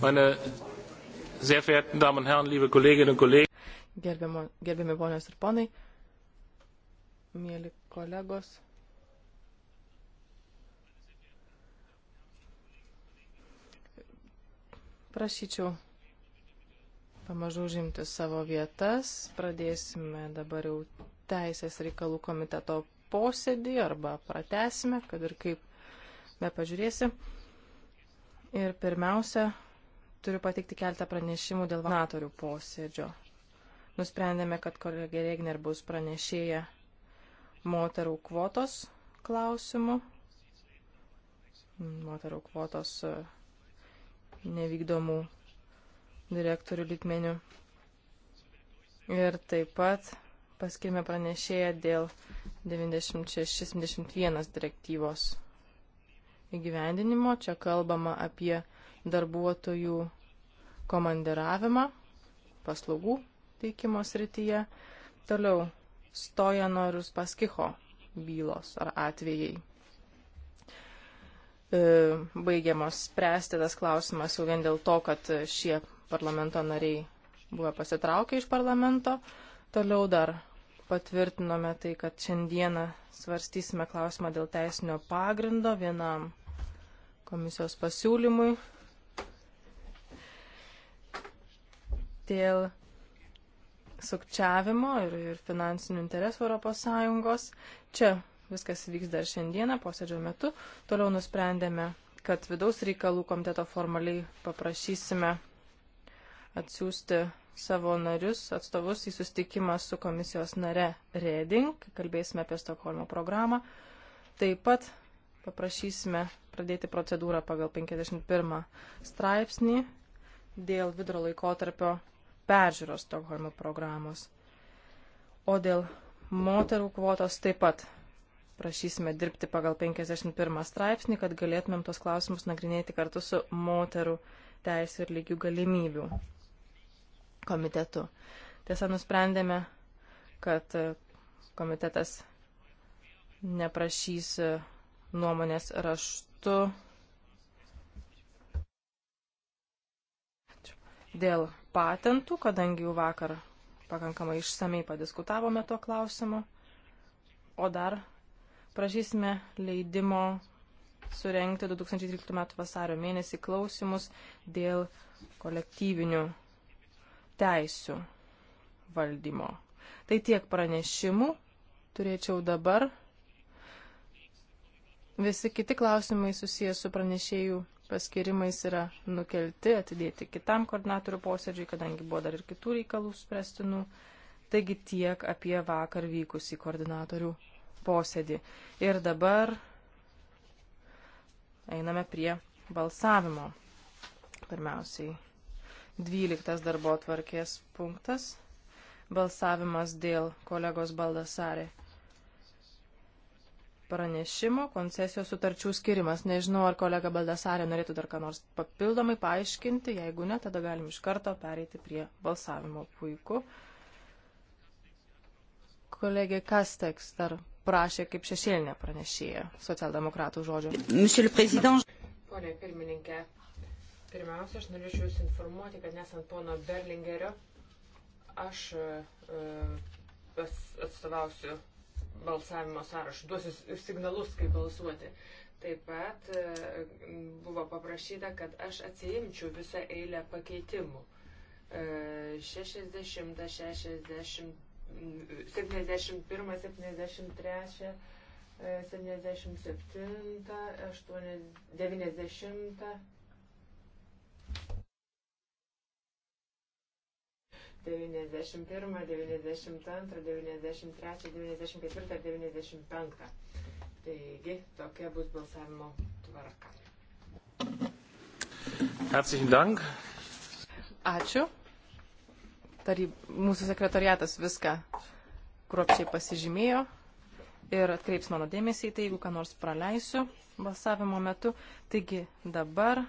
meine sehr verehrten Damen und Herren, liebe Kolleginnen und Kollegen. Gerbiamo, gerbiami ponios ir ponai, mėly kolegos. Prašyčiau pamažu užimti savo vietas. Pradėsime dabar jau Teisės reikalų komiteto posėdį arba pratesime, kad ir kaip nepažiūrėsi. Ir pirmiausia, Turiu pateikti keltą pranešimų dėl vadovatorių posėdžio. Nusprendėme, kad kolegė Regner bus pranešėja moterų kvotos klausimų. Moterų kvotos e, nevykdomų direktorių litmenių. Ir taip pat paskirime pranešėją dėl 96-71 direktyvos įgyvendinimo. Čia kalbama apie darbuotojų komandiravimą paslaugų teikimo srityje. Toliau Stojano ir Uspaskicho bylos ar atvejai. E, Baigiamos spręsti tas klausimas jau vien dėl to, kad šie parlamento nariai buvo pasitraukę iš parlamento. Toliau dar patvirtinome tai, kad šiandieną svarstysime klausimą dėl teisinio pagrindo vienam komisijos pasiūlymui dėl sukčiavimo ir, ir finansinių interesų ES. Čia viskas vyks dar šiandieną posėdžio metu. Toliau nusprendėme, kad vidaus reikalų komiteto formaliai paprašysime atsiųsti savo narius, atstovus į sustikimą su komisijos nare Reding, kalbėsime apie Stokholmo programą. Taip pat paprašysime pradėti procedūrą pagal 51 straipsnį dėl vidro laikotarpio peržiūros Stokholmo programos. O dėl moterų kvotos taip pat prašysime dirbti pagal 51 straipsnį, kad galėtumėm tos klausimus nagrinėti kartu su moterų teisų ir lygių galimybių komitetu. Tiesa, nusprendėme, kad e, komitetas neprašys e, nuomonės raštu dėl patentų, kadangi jau vakar pakankamai išsamei padiskutavome tuo klausimu. O dar prašysime leidimo surenkti 2013 m. vasario mėnesį klausimus dėl kolektyvinių teisių valdymo. Tai tiek pranešimų turėčiau dabar. Visi kiti klausimai susijęs su pranešėjų paskirimais yra nukelti, atidėti kitam koordinatorių posėdžiui, kadangi buvo dar ir kitų reikalų spręstinų. Taigi tiek apie vakar vykusį koordinatorių posėdį. Ir dabar einame prie balsavimo. Pirmiausiai 12 darbo tvarkės punktas. Balsavimas dėl kolegos Baldasarė pranešimo koncesijos sutarčių skirimas. Nežinau, ar kolega Baldasarė norėtų dar ką nors papildomai paaiškinti. Jeigu ne, tada galim iš karto pereiti prie balsavimo. Puiku. Kolegė Kasteks dar prašė kaip šešėlinė pranešėja socialdemokratų žodžio. Pone pirmininkė, pirmiausia, aš norėčiau Jūs informuoti, kad nesant pono Berlingerio, aš uh, atstovausiu balsavimo sąrašų, duosiu signalus, kaip balsuoti. Taip pat e, buvo paprašyta, kad aš atsiimčiau visą eilę pakeitimų. 60, 60, 71, 73, 77, 80, 90. 91, 92, 93, 94 ir 95. Taigi tokia bus balsavimo tvarka. Herzlichen Dank. Ačiū. Taryb, mūsų sekretariatas viską kruopščiai pasižymėjo ir atkreips mano dėmesį į tai, jeigu ką nors praleisiu balsavimo metu. Taigi dabar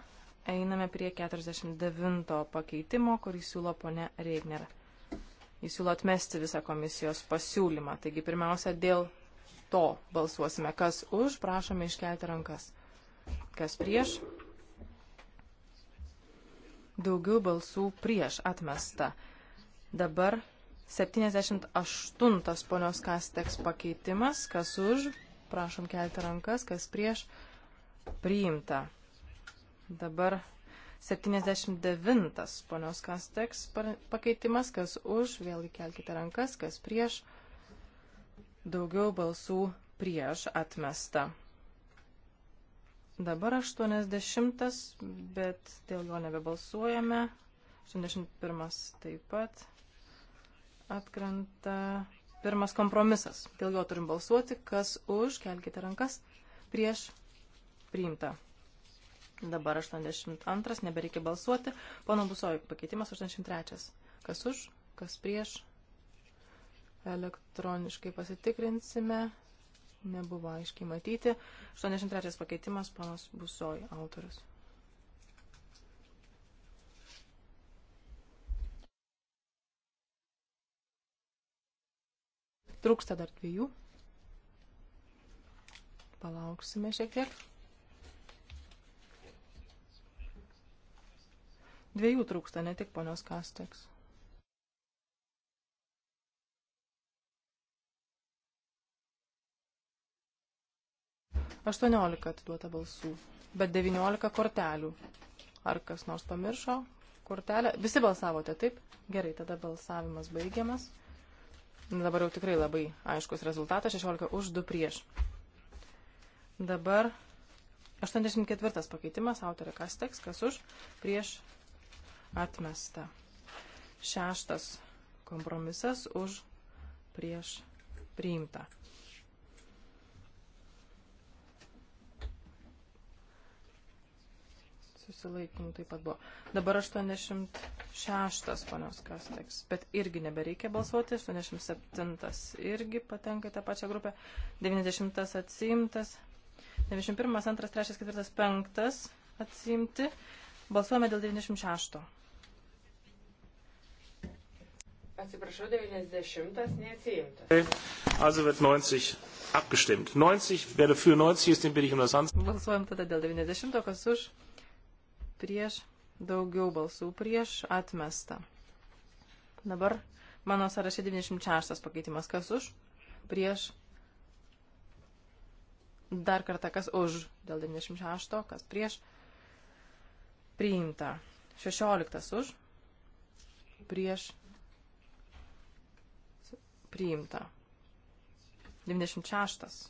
Einame prie 49 pakeitimo, kurį siūlo ponė Reigner. Jis siūlo atmesti visą komisijos pasiūlymą. Taigi pirmiausia, dėl to balsuosime. Kas už, prašome iškelti rankas. Kas prieš? Daugiau balsų prieš atmesta. Dabar 78 ponios Kasteks pakeitimas. Kas už? Prašom kelti rankas. Kas prieš? Priimta. Dabar 79 ponios Kasteks pakeitimas, kas už, vėlgi kelkite rankas, kas prieš, daugiau balsų prieš atmesta. Dabar 80, bet dėl jo nebebalsuojame. 81 taip pat atkrenta. Pirmas kompromisas. Dėl jo turim balsuoti. Kas už, kelkite rankas, prieš priimta. Dabar 82, nebereikia balsuoti. Pono Busoj, pakeitimas 83. Kas už, kas prieš. Elektroniškai pasitikrinsime. Nebuvo aiškiai matyti. 83 pakeitimas, ponas Busoj, autorius. Trūksta dar dviejų. Palauksime šiek tiek. Dviejų trūksta, ne tik ponios Kasteks. Aštuoniolika atiduota balsų, bet devyniolika kortelių. Ar kas nors pamiršo kortelę? Visi balsavote, taip? Gerai, tada balsavimas baigiamas. Dabar jau tikrai labai aiškus rezultatas, 16 už 2 prieš. Dabar 84 pakeitimas, autorė kas teks, kas už, prieš atmesta. Šeštas kompromisas už prieš priimta. Susilaikymų taip pat buvo. Dabar 86 ponios Kasteks, bet irgi nebereikia balsuoti. 87 irgi patenka į tą pačią grupę. 90 atsiimtas. 91, 2, 3, 4, 5 atsiimti. Balsuojame dėl 96. Atsiprašau, 90 neatsiimtas. Also wird 90 abgestimmt. 90, wer dafür 90 ist, den bitte ich um das Handzeichen. Balsuojam tada dėl 90, kas už, prieš, daugiau balsų, prieš, atmesta. Dabar mano sąraše 96 pakeitimas, kas už, prieš, dar kartą, kas už, dėl 96, kas prieš, priimta. 16 už, prieš, priimta. 96.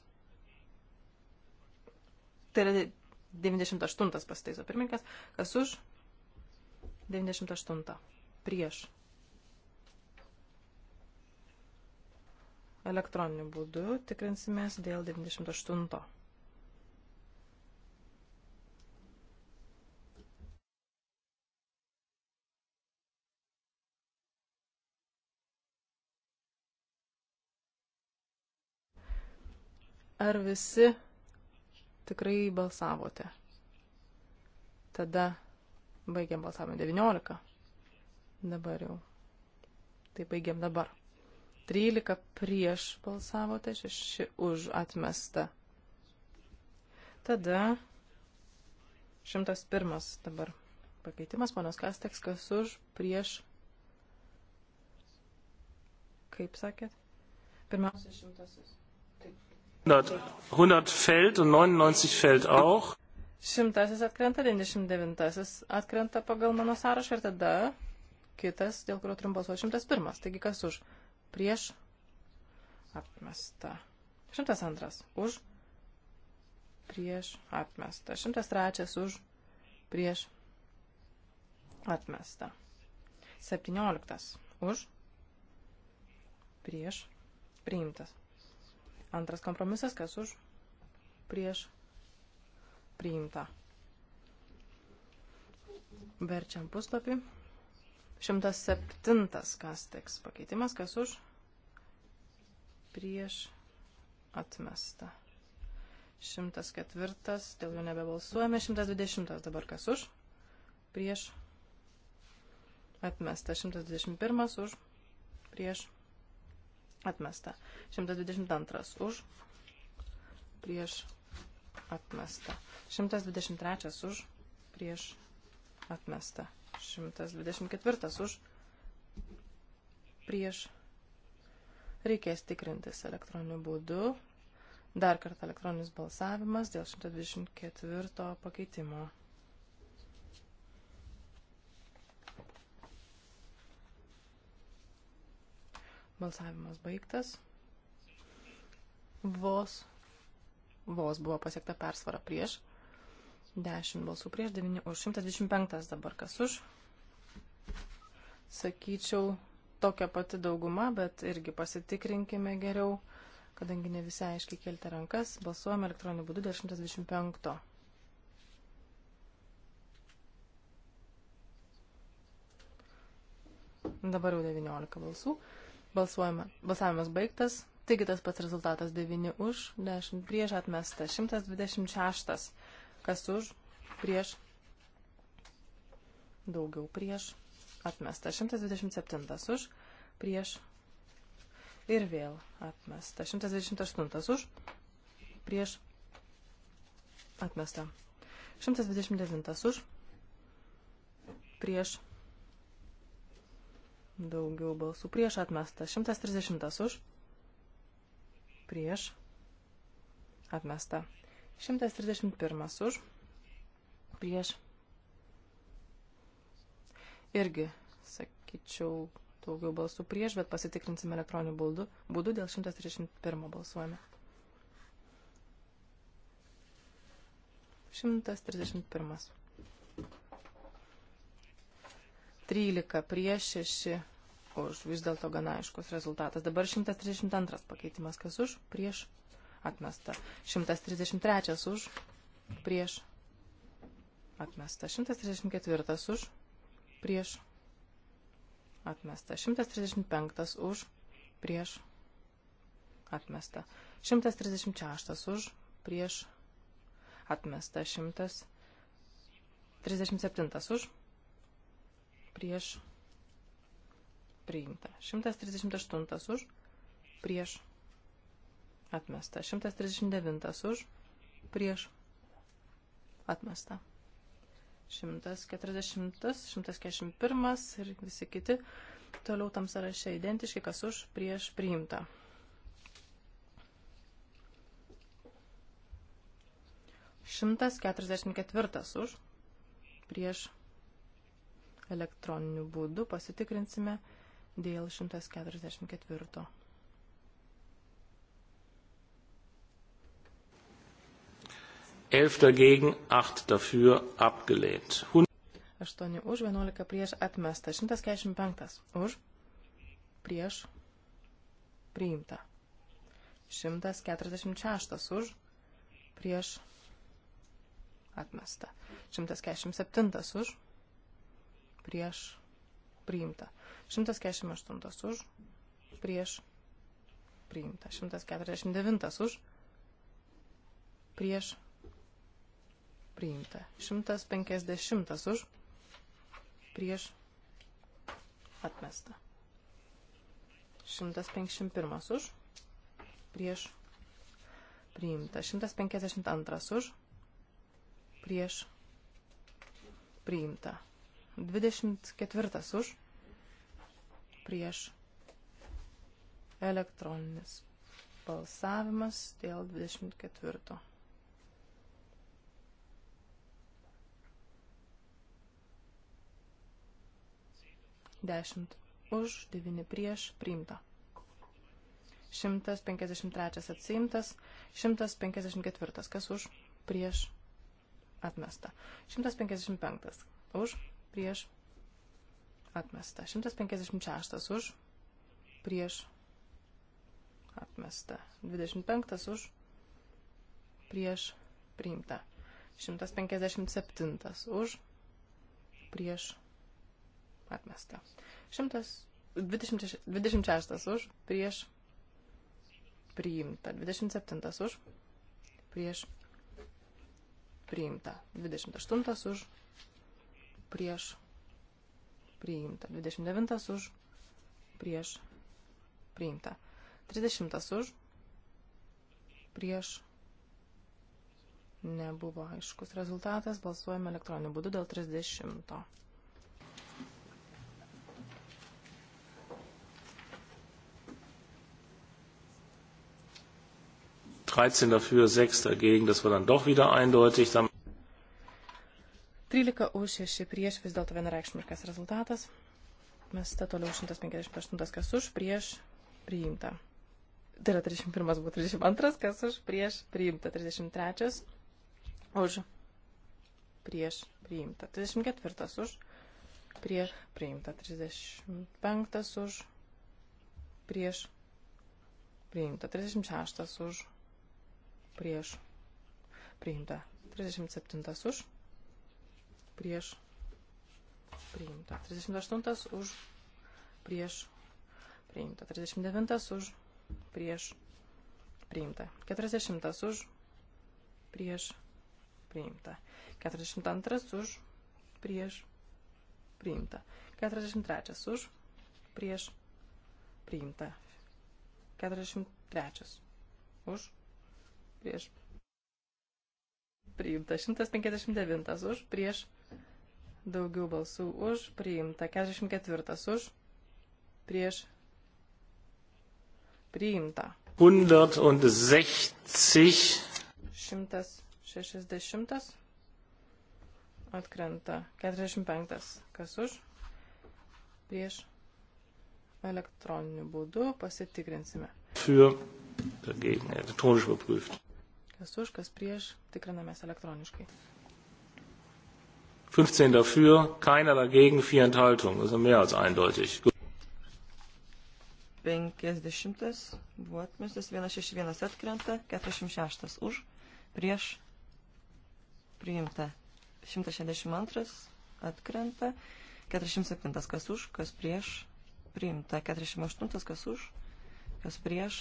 Tai yra 98 pasitaiso pirmininkas. Kas už? 98. Prieš. Elektroniniu būdu tikrinsimės dėl 98. Ar visi tikrai balsavote? Tada baigiam balsavimą 19. Dabar jau. Tai baigiam dabar. 13 prieš balsavote, 6 už atmesta. Tada 101 dabar pakeitimas, panos Kasteks, kas už prieš. Kaip sakėt? Pirmiausia, šimtasis. 100, 100 fällt und 99 fällt auch. Šimtasis atkrenta, 99 atkrenta pagal mano sąrašą ir tada kitas, dėl kurio turim balsuoti, 101. Taigi kas už? Prieš atmesta. 102 už prieš atmesta. 103 už prieš atmesta. 17 už prieš priimtas. Antras kompromisas, kas už, prieš, priimta. Verčiam puslapį. 107 kas teks pakeitimas, kas už, prieš, atmesta. 104, dėl jo nebebalsuojame, 120 dabar kas už, prieš, atmesta. 121 už, prieš, atmesta Atmesta. 122 už. Prieš. Atmesta. 123 už. Prieš. Atmesta. 124 už. Prieš. Reikės tikrintis elektroniniu būdu. Dar kartą elektroninis balsavimas dėl 124 pakeitimo. Balsavimas baigtas. Vos, vos buvo pasiekta persvara prieš. 10 balsų prieš, 9 už. 125 dabar kas už. Sakyčiau, tokia pati dauguma, bet irgi pasitikrinkime geriau, kadangi ne visai aiškiai kelti rankas. Balsuojame elektroniniu būdu 125. Dabar jau 19 balsų. Balsuojame. Balsavimas baigtas. Taigi tas pats rezultatas 9 už, 10 prieš atmesta. 126. Kas už, prieš, daugiau prieš, atmesta. 127 už, prieš ir vėl atmesta. 128 už, prieš, atmesta. 129 už, prieš, atmesta. Daugiau balsų prieš atmesta. 130 už. Prieš. Atmesta. 131 už. Prieš. Irgi, sakyčiau, daugiau balsų prieš, bet pasitikrinsime elektroniniu būdu. Būdu dėl 131 balsuojame. 131. 13 prieš 6 už vis dėlto gana aiškus rezultatas. Dabar 132 pakeitimas, kas už, prieš, atmesta. 133 už, prieš, atmesta. 134 už, prieš, atmesta. 135 už, prieš, atmesta. 136 už, prieš, atmesta. 137 už, prieš, atmesta priimta. 138 už, prieš, atmesta. 139 už, prieš, atmesta. 140, 141 ir visi kiti toliau tam sąraše identiški, kas už, prieš, priimta. Šimtas keturiasdešimt ketvirtas už, prieš elektroniniu būdu pasitikrinsime 141 dėl 144. Elf dagegen, acht dafür abgelehnt. 8 už, 11 prieš atmesta, 145 už, prieš priimta, 146 už, prieš atmesta, 147 už, prieš priimta, 148 už, prieš, priimta. 149 už, prieš, priimta. 150 už, prieš, atmesta. 151 už, prieš, priimta. 152 už, prieš, priimta. 24 už, prieš elektroninis balsavimas dėl 24. Dešimt už, devyni prieš, priimta. 153 atsiimtas, 154 kas už, prieš, atmesta. 155 už, prieš, Atmesta. 156 už. Prieš. Atmesta. 25 už. Prieš. Priimta. 157 už. Prieš. Atmesta. 126 už. Prieš. Priimta. 27 už. Prieš. Priimta. 28 už. Prieš priimta. 29 už, prieš, priimta. 30 už, prieš, nebuvo aiškus rezultatas, balsuojame elektroniniu būdu dėl 30. dreizehn dafür sechs dagegen das war dann doch wieder eindeutig. 13 už 6 prieš vis dėlto vienareikšmiškas rezultatas. Mes ta toliau 158 kas už prieš priimta. Tai yra 31 buvo 32 kas už prieš priimta. 33 už prieš priimta. 34 už prieš priimta. 35 už prieš priimta. 36 už prieš priimta. 37 už prieš priimta. 38 už prieš priimta. 39 už prieš priimta. 40 už prieš priimta. 42 už prieš priimta. 43 už prieš priimta. 43 už prieš priimta. 159 už prieš priimta daugiau balsų už, priimta. 44 už, prieš, priimta. 160. 160. Atkrenta. 45. Kas už? Prieš elektroniniu būdu pasitikrinsime. Für, dagegen, elektronisch überprüft. Kas už, kas prieš, tikrinamės elektroniškai fünfzehn dafür keiner dagegen vier enthaltungen das ist mehr als eindeutig. Penkisdešimtas buvo atmestas, 161 atkrenta, 46 už, prieš priimta, 162 atkrenta, 47 kas už, kas prieš priimta, 48 kas už, kas prieš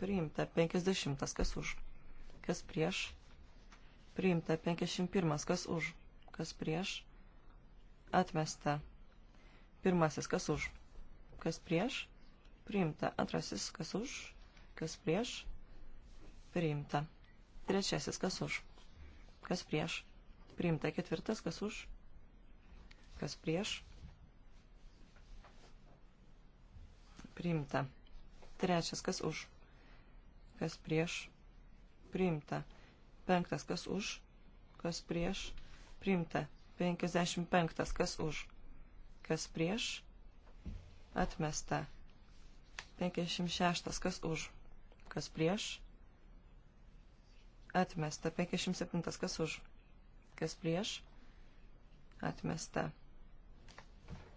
priimta, 50 kas už, kas prieš priimta, 51 kas už kas prieš, atmesta. Pirmasis, kas už, kas prieš, priimta. Antrasis, kas už, kas prieš, priimta. Trečiasis, kas už, kas prieš, priimta. Ketvirtas, kas už, kas prieš, priimta. Trečias, kas už, kas prieš, priimta. Penktas, kas už, kas prieš, priimta priimta. 55. Kas už? Kas prieš? Atmesta. 56. Kas už? Kas prieš? Atmesta. 57. Kas už? Kas prieš? Atmesta.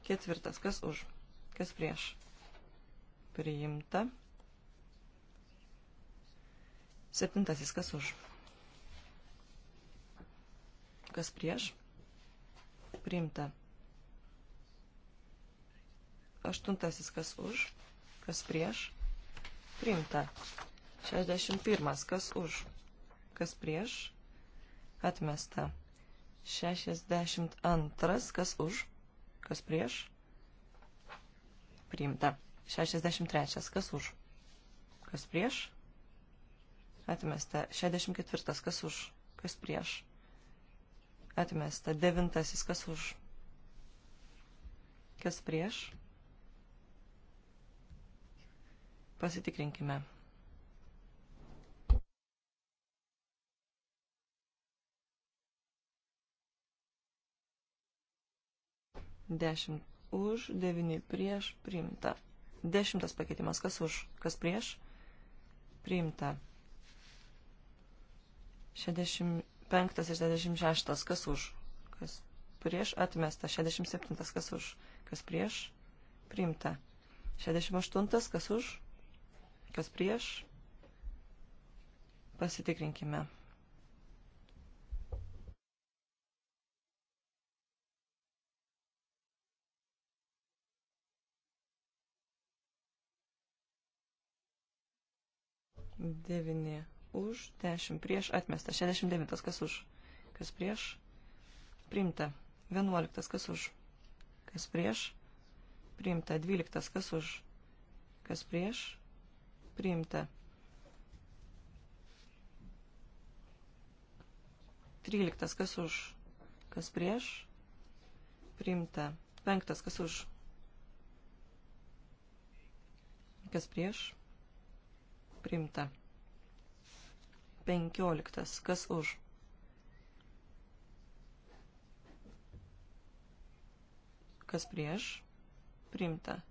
Ketvirtas. Kas už? Kas prieš? Priimta. Septintasis. Kas už? Kas prieš? Priimta. Aštuntasis kas už? Kas prieš? Priimta. Šešdešimt pirmas kas už? Kas prieš? Atmesta. Šešiasdešimt antras kas už? Kas prieš? Priimta. 63. Kas už? Kas prieš? Atmesta. 64. Kas už? Kas prieš? Atmesta. Devintasis. Kas už? Kas prieš? Pasitikrinkime. Dešimt už, devini prieš, priimta. Dešimtas pakeitimas. Kas už? Kas prieš? Priimta. Šedešimt 65 ir 66, kas už, kas prieš, atmesta, 67, kas už, kas prieš, priimta, 68, kas už, kas prieš, pasitikrinkime. Devyni už, 10 prieš, atmesta. 69 kas už, kas prieš, priimta. 11 kas už, kas prieš, priimta. 12 kas už, kas prieš, priimta. 13 kas už, kas prieš, priimta. 5 kas už, kas prieš, priimta. 15. Kas už? Kas prieš? Primta.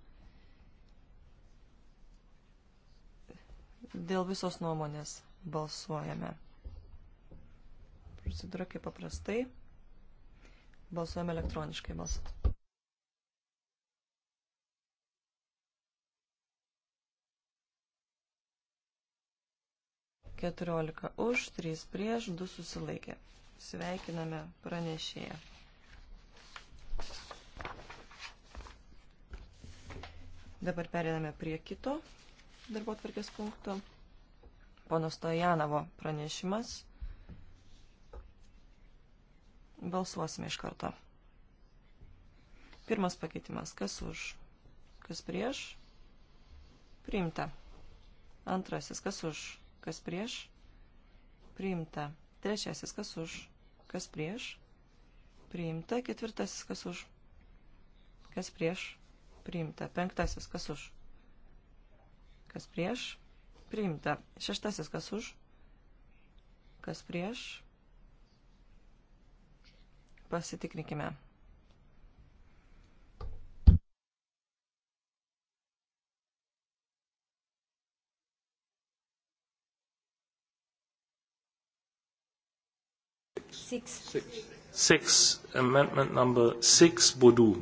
Dėl visos nuomonės balsuojame. Procedūra kaip paprastai. Balsuojame elektroniškai balsas. 14 už, 3 prieš, 2 susilaikė. Sveikiname pranešėją. Dabar periname prie kito darbo tvarkės punkto. Pono Stojanovo pranešimas. Balsuosime iš karto. Pirmas pakeitimas. Kas už? Kas prieš? Priimta. Antrasis. Kas už? kas prieš, priimta. Trečiasis, kas už, kas prieš, priimta. Ketvirtasis, kas už, kas prieš, priimta. Penktasis, kas už, kas prieš, priimta. Šeštasis, kas už, kas prieš, pasitikrinkime. Six. Six. Six. Amendment number six, Bodu.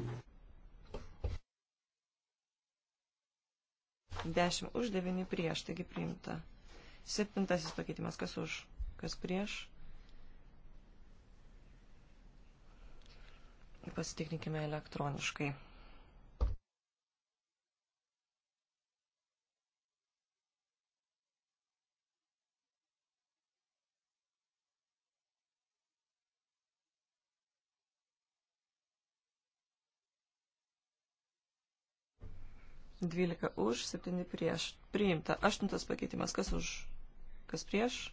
Dešimt už, devyni prieš, taigi priimta. Septintasis pakeitimas, kas už, kas prieš. Pasitikrinkime elektroniškai. 12 už, 7 prieš. Priimta. Aštuntas pakeitimas. Kas už? Kas prieš?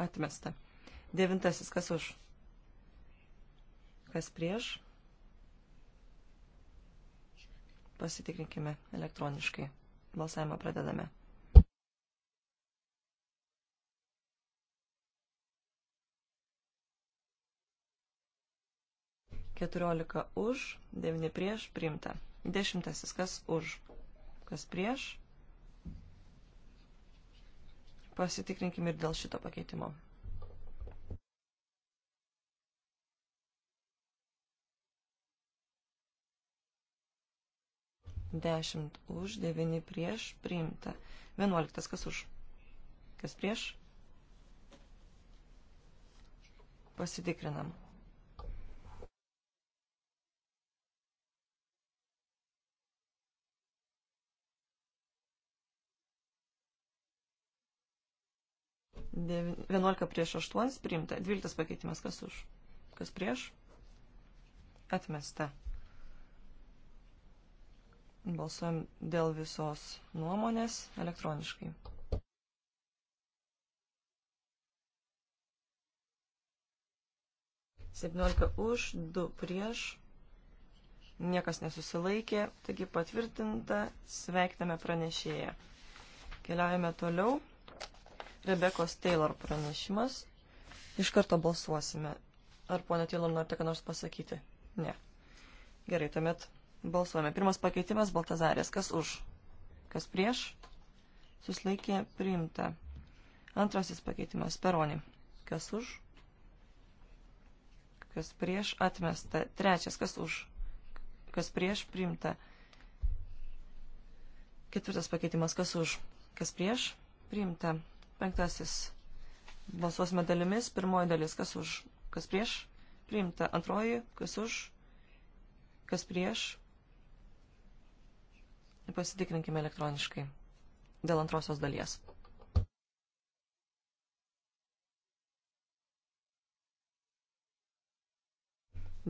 Atmesta. Devintasis. Kas už? Kas prieš? Pasitikrinkime elektroniškai. Balsavimą pradedame. 14 už, 9 prieš, priimta. Dešimtasis, kas už, kas prieš. Pasitikrinkim ir dėl šito pakeitimo. Dešimt už, devini prieš, priimta. Vienuoliktas, kas už, kas prieš. Pasitikrinam. 11 prieš 8 priimta. 12 pakeitimas kas už? Kas prieš? Atmesta. Balsuojam dėl visos nuomonės elektroniškai. Septyniolika už, du prieš, niekas nesusilaikė, taigi patvirtinta, sveiktame pranešėje. Keliaujame toliau. Rebekos Taylor pranešimas. Iš karto balsuosime. Ar ponia Taylor norite ką nors pasakyti? Ne. Gerai, tuomet balsuojame. Pirmas pakeitimas - Baltazarės. Kas už? Kas prieš? Suslaikė priimta. Antrasis pakeitimas - Peronį. Kas už? Kas prieš? Atmesta. Trečias - Kas už? Kas prieš? Priimta. Ketvirtas pakeitimas - Kas už? Kas prieš? Priimta. Penktasis. Balsuosime dalimis. Pirmoji dalis, kas už, kas prieš. Priimta. Antroji, kas už, kas prieš. Pasitikrinkime elektroniškai dėl antrosios dalies.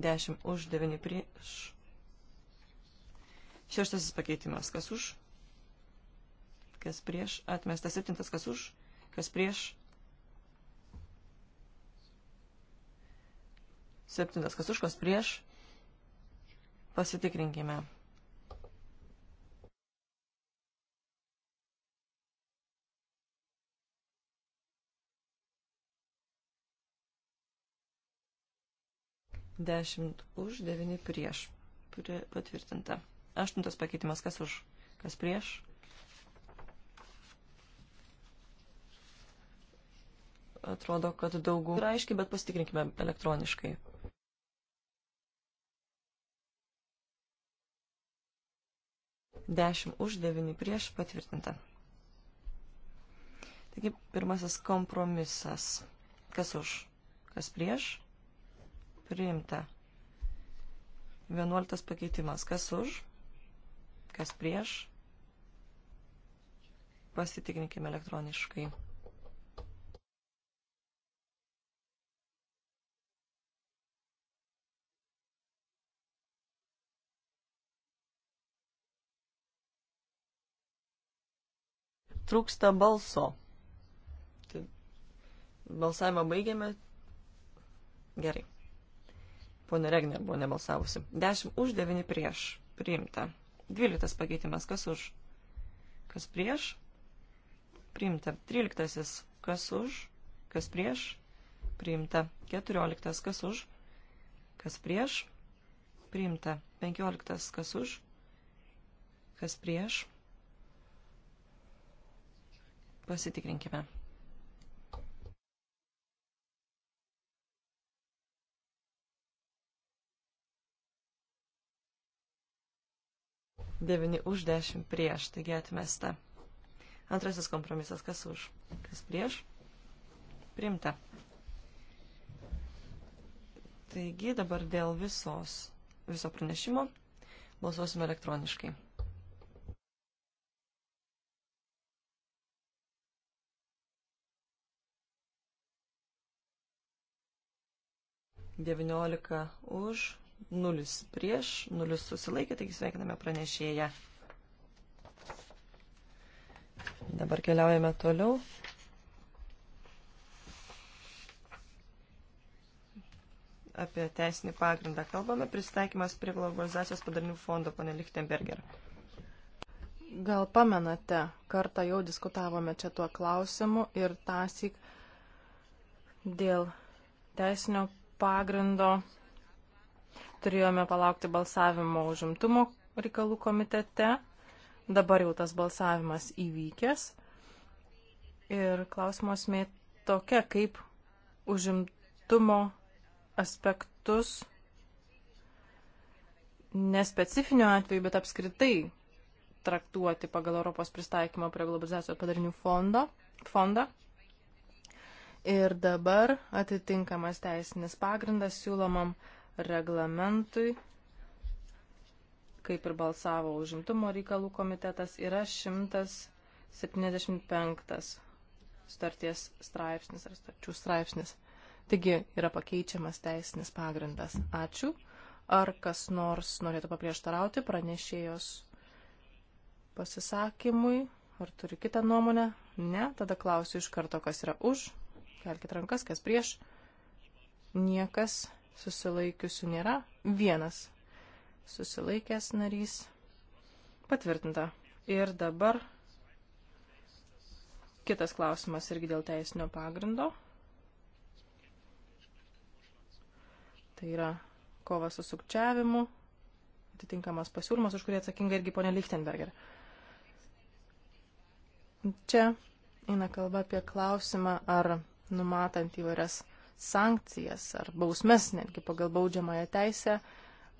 Dešimt už, devini prieš. Šeštasis pakeitimas, kas už, kas prieš, atmestas septintas, kas už, kas prieš. Septintas, kas už, kas prieš. Pasitikrinkime. Dešimt už, devini prieš. Patvirtinta. Aštuntas pakeitimas, kas už, kas prieš. atrodo, kad daugų yra aiškiai, bet pasitikrinkime elektroniškai. Dešimt už, devyni prieš, patvirtinta. Taigi, pirmasis kompromisas. Kas už, kas prieš, priimta. Vienuoltas pakeitimas. Kas už, kas prieš, pasitikrinkime elektroniškai. trūksta balso. Tai balsavimą baigėme. Gerai. Pone Regner buvo nebalsavusi. 10 už, 9 prieš. Priimta. 12 pakeitimas. Kas už? Kas prieš? Priimta. 13. Kas už? Kas prieš? Priimta. 14. Kas už? Kas prieš? Priimta. 15. Kas už? Kas prieš? Pasitikrinkime. Devini už dešimt prieš, taigi atmesta. Antrasis kompromisas, kas už, kas prieš, primta. Taigi dabar dėl visos, viso pranešimo balsuosime elektroniškai. 19 už, 0 prieš, 0 susilaikė, taigi sveikiname pranešėją. Dabar keliaujame toliau. Apie teisinį pagrindą kalbame, pristaikymas prie globalizacijos padarinių fondo, pane Lichtenberger. Gal pamenate, kartą jau diskutavome čia tuo klausimu ir tąsik dėl teisinio pagrindo turėjome palaukti balsavimo užimtumo reikalų komitete. Dabar jau tas balsavimas įvykęs. Ir klausimo esmė tokia, kaip užimtumo aspektus nespecifiniu atveju, bet apskritai traktuoti pagal Europos pristaikymą prie globalizacijos padarinių fondo, fondą. Ir dabar atitinkamas teisinis pagrindas siūlomam reglamentui, kaip ir balsavo užimtumo reikalų komitetas, yra 175 starties straipsnis ar starčių straipsnis. Taigi yra pakeičiamas teisinis pagrindas. Ačiū. Ar kas nors norėtų paprieštarauti pranešėjos pasisakymui? Ar turi kitą nuomonę? Ne, tada klausiu iš karto, kas yra už, Kelkit rankas, kas prieš. Niekas susilaikiusių nėra. Vienas susilaikęs narys. Patvirtinta. Ir dabar kitas klausimas irgi dėl teisinio pagrindo. Tai yra kova su sukčiavimu, atitinkamas pasiūlymas, už kurį atsakinga irgi ponė Lichtenberger. Čia eina kalba apie klausimą, ar numatant įvairias sankcijas ar bausmes netgi pagal baudžiamąją teisę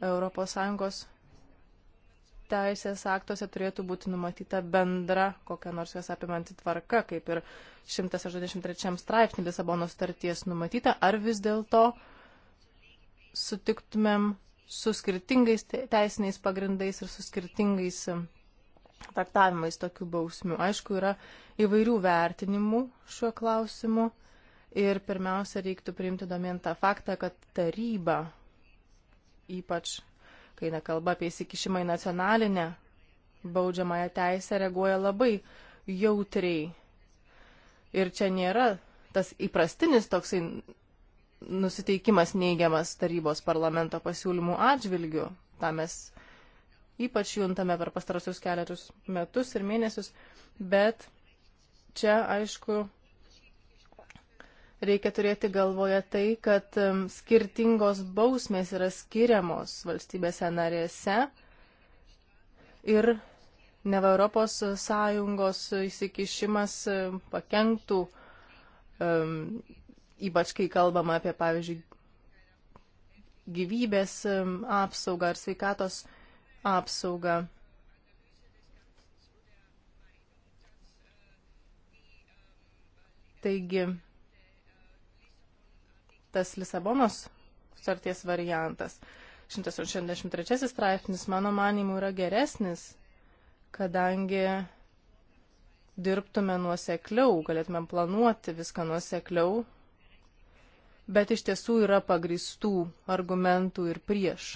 ES teisės aktuose turėtų būti numatyta bendra kokia nors jas apimanti tvarka, kaip ir 183 straipsnį Lisabono starties numatyta, ar vis dėlto sutiktumėm su skirtingais teisiniais pagrindais ir su skirtingais traktavimais tokių bausmių. Aišku, yra įvairių vertinimų šiuo klausimu Ir pirmiausia, reiktų priimti domin tą faktą, kad taryba, ypač kai nekalba apie įsikišimą į nacionalinę baudžiamąją teisę, reaguoja labai jautriai. Ir čia nėra tas įprastinis toksai nusiteikimas neigiamas tarybos parlamento pasiūlymų atžvilgių. Ta mes ypač juntame per pastarosius keletus metus ir mėnesius. Bet čia, aišku, reikia turėti galvoje tai, kad skirtingos bausmės yra skiriamos valstybėse narėse ir neva Europos Sąjungos įsikišimas pakenktų, ypač kai kalbama apie, pavyzdžiui, gyvybės apsaugą ar sveikatos apsaugą. Taigi, tas Lisabonos sarties variantas. 183 straipsnis, mano manimu, yra geresnis, kadangi dirbtume nuosekliau, galėtume planuoti viską nuosekliau, bet iš tiesų yra pagristų argumentų ir prieš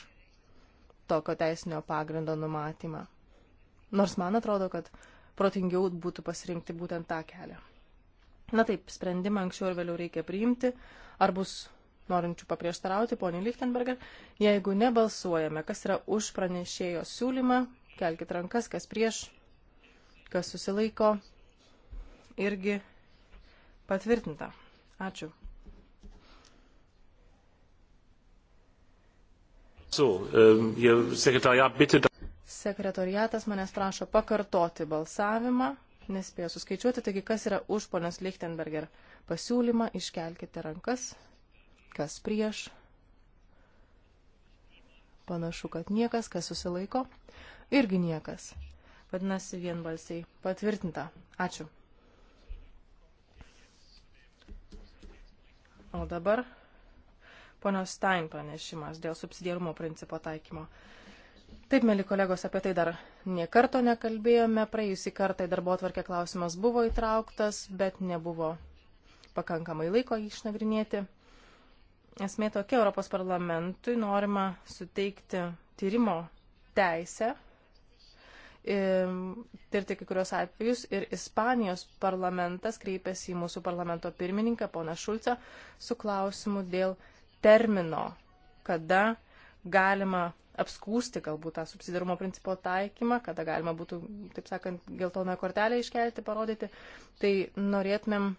tokio teisinio pagrindo numatymą. Nors man atrodo, kad protingiau būtų pasirinkti būtent tą kelią. Na taip, sprendimą anksčiau ar vėliau reikia priimti, Ar bus norinčių paprieštarauti, ponė Lichtenberger? Jeigu nebalsuojame, kas yra už pranešėjo siūlymą, kelkite rankas, kas prieš, kas susilaiko, irgi patvirtinta. Ačiū. So, um, sekretariat, bitte... Sekretariatas manęs prašo pakartoti balsavimą, nespėjo suskaičiuoti, taigi kas yra už ponios Lichtenberger pasiūlymą, iškelkite rankas, kas prieš. Panašu, kad niekas, kas susilaiko, irgi niekas. Vadinasi, vienbalsiai patvirtinta. Ačiū. O dabar ponios Stein pranešimas dėl subsidiarumo principo taikymo. Taip, mėly kolegos, apie tai dar niekarto nekalbėjome. Praėjusį kartą į darbo atvarkę klausimas buvo įtrauktas, bet nebuvo pakankamai laiko išnagrinėti. Esmė tokia, Europos parlamentui norima suteikti tyrimo teisę tirti kai kurios atvejus ir Ispanijos parlamentas kreipėsi į mūsų parlamento pirmininką, poną Šulcą, su klausimu dėl termino, kada galima apskūsti galbūt tą subsidarumo principo taikymą, kada galima būtų, taip sakant, geltoną kortelę iškelti, parodyti. Tai norėtumėm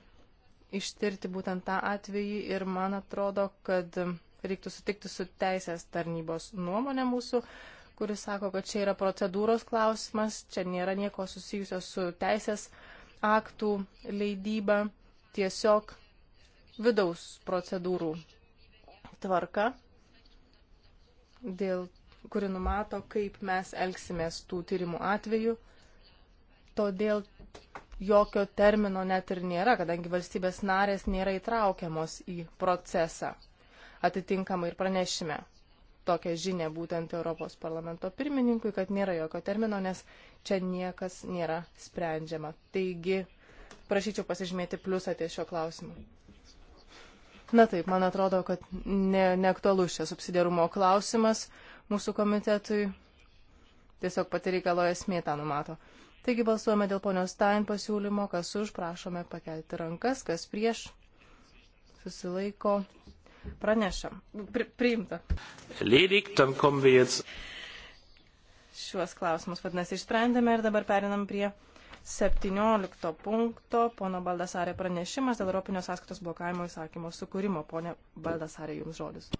ištirti būtent tą atvejį ir man atrodo, kad reiktų sutikti su teisės tarnybos nuomonė mūsų, kuris sako, kad čia yra procedūros klausimas, čia nėra nieko susijusio su teisės aktų leidyba, tiesiog vidaus procedūrų tvarka, dėl, kuri numato, kaip mes elgsimės tų tyrimų atveju. Todėl jokio termino net ir nėra, kadangi valstybės narės nėra įtraukiamos į procesą. Atitinkamai ir pranešime tokią žinę būtent Europos parlamento pirmininkui, kad nėra jokio termino, nes čia niekas nėra sprendžiama. Taigi, prašyčiau pasižymėti pliusą ties šio klausimu. Na taip, man atrodo, kad ne, neaktualus čia subsidiarumo klausimas mūsų komitetui. Tiesiog pati reikalo esmė tą numato. Taigi balsuojame dėl ponios Stein pasiūlymo, kas už, prašome pakelti rankas, kas prieš, susilaiko, pranešam. Pri, priimta. Lydik, tam konvijets. Šiuos klausimus, vadinasi, išsprendėme ir dabar perinam prie 17 punkto, pono Baldasarė pranešimas dėl Europinio sąskaitos blokavimo įsakymo sukūrimo. Pone Baldasarė, jums žodis.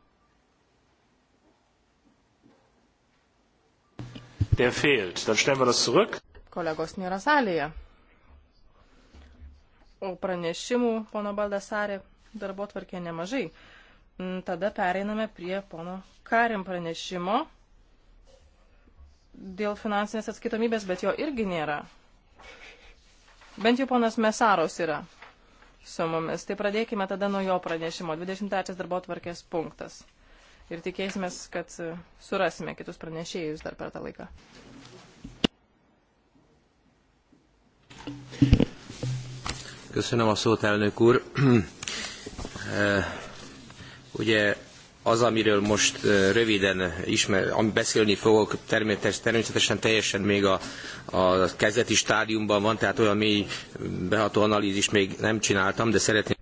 Der fehlt. Dann stellen wir das zurück kolegos nėra salėje. O pranešimų pono Baldasarė darbo tvarkė nemažai. Mm, tada pereiname prie pono Karim pranešimo dėl finansinės atskaitomybės, bet jo irgi nėra. Bent jau ponas Mesaros yra su mumis. Tai pradėkime tada nuo jo pranešimo. 23 darbo tvarkės punktas. Ir tikėsime, kad surasime kitus pranešėjus dar per tą laiką. Köszönöm a szót, elnök úr. Eh, ugye az, amiről most eh, röviden ismer, amit beszélni fogok, természetesen, természetesen teljesen még a, a kezdeti stádiumban van, tehát olyan mély beható analízis még nem csináltam, de szeretném.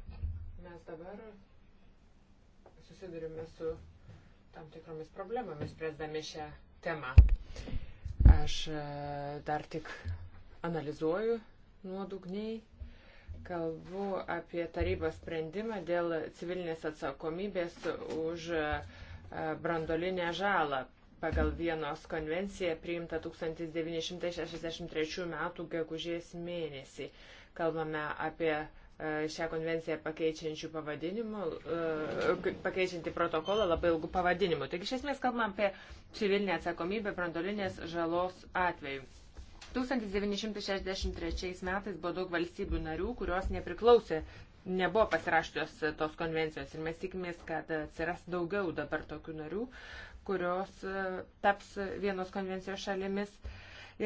problemomis spręsdami šią temą. Aš dar tik analizuoju nuodugniai, kalbu apie tarybos sprendimą dėl civilinės atsakomybės už e, brandolinę žalą pagal vienos konvenciją priimta 1963 m. gegužės mėnesį. Kalbame apie e, šią konvenciją pakeičiančių pavadinimų, e, pakeičianti protokolą labai ilgų pavadinimų. Taigi iš esmės kalbam apie civilinę atsakomybę brandolinės žalos atveju. 1963 metais buvo daug valstybių narių, kurios nepriklausė, nebuvo pasirašytos e, tos konvencijos ir mes tikimės, kad atsiras daugiau dabar tokių narių, kurios e, taps vienos konvencijos šalimis.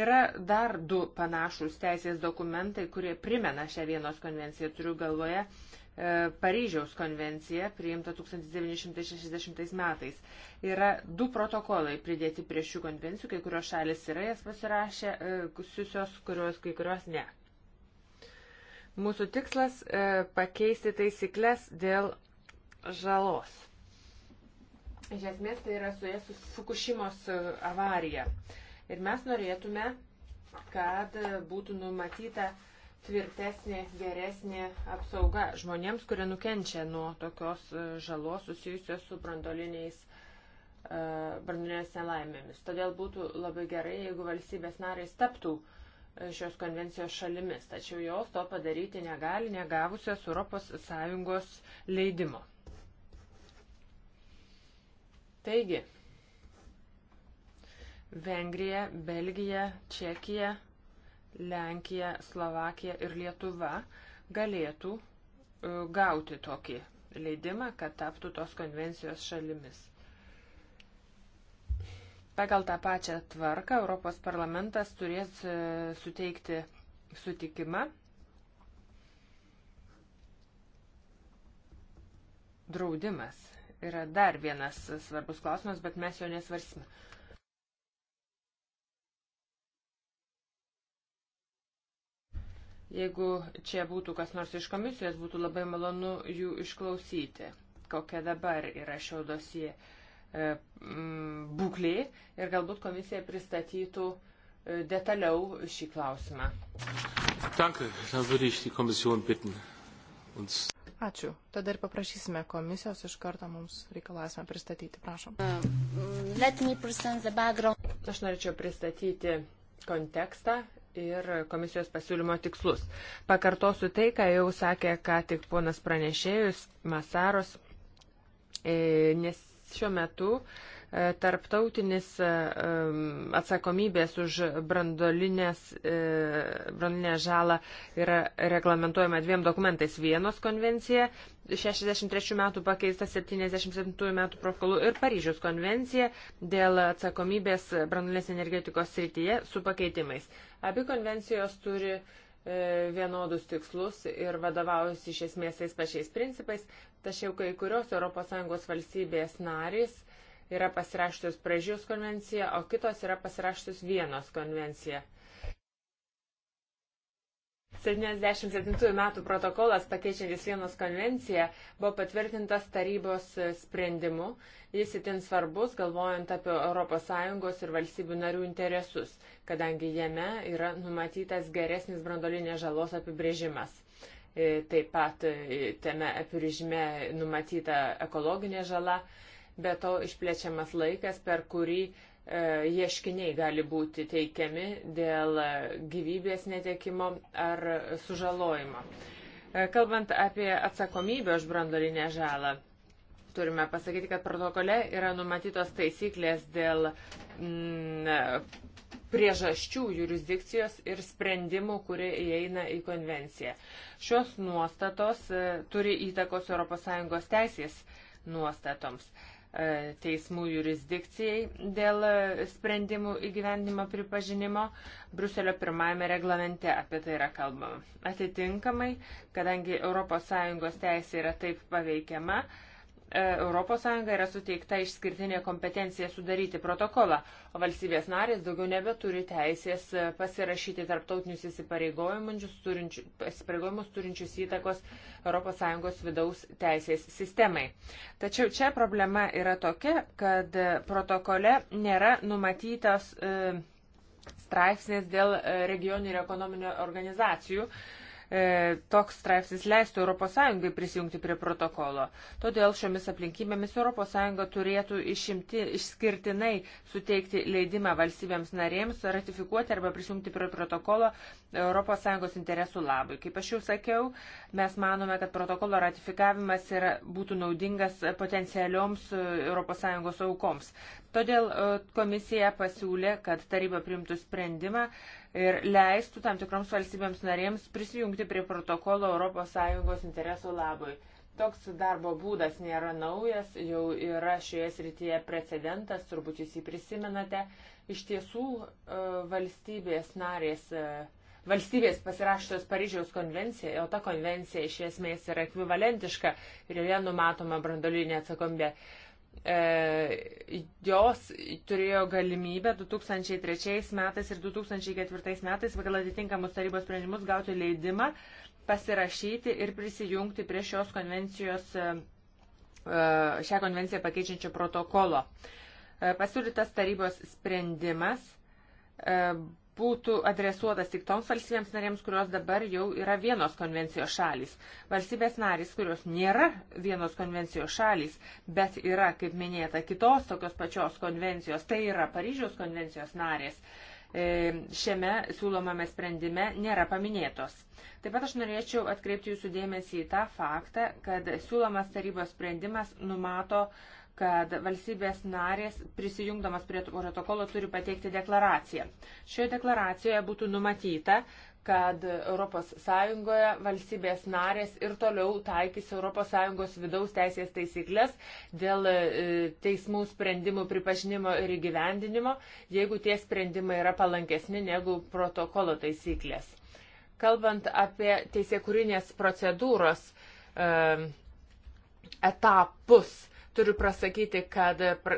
Yra dar du panašus teisės dokumentai, kurie primena šią vienos konvenciją. Turiu galvoje uh, E, Paryžiaus konvencija priimta 1960 metais. Yra du protokolai pridėti prie šių konvencijų, kai kurios šalis yra jas pasirašę, e, susios, kurios, kai kurios ne. Mūsų tikslas e, - pakeisti taisyklės dėl žalos. Iš esmės tai yra su jais Fukushimos avarija. Ir mes norėtume, kad būtų numatyta uh, tvirtesnė, geresnė apsauga žmonėms, kurie nukenčia nuo tokios e, žalos susijusios su brandoliniais e, brandulinės nelaimėmis. Todėl būtų labai gerai, jeigu valstybės narės taptų e, šios konvencijos šalimis, tačiau jos to padaryti negali, negavusios ES leidimo. Taigi, Vengrija, Belgija, Čekija Lenkija, Slovakija ir Lietuva galėtų e, gauti tokį leidimą, kad taptų tos konvencijos šalimis. Pagal tą pačią tvarką Europos parlamentas turės e, suteikti sutikimą draudimas yra dar vienas svarbus klausimas, bet mes jo nesvarsime. Jeigu čia būtų kas nors iš komisijos, būtų labai malonu jų išklausyti, kokia dabar yra šio dosie e, būklė ir galbūt komisija pristatytų e, detaliau šį klausimą. Danke, dann würde ich die Kommission bitten. Uns. Ačiū. Tada ir paprašysime komisijos iš karto mums reikalasime pristatyti. Prašom. Uh, Aš norėčiau pristatyti kontekstą ir komisijos pasiūlymo tikslus. Pakartosiu tai, ką jau sakė ką tik ponas pranešėjus Masaros, e, nes šiuo metu uh, E, tarptautinis e, e, atsakomybės už brandolinę žalą yra reglamentuojama dviem dokumentais. Vienos konvencija 63 metų pakeista 77 metų prokolų ir Paryžiaus konvencija dėl atsakomybės brandolinės energetikos srityje su pakeitimais. Abi konvencijos turi vienodus tikslus ir vadovaujasi iš esmės tais pačiais principais, tačiau kai kurios ES valstybės narys yra pasirašytos Pražiaus konvencija, o kitos yra pasirašytos Vienos konvencija. 77 metų protokolas pakeičiantis Vienos konvenciją buvo patvirtintas tarybos sprendimu. Jis itin svarbus, galvojant apie ES ir valstybių narių interesus, kadangi jame yra numatytas geresnis brandolinės žalos apibrėžimas e, taip pat e, tame apibrėžime numatyta ekologinė žala, be to išplečiamas laikas, per kurį e, ieškiniai gali būti teikiami dėl gyvybės netekimo ar sužalojimo. E, kalbant apie atsakomybę už brandolinę žalą, turime pasakyti, kad protokole yra numatytos taisyklės dėl mm, priežasčių jurisdikcijos ir sprendimų, kurie įeina į konvenciją. Šios nuostatos e, turi įtakos ES teisės nuostatoms. E, teismų jurisdikcijai dėl e, sprendimų įgyvendimo pripažinimo. Bruselio pirmajame reglamente apie tai yra kalbama. Atitinkamai, kadangi ES teisė yra taip paveikiama, ES yra suteikta išskirtinė kompetencija sudaryti protokolą, o valstybės narės daugiau nebeturi teisės e, pasirašyti tarptautinius įsipareigojimus turinčius, turinčius įtakos ES vidaus teisės sistemai. Tačiau čia problema yra tokia, kad e, protokole nėra numatytas e, straipsnis dėl regioninių ir ekonominių organizacijų, E, toks straipsnis leistų ES prisijungti prie protokolo. Todėl šiomis aplinkybėmis ES turėtų išimti, išskirtinai suteikti leidimą valstybėms narėms ratifikuoti arba prisijungti prie protokolo ES interesų labui. Kaip aš jau sakiau, mes manome, kad protokolo ratifikavimas yra, būtų naudingas potencialioms ES aukoms. Todėl e, komisija pasiūlė, kad taryba primtų sprendimą ir leistų tam tikroms valstybėms narėms prisijungti prie protokolo ES interesų labui. Toks darbo būdas nėra naujas, jau yra šioje srityje precedentas, turbūt jūs jį prisimenate. Iš tiesų e, valstybės narės, e, valstybės pasirašytos Paryžiaus konvencija, o ta konvencija iš esmės yra ekvivalentiška ir joje numatoma brandolinė atsakomybė. E, jos turėjo galimybę 2003 metais ir 2004 metais pagal atitinkamus tarybos sprendimus gauti leidimą pasirašyti ir prisijungti prie šios konvencijos, e, e, šią konvenciją pakeičiančio protokolo. Pasiūlytas tarybos sprendimas būtų adresuotas tik toms valstybėms narėms, kurios dabar jau yra vienos konvencijos šalys. Valstybės narys, kurios nėra vienos konvencijos šalys, bet yra, kaip minėta, kitos tokios pačios konvencijos, tai yra Paryžiaus konvencijos narės, e, šiame siūlomame sprendime nėra paminėtos. Taip pat aš norėčiau atkreipti jūsų dėmesį į tą faktą, kad siūlomas tarybos sprendimas numato uh, kad valstybės narės prisijungdamas prie protokolo turi pateikti deklaraciją. Šioje deklaracijoje būtų numatyta, kad ES valstybės narės ir toliau taikys ES vidaus teisės taisyklės dėl e, teismų sprendimų pripažinimo ir įgyvendinimo, jeigu tie sprendimai yra palankesni negu protokolo taisyklės. Kalbant apie teisėkūrinės procedūros e, etapus, Turiu prasakyti, kad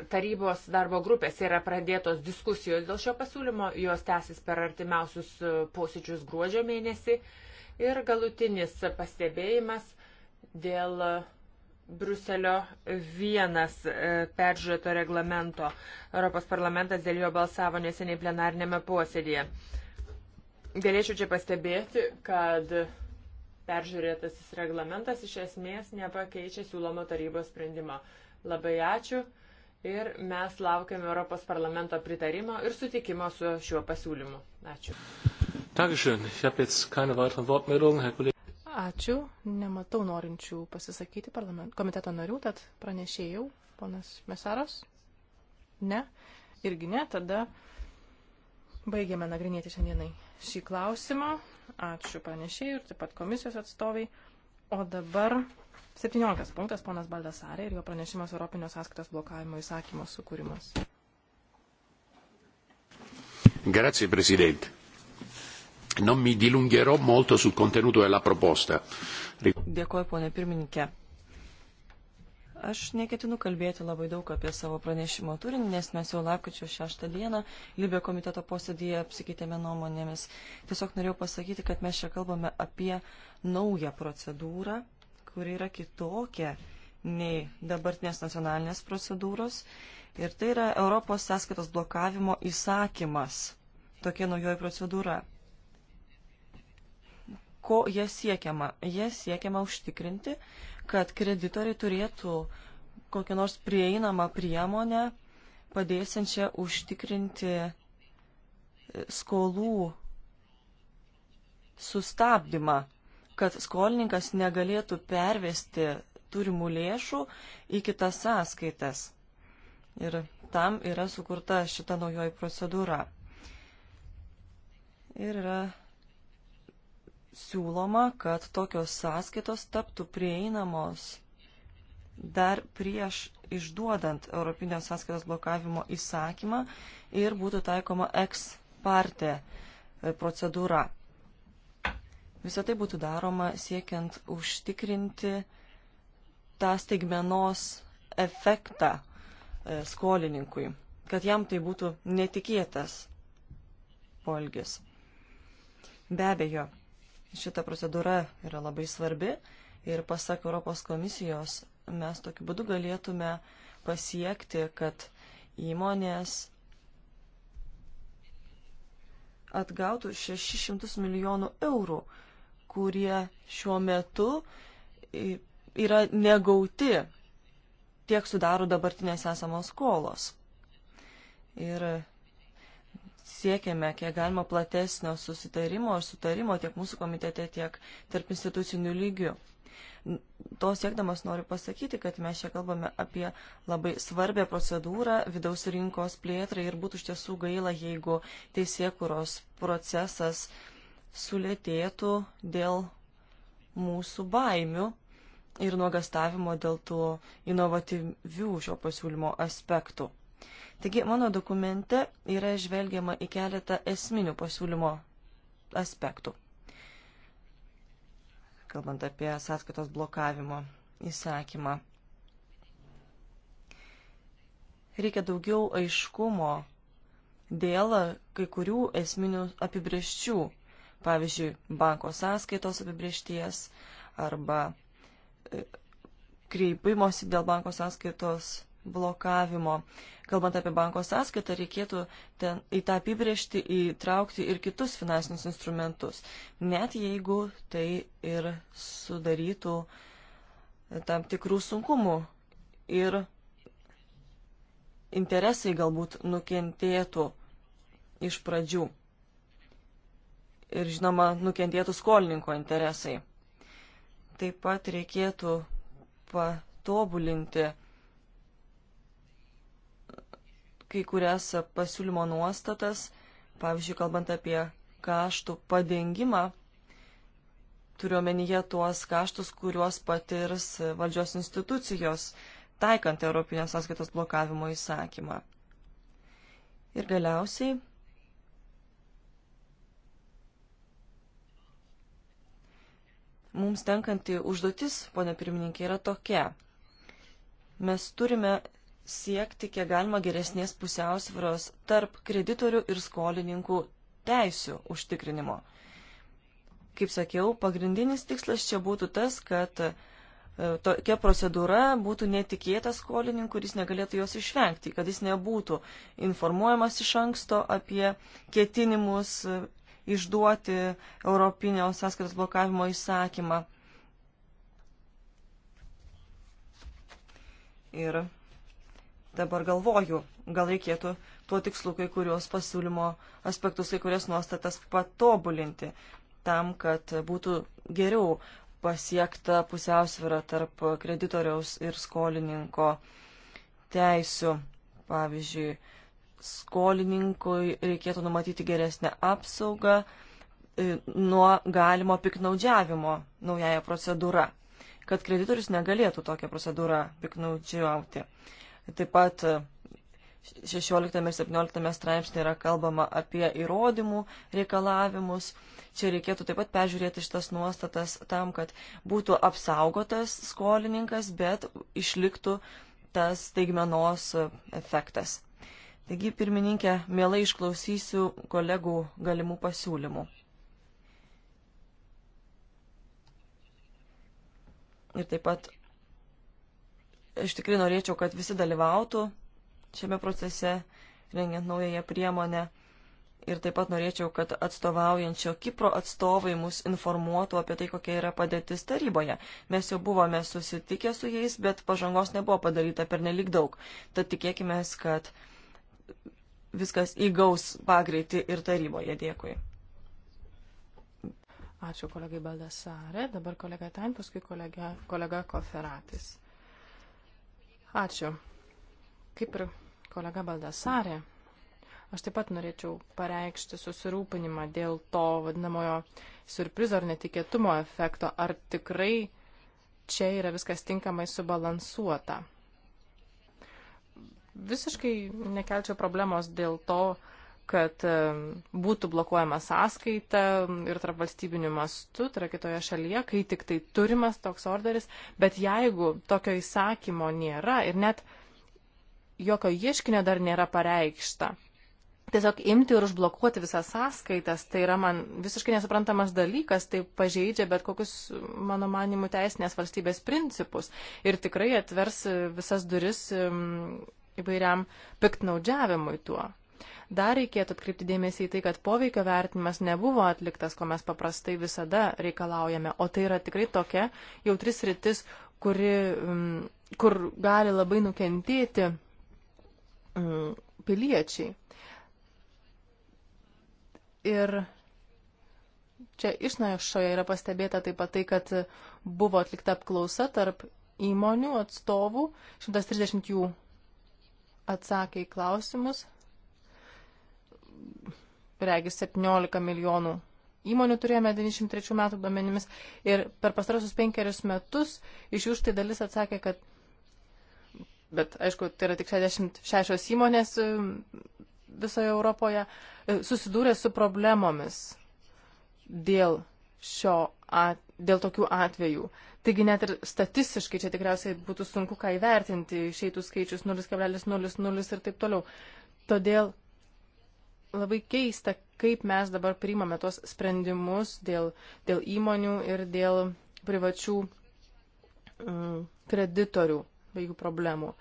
tarybos darbo grupėse yra pradėtos diskusijos dėl šio pasiūlymo, jos tęsis per artimiausius e, posėdžius gruodžio mėnesį. Ir galutinis pastebėjimas dėl Bruselio vienas e, peržiūrėto reglamento. Europos parlamentas dėl jo balsavo neseniai plenarnėme posėdėje. Galėčiau čia pastebėti, kad peržiūrėtasis reglamentas iš esmės nepakeičia siūlomo tarybos sprendimo. Labai ačiū ir mes laukiame Europos parlamento pritarimo ir sutikimo su šiuo pasiūlymu. Ačiū. Ačiū. Nematau norinčių pasisakyti komiteto narių, tad pranešėjau, ponas Mesaras. Ne. Irgi ne. Tada baigiame nagrinėti šiandienai šį klausimą. Ačiū pranešėjui ir taip pat komisijos atstoviai. O dabar 17 punktas, ponas Baldasarė ir jo pranešimas Europinio sąskaitos blokavimo įsakymo sukūrimas. Grazie, Presidente. Non mi dilungherò molto sul contenuto della proposta. Dėkuoju, ponė pirmininkė. Aš neketinu kalbėti labai daug apie savo pranešimo turinį, nes mes jau lapkričio 6 dieną Libio komiteto posėdėje apsikeitėme nuomonėmis. Tiesiog norėjau pasakyti, kad mes čia kalbame apie naują procedūrą kuri yra kitokia nei dabartinės nacionalinės procedūros. Ir tai yra Europos sąskaitos blokavimo įsakymas. Tokia naujoji procedūra. Ko jie siekiama? Jie siekiama užtikrinti, kad kreditoriai turėtų kokią nors prieinamą priemonę, padėsiančią užtikrinti e, skolų sustabdymą kad skolininkas negalėtų pervesti turimų lėšų į kitas sąskaitas. Ir tam yra sukurta šita naujoji procedūra. Ir yra siūloma, kad tokios sąskaitos taptų prieinamos dar prieš išduodant Europinio sąskaitos blokavimo įsakymą ir būtų taikoma ex parte procedūra. Visą tai būtų daroma siekiant užtikrinti tą staigmenos efektą e, skolininkui, kad jam tai būtų netikėtas polgis. Be abejo, šita procedūra yra labai svarbi ir pasak Europos komisijos mes tokiu būdu galėtume pasiekti, kad įmonės atgautų 600 milijonų eurų kurie šiuo metu yra negauti, tiek sudaro dabartinės esamos skolos. Ir siekiame kiek galima platesnio susitarimo ir sutarimo tiek mūsų komitete, tiek tarp institucinių lygių. To siekdamas noriu pasakyti, kad mes čia kalbame apie labai svarbę procedūrą vidaus rinkos plėtrai ir būtų iš tiesų gaila, jeigu teisėkuros procesas uh, sulėtėtų dėl mūsų baimių ir nuogastavimo dėl tų inovatyvių šio pasiūlymo aspektų. Taigi mano dokumente yra žvelgiama į keletą esminių pasiūlymo aspektų. Kalbant apie sąskaitos blokavimo įsakymą. Reikia daugiau aiškumo dėl kai kurių esminių apibrieščių pavyzdžiui, banko sąskaitos apibriešties arba e, kreipimosi dėl banko sąskaitos blokavimo. Kalbant apie banko sąskaitą, reikėtų ten, į tą apibriežti įtraukti ir kitus finansinius instrumentus, net jeigu tai ir sudarytų tam tikrų sunkumų ir interesai galbūt nukentėtų iš pradžių ir, žinoma, nukentėtų skolininko interesai. Taip pat reikėtų patobulinti kai kurias pasiūlymo nuostatas, pavyzdžiui, kalbant apie kaštų padengimą, turiuomenyje tuos kaštus, kuriuos patirs valdžios institucijos, taikant Europinės sąskaitos blokavimo įsakymą. Ir galiausiai mums tenkanti užduotis, ponė pirmininkė, yra tokia. Mes turime siekti kiek galima geresnės pusiausvėros tarp kreditorių ir skolininkų teisių užtikrinimo. Kaip sakiau, pagrindinis tikslas čia būtų tas, kad e, tokia procedūra būtų netikėta skolininkui, kuris negalėtų jos išvengti, kad jis nebūtų informuojamas iš anksto apie ketinimus išduoti Europinio sąskaitos blokavimo įsakymą. Ir dabar galvoju, gal reikėtų tuo tikslu kai kurios pasiūlymo aspektus, kai kurias nuostatas patobulinti, tam, kad būtų geriau pasiekta pusiausvyrą tarp kreditoriaus ir skolininko teisių. Pavyzdžiui, skolininkui reikėtų numatyti geresnę apsaugą e, nuo galimo piknaudžiavimo naująją procedūrą, kad kreditorius negalėtų tokią procedūrą piknaudžiauti. Taip pat 16 e, ir 17 straipsnė yra kalbama apie įrodymų reikalavimus. Čia reikėtų taip pat peržiūrėti šitas nuostatas tam, kad būtų apsaugotas skolininkas, bet išliktų tas taigmenos efektas. Taigi, pirmininkė, mielai išklausysiu kolegų galimų pasiūlymų. Ir taip pat iš tikrai norėčiau, kad visi dalyvautų šiame procese, rengiant naująją priemonę. Ir taip pat norėčiau, kad atstovaujančio Kipro atstovai mus informuotų apie tai, kokia yra padėtis taryboje. Mes jau buvome susitikę su jais, bet pažangos nebuvo padaryta per nelik daug. Tad tikėkime, kad viskas įgaus pagreitį ir taryboje. Dėkui. Ačiū kolegai Baldasarė, dabar kolega Tain, paskui kolega, kolega Koferatis. Ačiū. Kaip ir kolega Baldasarė, aš taip pat norėčiau pareikšti susirūpinimą dėl to vadinamojo surprizo ar netikėtumo efekto, ar tikrai čia yra viskas tinkamai subalansuota visiškai nekelčiau problemos dėl to, kad būtų blokuojama sąskaita ir tarp valstybinių mastų, tai yra kitoje šalyje, kai tik tai turimas toks orderis, bet jeigu tokio įsakymo nėra ir net jokio ieškinio dar nėra pareikšta, tiesiog imti ir užblokuoti visas sąskaitas, tai yra man visiškai nesuprantamas dalykas, tai pažeidžia bet kokius, mano manimų, teisinės valstybės principus ir tikrai atvers visas duris įvairiam piktnaudžiavimui tuo. Dar reikėtų atkreipti dėmesį į tai, kad poveikio vertinimas nebuvo atliktas, ko mes paprastai visada reikalaujame, o tai yra tikrai tokia jautris rytis, kuri, mm, kur gali labai nukentėti mm, piliečiai. Ir čia išnašoje yra pastebėta taip pat tai, kad buvo atlikta apklausa tarp įmonių atstovų, 130 jų atsakė į klausimus. Regis 17 milijonų įmonių turėjome 93 metų duomenimis ir per pastarosius penkerius metus iš jų štai dalis atsakė, kad bet aišku, tai yra tik 66 įmonės um, visoje Europoje, e, susidūrė su problemomis dėl, šio, at, dėl tokių atvejų. Taigi net ir statistiškai čia tikriausiai būtų sunku ką įvertinti, išeitų skaičius 0,00 ir taip toliau. Todėl labai keista, kaip mes dabar priimame tos sprendimus dėl, dėl įmonių ir dėl privačių mm, kreditorių bei jų problemų.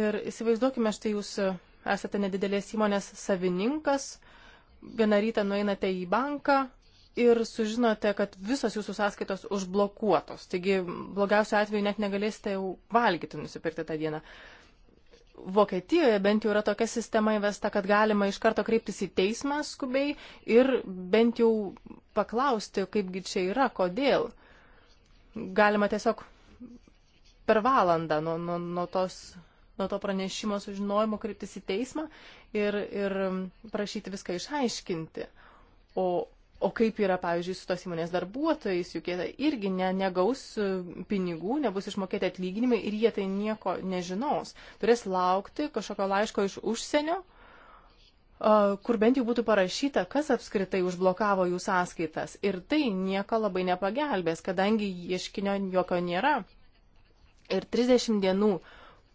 Ir įsivaizduokime, štai jūs esate nedidelės įmonės savininkas, vieną rytą nueinate į banką, ir sužinote, kad visos jūsų sąskaitos užblokuotos. Taigi blogiausiu atveju net negalėsite jau valgyti nusipirkti tą dieną. Vokietijoje bent jau yra tokia sistema įvesta, kad galima iš karto kreiptis į teismą skubiai ir bent jau paklausti, kaipgi čia yra, kodėl. Galima tiesiog per valandą nuo, nuo, nuo, tos, nuo to pranešimo sužinojimo kreiptis į teismą ir, ir prašyti viską išaiškinti. O O kaip yra, pavyzdžiui, su tos įmonės darbuotojais, juk jie irgi ne, negaus e, pinigų, nebus išmokėti atlyginimai ir jie tai nieko nežinos. Turės laukti kažkokio laiško iš užsienio, e, kur bent jau būtų parašyta, kas apskritai užblokavo jų sąskaitas. Ir tai nieko labai nepagelbės, kadangi ieškinio jokio nėra. Ir 30 dienų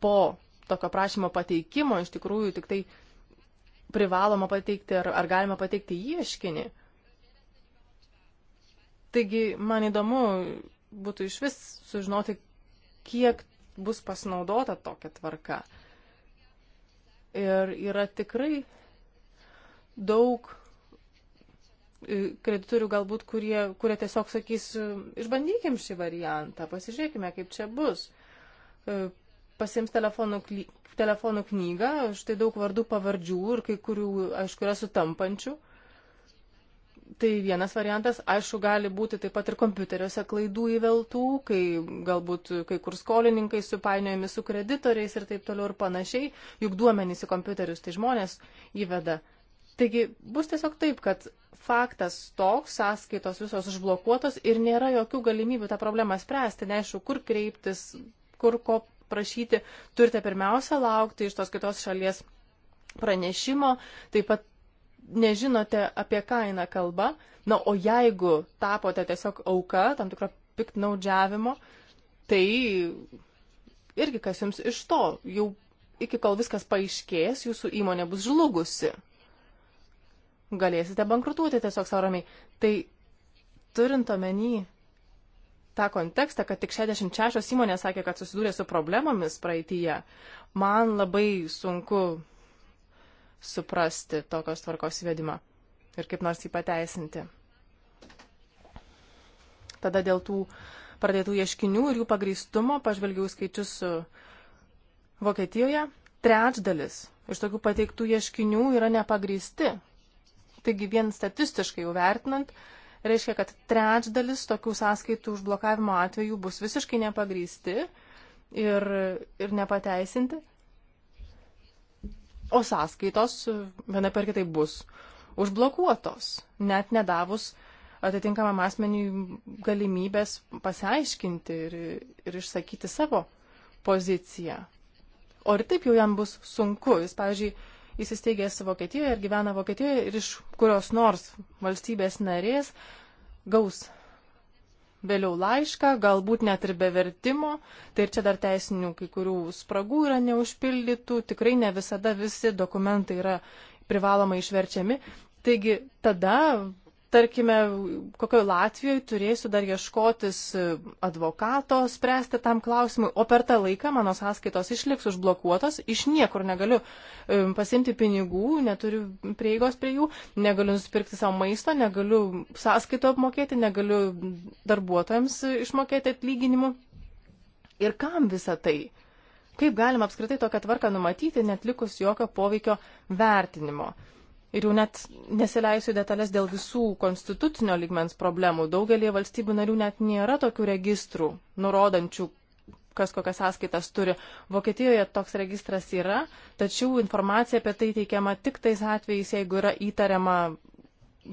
po tokio prašymo pateikimo iš tikrųjų tik tai privaloma pateikti ar, ar galima pateikti ieškinį. Taigi, man įdomu būtų iš vis sužinoti, kiek bus pasinaudota tokia tvarka. Ir yra tikrai daug e, kreditorių galbūt, kurie, kurie tiesiog sakys, e, išbandykim šį variantą, pasižiūrėkime, kaip čia bus. E, Pasims telefonų, telefonų knygą, štai daug vardų pavardžių ir kai kurių, aišku, yra sutampančių. Tai vienas variantas, aišku, gali būti taip pat ir kompiuteriuose klaidų įveltų, kai galbūt kai kur skolininkai supainiojami su kreditoriais ir taip toliau ir panašiai, juk duomenys į kompiuterius tai žmonės įveda. Taigi bus tiesiog taip, kad faktas toks, sąskaitos visos užblokuotos ir nėra jokių galimybių tą problemą spręsti, neaišku, kur kreiptis, kur ko prašyti, turite pirmiausia laukti iš tos kitos šalies pranešimo, taip pat nežinote, apie ką eina kalba, na, o jeigu tapote tiesiog auka tam tikro piktnaudžiavimo, tai irgi kas jums iš to, jau iki kol viskas paaiškės, jūsų įmonė bus žlugusi. Galėsite bankrutuoti tiesiog sauramiai. Tai turint omeny tą kontekstą, kad tik 66 įmonės sakė, kad susidūrė su problemomis praeitįje, man labai sunku suprasti tokios tvarkos įvedimą ir kaip nors jį pateisinti. Tada dėl tų pradėtų ieškinių ir jų pagristumo pažvelgiau skaičius Vokietijoje. Trečdalis iš tokių pateiktų ieškinių yra nepagristi. Taigi vien statistiškai jau vertinant, reiškia, kad trečdalis tokių sąskaitų užblokavimo atvejų bus visiškai nepagrysti ir, ir nepateisinti o sąskaitos vienai per kitai bus užblokuotos, net nedavus atitinkamam asmeniui galimybės pasiaiškinti ir, ir išsakyti savo poziciją. O ir taip jau jam bus sunku. Jis, pavyzdžiui, įsisteigęs Vokietijoje ir gyvena Vokietijoje ir iš kurios nors valstybės narės gaus vėliau laišką, galbūt net ir be vertimo. Tai ir čia dar teisinių kai kurių spragų yra neužpildytų, tikrai ne visada visi dokumentai yra privalomai išverčiami. Taigi tada tarkime, kokioje Latvijoje turėsiu dar ieškotis e, advokato, spręsti tam klausimui, o per tą laiką mano sąskaitos išliks užblokuotos, iš niekur negaliu e, pasimti pinigų, neturiu prieigos prie jų, negaliu nusipirkti savo maisto, negaliu sąskaito apmokėti, negaliu darbuotojams išmokėti atlyginimų. Ir kam visa tai? Kaip galima apskritai tokią tvarką numatyti, net likus jokio poveikio vertinimo? ir jau net nesileisiu detalės dėl visų konstitucinio ligmens problemų. Daugelie valstybių narių net nėra tokių registrų, nurodančių, kas kokias sąskaitas turi. Vokietijoje toks registras yra, tačiau informacija apie tai teikiama tik tais atvejais, jeigu yra įtariama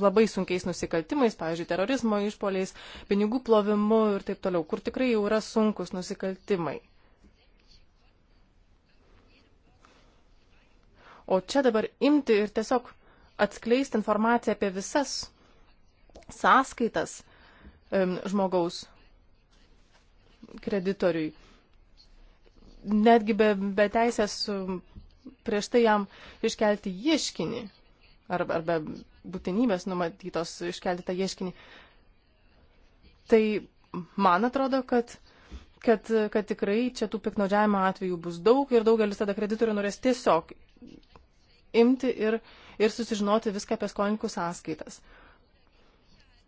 labai sunkiais nusikaltimais, pavyzdžiui, terorizmo išpoliais, pinigų plovimu ir taip toliau, kur tikrai jau yra sunkus nusikaltimai. O čia dabar imti ir tiesiog atskleisti informaciją apie visas sąskaitas žmogaus kreditoriui. Netgi be, be teisės prieš tai jam iškelti ieškinį arba, arba būtinybės numatytos iškelti tą ieškinį. Tai man atrodo, kad, kad, kad tikrai čia tų piknaudžiavimo atvejų bus daug ir daugelis tada kreditorių norės tiesiog imti ir, ir susižinoti viską apie skolininkų sąskaitas.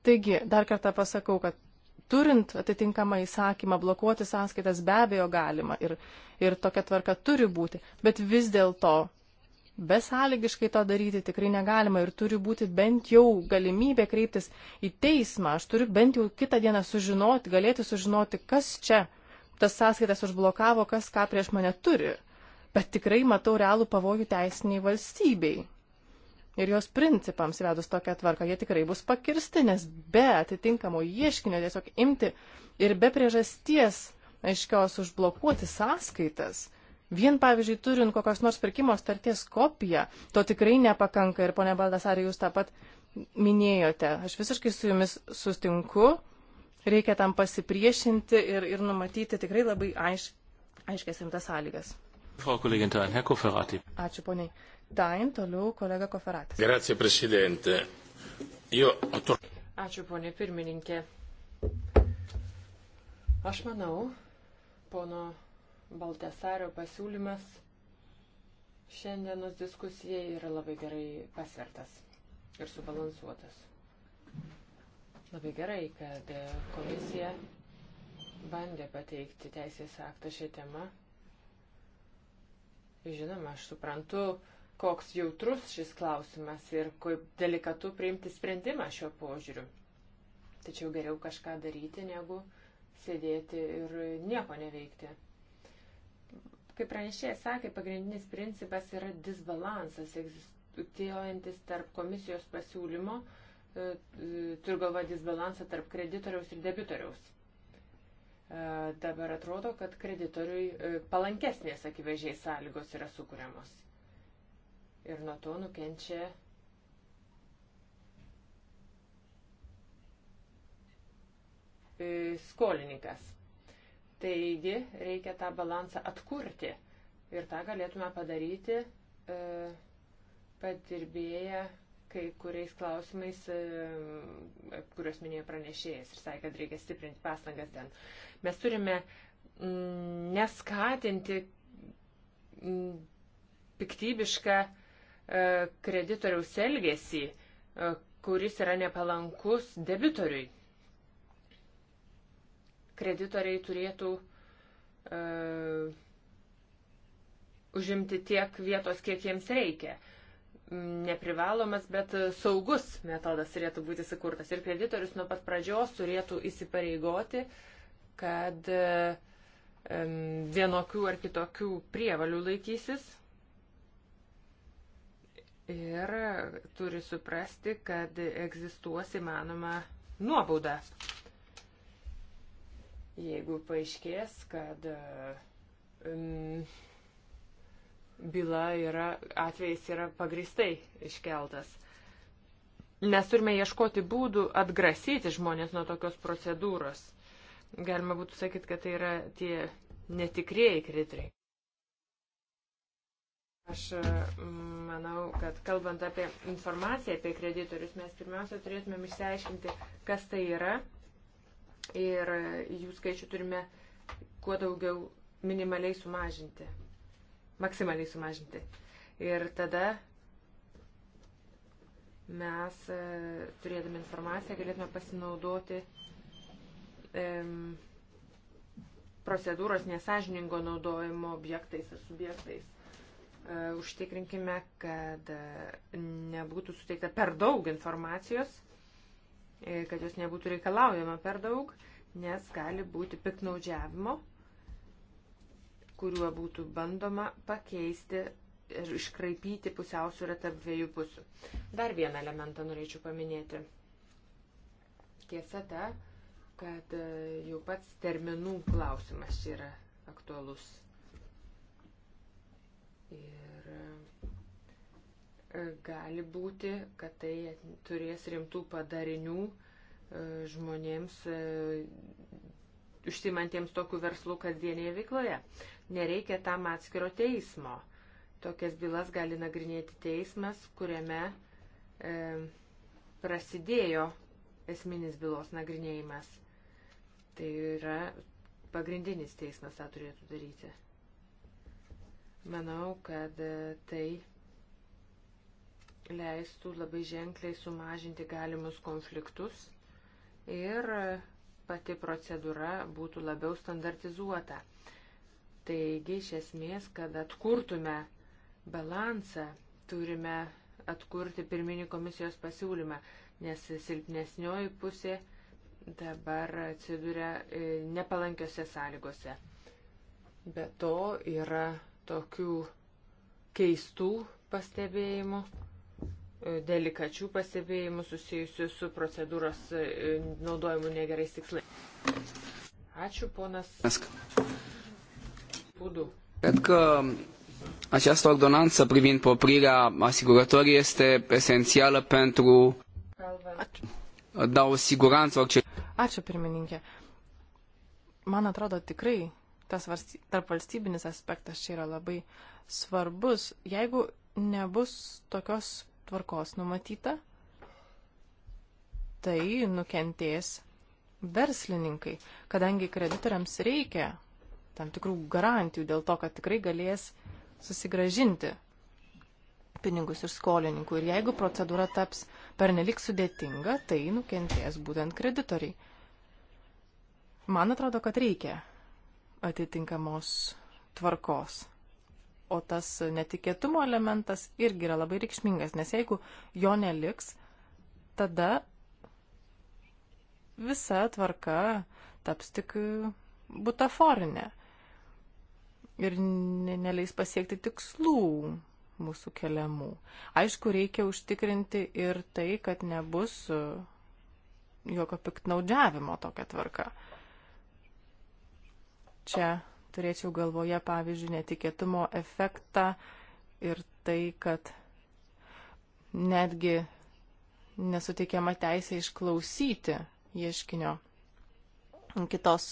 Taigi, dar kartą pasakau, kad turint atitinkamą įsakymą blokuoti sąskaitas be abejo galima ir, ir tokia tvarka turi būti, bet vis dėlto besąlygiškai to daryti tikrai negalima ir turi būti bent jau galimybė kreiptis į teismą. Aš turiu bent jau kitą dieną sužinoti, galėti sužinoti, kas čia tas sąskaitas užblokavo, kas ką prieš mane turi. Uh, bet tikrai matau realų pavojų teisiniai valstybei. Ir jos principams vedus tokią tvarką, jie tikrai bus pakirsti, nes be atitinkamo ieškinio tiesiog imti ir be priežasties aiškios užblokuoti sąskaitas, vien pavyzdžiui turint kokios nors pirkimo starties kopiją, to tikrai nepakanka. Ir ponia Baldasarė, jūs tą pat minėjote. Aš visiškai su jumis sustinku, reikia tam pasipriešinti ir, ir numatyti tikrai labai aiš, aiškės rimtas sąlygas. Ačiū poniai. Tain, toliau kolega Koferatis. Grazie, prezidente. Jo, atur... Ačiū ponė pirmininkė. Aš manau, pono Baltesario pasiūlymas šiandienos diskusijai yra labai gerai pasvertas ir subalansuotas. Labai gerai, kad komisija bandė pateikti teisės aktą šią temą Žinoma, aš suprantu, koks jautrus šis klausimas ir kaip delikatu priimti sprendimą šiuo požiūriu. Tačiau geriau kažką daryti, negu sėdėti ir nieko neveikti. Kaip pranešėjai sakė, pagrindinis principas yra disbalansas egzistuojantis tarp komisijos pasiūlymo, e, e, turiu galvoje disbalansą tarp kreditoriaus ir debitoriaus. E, dabar atrodo, kad kreditoriui e, palankesnės akivaizdžiai sąlygos yra sukūriamos. Ir nuo to nukenčia e, skolininkas. Taigi reikia tą balansą atkurti ir tą galėtume padaryti padirbėję kai kuriais klausimais, kuriuos minėjo pranešėjas ir sakė, kad reikia stiprinti pastangas ten. Mes turime mm, neskatinti mm, piktybišką e, kreditoriaus elgesį, e, kuris yra nepalankus debitoriui. Kreditoriai turėtų uh, užimti tiek vietos, kiek jiems reikia. Neprivalomas, bet saugus metodas turėtų būti sukurtas. Ir kreditorius nuo pat pradžios turėtų įsipareigoti uh, kad vienokių ar kitokių prievalių laikysis ir turi suprasti, kad egzistuos įmanoma nuobauda. Jeigu paaiškės, kad um, byla yra, atvejais yra pagristai iškeltas. Mes turime ieškoti būdų atgrasyti žmonės nuo tokios procedūros. Galima būtų sakyti, kad tai yra tie netikrieji kriterijai. Aš e, manau, kad kalbant apie informaciją apie kreditorius, mes pirmiausia turėtumėm išsiaiškinti, kas tai yra ir e, jų skaičių turime kuo daugiau minimaliai sumažinti, maksimaliai sumažinti. Ir tada mes e, turėdami informaciją galėtume pasinaudoti e, procedūros nesažiningo naudojimo objektais ar subjektais. E, užtikrinkime, kad e, nebūtų suteikta per daug informacijos, e, kad jos nebūtų reikalaujama per daug, nes gali būti piknaudžiavimo, kuriuo būtų bandoma pakeisti ir iškraipyti pusiausvyrą tarp dviejų pusių. Dar vieną elementą norėčiau paminėti. Tiesa ta, kad e, jau pats terminų klausimas čia yra aktualus. Ir e, gali būti, kad tai turės rimtų padarinių e, žmonėms užsimantiems tokių verslų kasdienėje veikloje. Nereikia tam atskiro teismo. Tokias bylas gali nagrinėti teismas, kuriame e, prasidėjo esminis bylos nagrinėjimas. Tai yra pagrindinis teismas tą turėtų daryti. Manau, kad e, tai leistų labai ženkliai sumažinti galimus konfliktus ir e, pati procedūra būtų labiau standartizuota. Taigi, iš esmės, kad atkurtume balansą, turime atkurti pirminį komisijos pasiūlymą, nes silpnesnioji pusė dabar atsiduria e, nepalankiose sąlygose. Be to yra tokių keistų pastebėjimų, e, delikačių pastebėjimų susijusių su procedūros e, naudojimu negerais tikslais. Ačiū, ponas. Pudu. Cred că această ordonanță privind poprirea asigurătorii este esențială pentru. Calvă da o siguranță orice. Ačiū pirmininkė. Man atrodo tikrai tas tarpvalstybinis aspektas čia yra labai svarbus. Jeigu nebus tokios tvarkos numatyta, tai nukentės verslininkai, kadangi kreditoriams reikia tam tikrų garantijų dėl to, kad tikrai galės susigražinti tarpininkus ir skolininkų. Ir jeigu procedūra taps pernelik sudėtinga, tai nukentės būtent kreditoriai. Man atrodo, kad reikia atitinkamos tvarkos. O tas netikėtumo elementas irgi yra labai reikšmingas, nes jeigu jo neliks, tada visa tvarka taps tik butaforinė ir neleis pasiekti tikslų, mūsų keliamų. Aišku, reikia užtikrinti ir tai, kad nebus e, jokio piktnaudžiavimo tokia tvarka. Čia turėčiau galvoje, pavyzdžiui, netikėtumo efektą ir tai, kad netgi nesuteikiama teisė išklausyti ieškinio kitos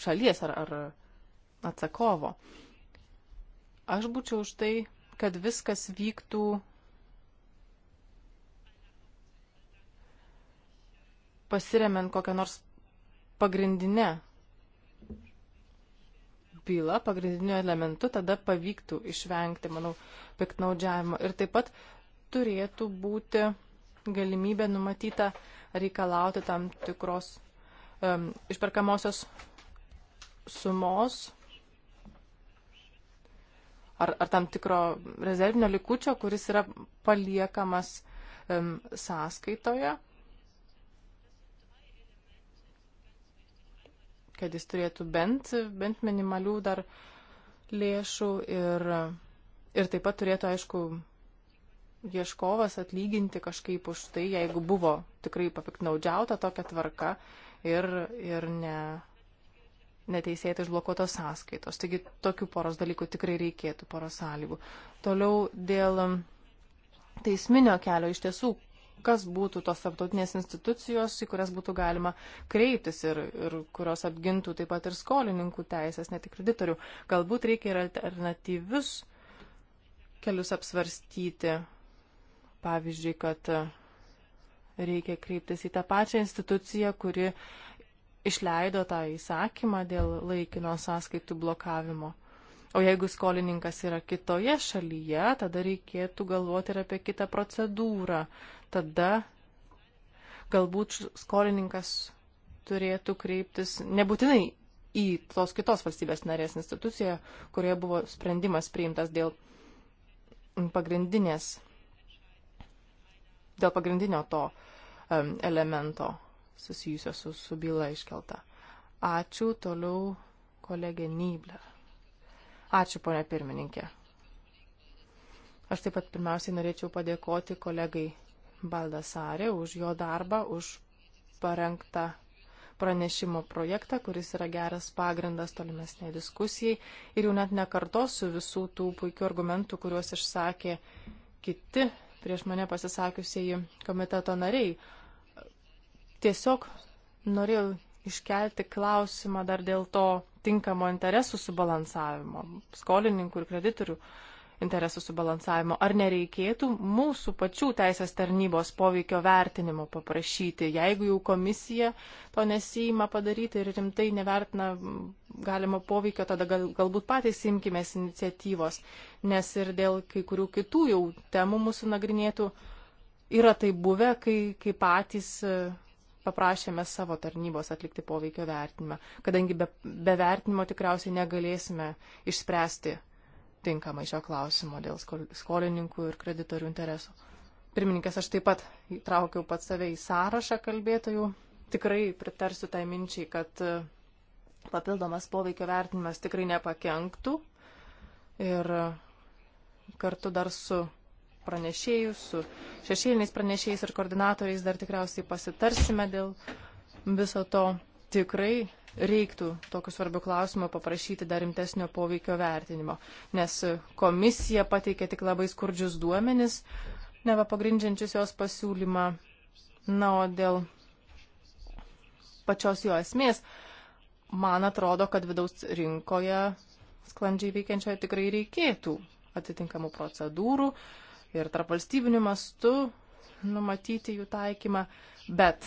šalies ar, ar atsakovo. Uh, Aš būčiau už tai, kad viskas vyktų pasiremiant kokią nors pagrindinę bylą, pagrindiniu elementu, tada pavyktų išvengti, manau, piktnaudžiavimo. Ir taip pat turėtų būti galimybė numatyta reikalauti tam tikros um, išperkamosios sumos ar, ar tam tikro rezervinio likučio, kuris yra paliekamas um, sąskaitoje, kad jis turėtų bent, bent minimalių dar lėšų ir, ir taip pat turėtų, aišku, ieškovas atlyginti kažkaip už tai, jeigu buvo tikrai papiknaudžiauta tokia tvarka ir, ir ne, neteisėtai užblokuotos sąskaitos. Taigi tokių poros dalykų tikrai reikėtų, poros sąlygų. Toliau dėl um, teisminio kelio iš tiesų, kas būtų tos tarptautinės institucijos, į kurias būtų galima kreiptis ir, ir kurios apgintų taip pat ir skolininkų teisės, ne tik kreditorių. Galbūt reikia ir alternatyvius kelius apsvarstyti. Pavyzdžiui, kad uh, reikia kreiptis į tą pačią instituciją, kuri uh, išleido tą įsakymą dėl laikino sąskaitų blokavimo. O jeigu skolininkas yra kitoje šalyje, tada reikėtų galvoti ir apie kitą procedūrą. Tada galbūt skolininkas turėtų kreiptis nebūtinai į tos kitos valstybės narės instituciją, kurioje buvo sprendimas priimtas dėl pagrindinės, dėl pagrindinio to um, elemento susijusio su, su byla iškelta. Ačiū toliau kolegė Nybler. Ačiū, ponė pirmininkė. Aš taip pat pirmiausiai norėčiau padėkoti kolegai Baldasarė už jo darbą, už parengtą pranešimo projektą, kuris yra geras pagrindas tolimesnė diskusijai ir jau net nekartosiu visų tų puikių argumentų, kuriuos išsakė kiti prieš mane pasisakiusieji komiteto nariai. Tiesiog norėjau iškelti klausimą dar dėl to tinkamo interesų subalansavimo, skolininkų ir kreditorių interesų subalansavimo. Ar nereikėtų mūsų pačių teisės tarnybos poveikio vertinimo paprašyti, jeigu jau komisija to nesijima padaryti ir rimtai nevertina galimo poveikio, tada gal, galbūt patys imkimės iniciatyvos, nes ir dėl kai kurių kitų jau temų mūsų nagrinėtų yra tai buvę, kai, kai patys paprašėme savo tarnybos atlikti poveikio vertinimą, kadangi be, be vertinimo tikriausiai negalėsime išspręsti tinkamai šio klausimo dėl skolininkų ir kreditorių interesų. Pirmininkas, aš taip pat įtraukiau pat save į sąrašą kalbėtojų. Tikrai pritarsiu tai minčiai, kad e, papildomas poveikio vertinimas tikrai nepakenktų ir e, kartu dar su pranešėjų, su šešėliniais pranešėjais ir koordinatoriais dar tikriausiai pasitarsime dėl viso to. Tikrai reiktų tokiu svarbiu klausimu paprašyti dar rimtesnio poveikio vertinimo, nes komisija pateikė tik labai skurdžius duomenis, neva pagrindžiančius jos pasiūlymą. Na, o dėl pačios jo esmės, man atrodo, kad vidaus rinkoje sklandžiai veikiančioje tikrai reikėtų atitinkamų procedūrų, ir tarp valstybinių mastų numatyti jų taikymą, bet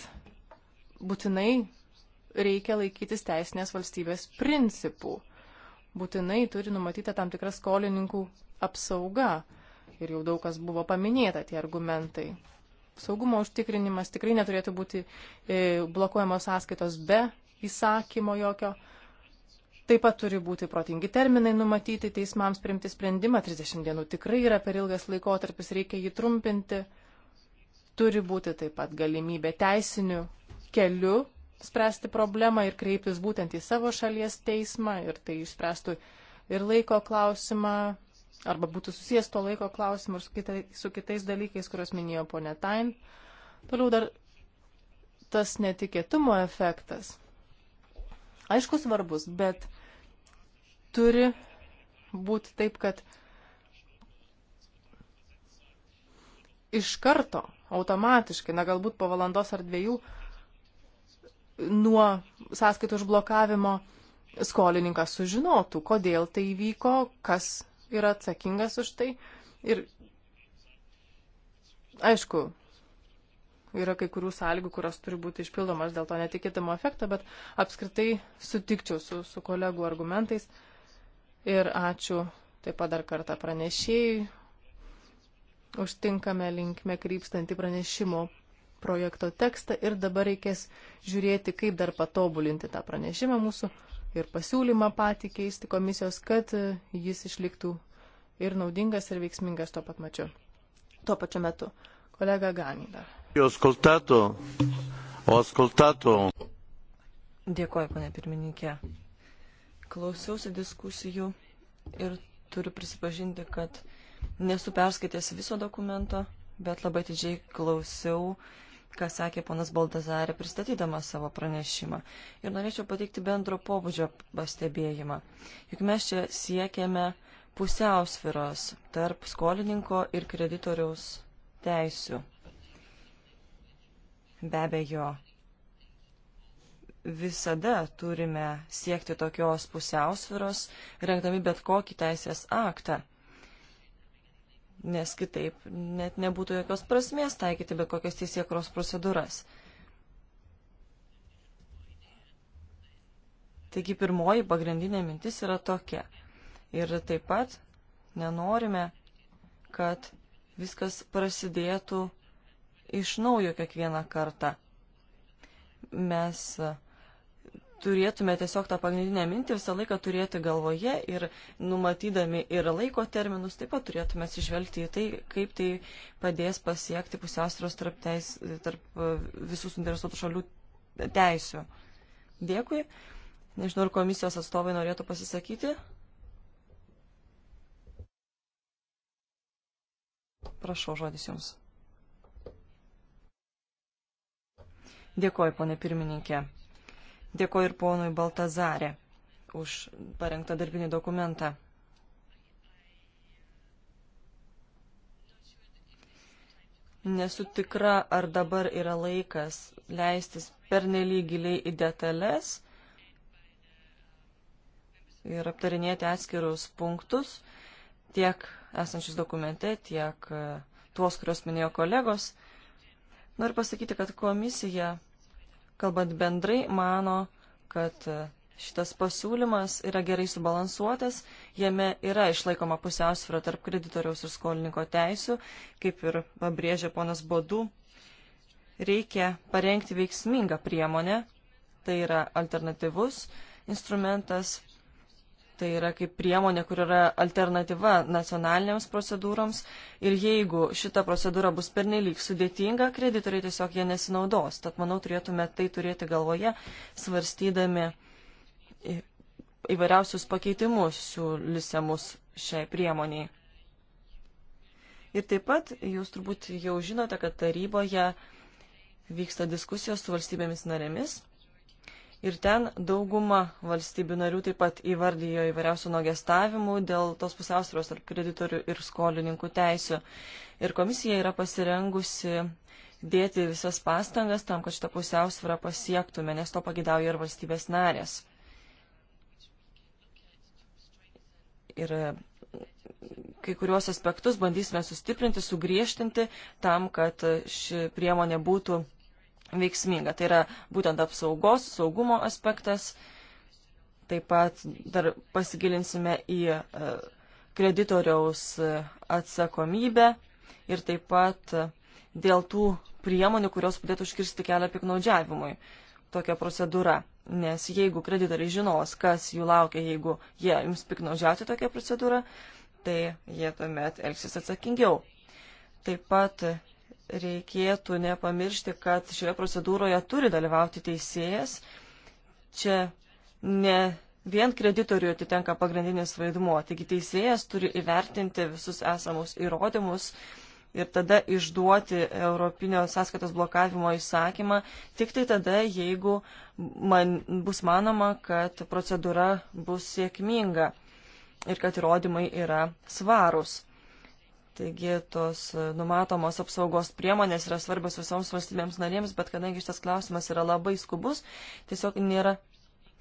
būtinai reikia laikytis teisinės valstybės principų. Būtinai turi numatyta tam tikra skolininkų apsauga. Ir jau daug kas buvo paminėta tie argumentai. Saugumo užtikrinimas tikrai neturėtų būti e, blokuojamos sąskaitos be įsakymo jokio. E, Taip pat turi būti protingi terminai numatyti teismams priimti sprendimą. 30 dienų tikrai yra per ilgas laikotarpis, reikia jį trumpinti. Turi būti taip pat galimybė teisiniu keliu spręsti problemą ir kreiptis būtent į savo šalies teismą ir tai išspręstų ir laiko klausimą, arba būtų susijęs to laiko klausimu ir su, kita, su kitais dalykais, kuriuos minėjo ponė Tain. Toliau dar tas netikėtumo efektas aišku svarbus, bet turi būti taip, kad iš karto, automatiškai, na galbūt po valandos ar dviejų, nuo sąskaitų užblokavimo skolininkas sužinotų, kodėl tai įvyko, kas yra atsakingas už tai. Ir aišku, yra kai kurių sąlygų, kurios turi būti išpildomas dėl to netikėtamo efekto, bet apskritai sutikčiau su, su kolegų argumentais. Uh, Ir ačiū taip pat dar kartą pranešėjai užtinkame linkme krypstantį pranešimo projekto tekstą ir dabar reikės žiūrėti, kaip dar patobulinti tą pranešimą mūsų ir pasiūlymą patį keisti komisijos, kad jis išliktų ir naudingas, ir veiksmingas tuo pat mačiu. Tuo pačiu metu. Kolega Gani dar. Dėkuoju, ponė pirmininkė klausiausi diskusijų ir turiu prisipažinti, kad nesu perskaitęs viso dokumento, bet labai didžiai klausiau, ką sakė ponas Baldazarė pristatydamas savo pranešimą. Ir norėčiau pateikti bendro pobūdžio pastebėjimą. Juk mes čia siekiame pusiausviros tarp skolininko ir kreditoriaus teisių. Be abejo, visada turime siekti tokios pusiausviros, rengdami bet kokį teisės aktą. Nes kitaip net nebūtų jokios prasmės taikyti bet kokias teisėkros procedūras. Taigi pirmoji pagrindinė mintis yra tokia. Ir taip pat nenorime, kad viskas prasidėtų iš naujo kiekvieną kartą. Mes turėtume tiesiog tą pagrindinę mintį visą laiką turėti galvoje ir numatydami ir laiko terminus taip pat turėtume atsižvelgti į tai, kaip tai padės pasiekti pusiausvėros tarp, teis, tarp e, visų suinteresuotų šalių teisių. Dėkui. Nežinau, ar komisijos atstovai norėtų pasisakyti. Prašau, žodis jums. Dėkoju, ponė pirmininkė. Dėkoju ir ponui Baltazarė už parengtą darbinį dokumentą. Nesu tikra, ar dabar yra laikas leistis pernelyg giliai į detalės ir aptarinėti atskirus punktus, tiek esančius dokumente, tiek e, tuos, kuriuos minėjo kolegos. Noriu pasakyti, kad komisija kalbant bendrai, mano, kad šitas pasiūlymas yra gerai subalansuotas, jame yra išlaikoma pusiausvyrą tarp kreditoriaus ir skolininko teisų, kaip ir pabrėžė ponas Bodu, reikia parengti veiksmingą priemonę, tai yra alternatyvus instrumentas, Tai yra kaip priemonė, kur yra alternatyva nacionaliniams procedūroms ir jeigu šita procedūra bus pernelyg sudėtinga, kreditoriai tiesiog jie nesinaudos. Tad manau turėtume tai turėti galvoje, svarstydami įvairiausius pakeitimus siūlysiamus šiai priemoniai. Ir taip pat jūs turbūt jau žinote, kad taryboje vyksta diskusijos su valstybėmis narėmis Ir ten dauguma valstybių narių taip pat įvardijo įvairiausių nuogestavimų dėl tos pusiausvėros tarp kreditorių ir skolininkų teisų. Ir komisija yra pasirengusi dėti visas pastangas tam, kad šitą pusiausvyrą pasiektume, nes to pagidauja ir valstybės narės. Ir e, kai kuriuos aspektus bandysime sustiprinti, sugriežtinti tam, kad e, ši priemonė būtų veiksminga. Tai yra būtent apsaugos, saugumo aspektas. Taip pat dar pasigilinsime į e, kreditoriaus e, atsakomybę ir taip pat e, dėl tų priemonių, kurios padėtų užkirsti kelią piknaudžiavimui tokia procedūra. Nes jeigu kreditoriai žinos, kas jų laukia, jeigu jie jums piknaudžiauti tokią procedūrą, tai jie tuomet elgsis atsakingiau. Taip pat reikėtų nepamiršti, kad šioje procedūroje turi dalyvauti teisėjas. Čia ne vien kreditoriui atitenka pagrindinis vaidmuo, taigi teisėjas turi įvertinti visus esamus įrodymus ir tada išduoti Europinio sąskaitos blokavimo įsakymą, tik tai tada, jeigu man, bus manoma, kad procedūra bus sėkminga ir kad įrodymai yra svarūs. Taigi tos e, numatomos apsaugos priemonės yra svarbios visoms valstybėms narėms, bet kadangi šitas klausimas yra labai skubus, tiesiog nėra,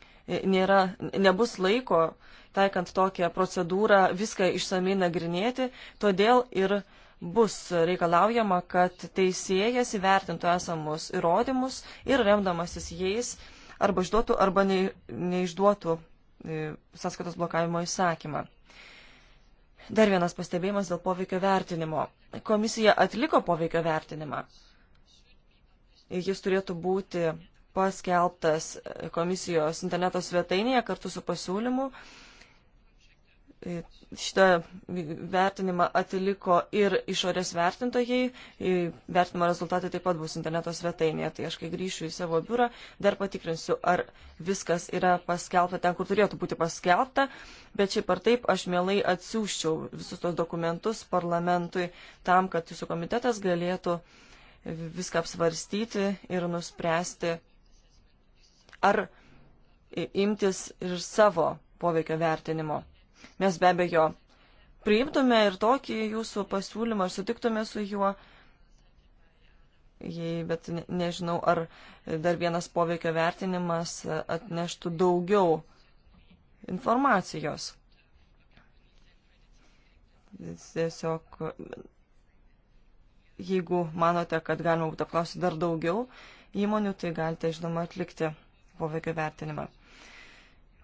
e, nėra, nebus laiko, taikant tokią procedūrą, viską išsamei nagrinėti, todėl ir bus reikalaujama, kad teisėjas įvertintų esamus įrodymus ir remdamasis jais arba išduotų arba neišduotų e, sąskaitos blokavimo įsakymą. Dar vienas pastebėjimas dėl poveikio vertinimo. Komisija atliko poveikio vertinimą. Jis turėtų būti paskelbtas komisijos interneto svetainėje kartu su pasiūlymu. Uh, E, šitą vertinimą atliko ir išorės vertintojai, e, vertinimo rezultatai taip pat bus interneto svetainėje, tai aš kai grįšiu į savo biurą, dar patikrinsiu, ar viskas yra paskelbta ten, kur turėtų būti paskelbta, bet šiaip ar taip aš mielai atsiųščiau visus tos dokumentus parlamentui tam, kad jūsų komitetas galėtų viską apsvarstyti ir nuspręsti, ar imtis ir savo poveikio vertinimo. Mes be abejo priimtume ir tokį jūsų pasiūlymą, ar sutiktume su juo, jei, bet ne, nežinau, ar dar vienas poveikio vertinimas atneštų daugiau informacijos. Tiesiog, jeigu manote, kad galima būtų apklausyti dar daugiau įmonių, tai galite, žinoma, atlikti poveikio vertinimą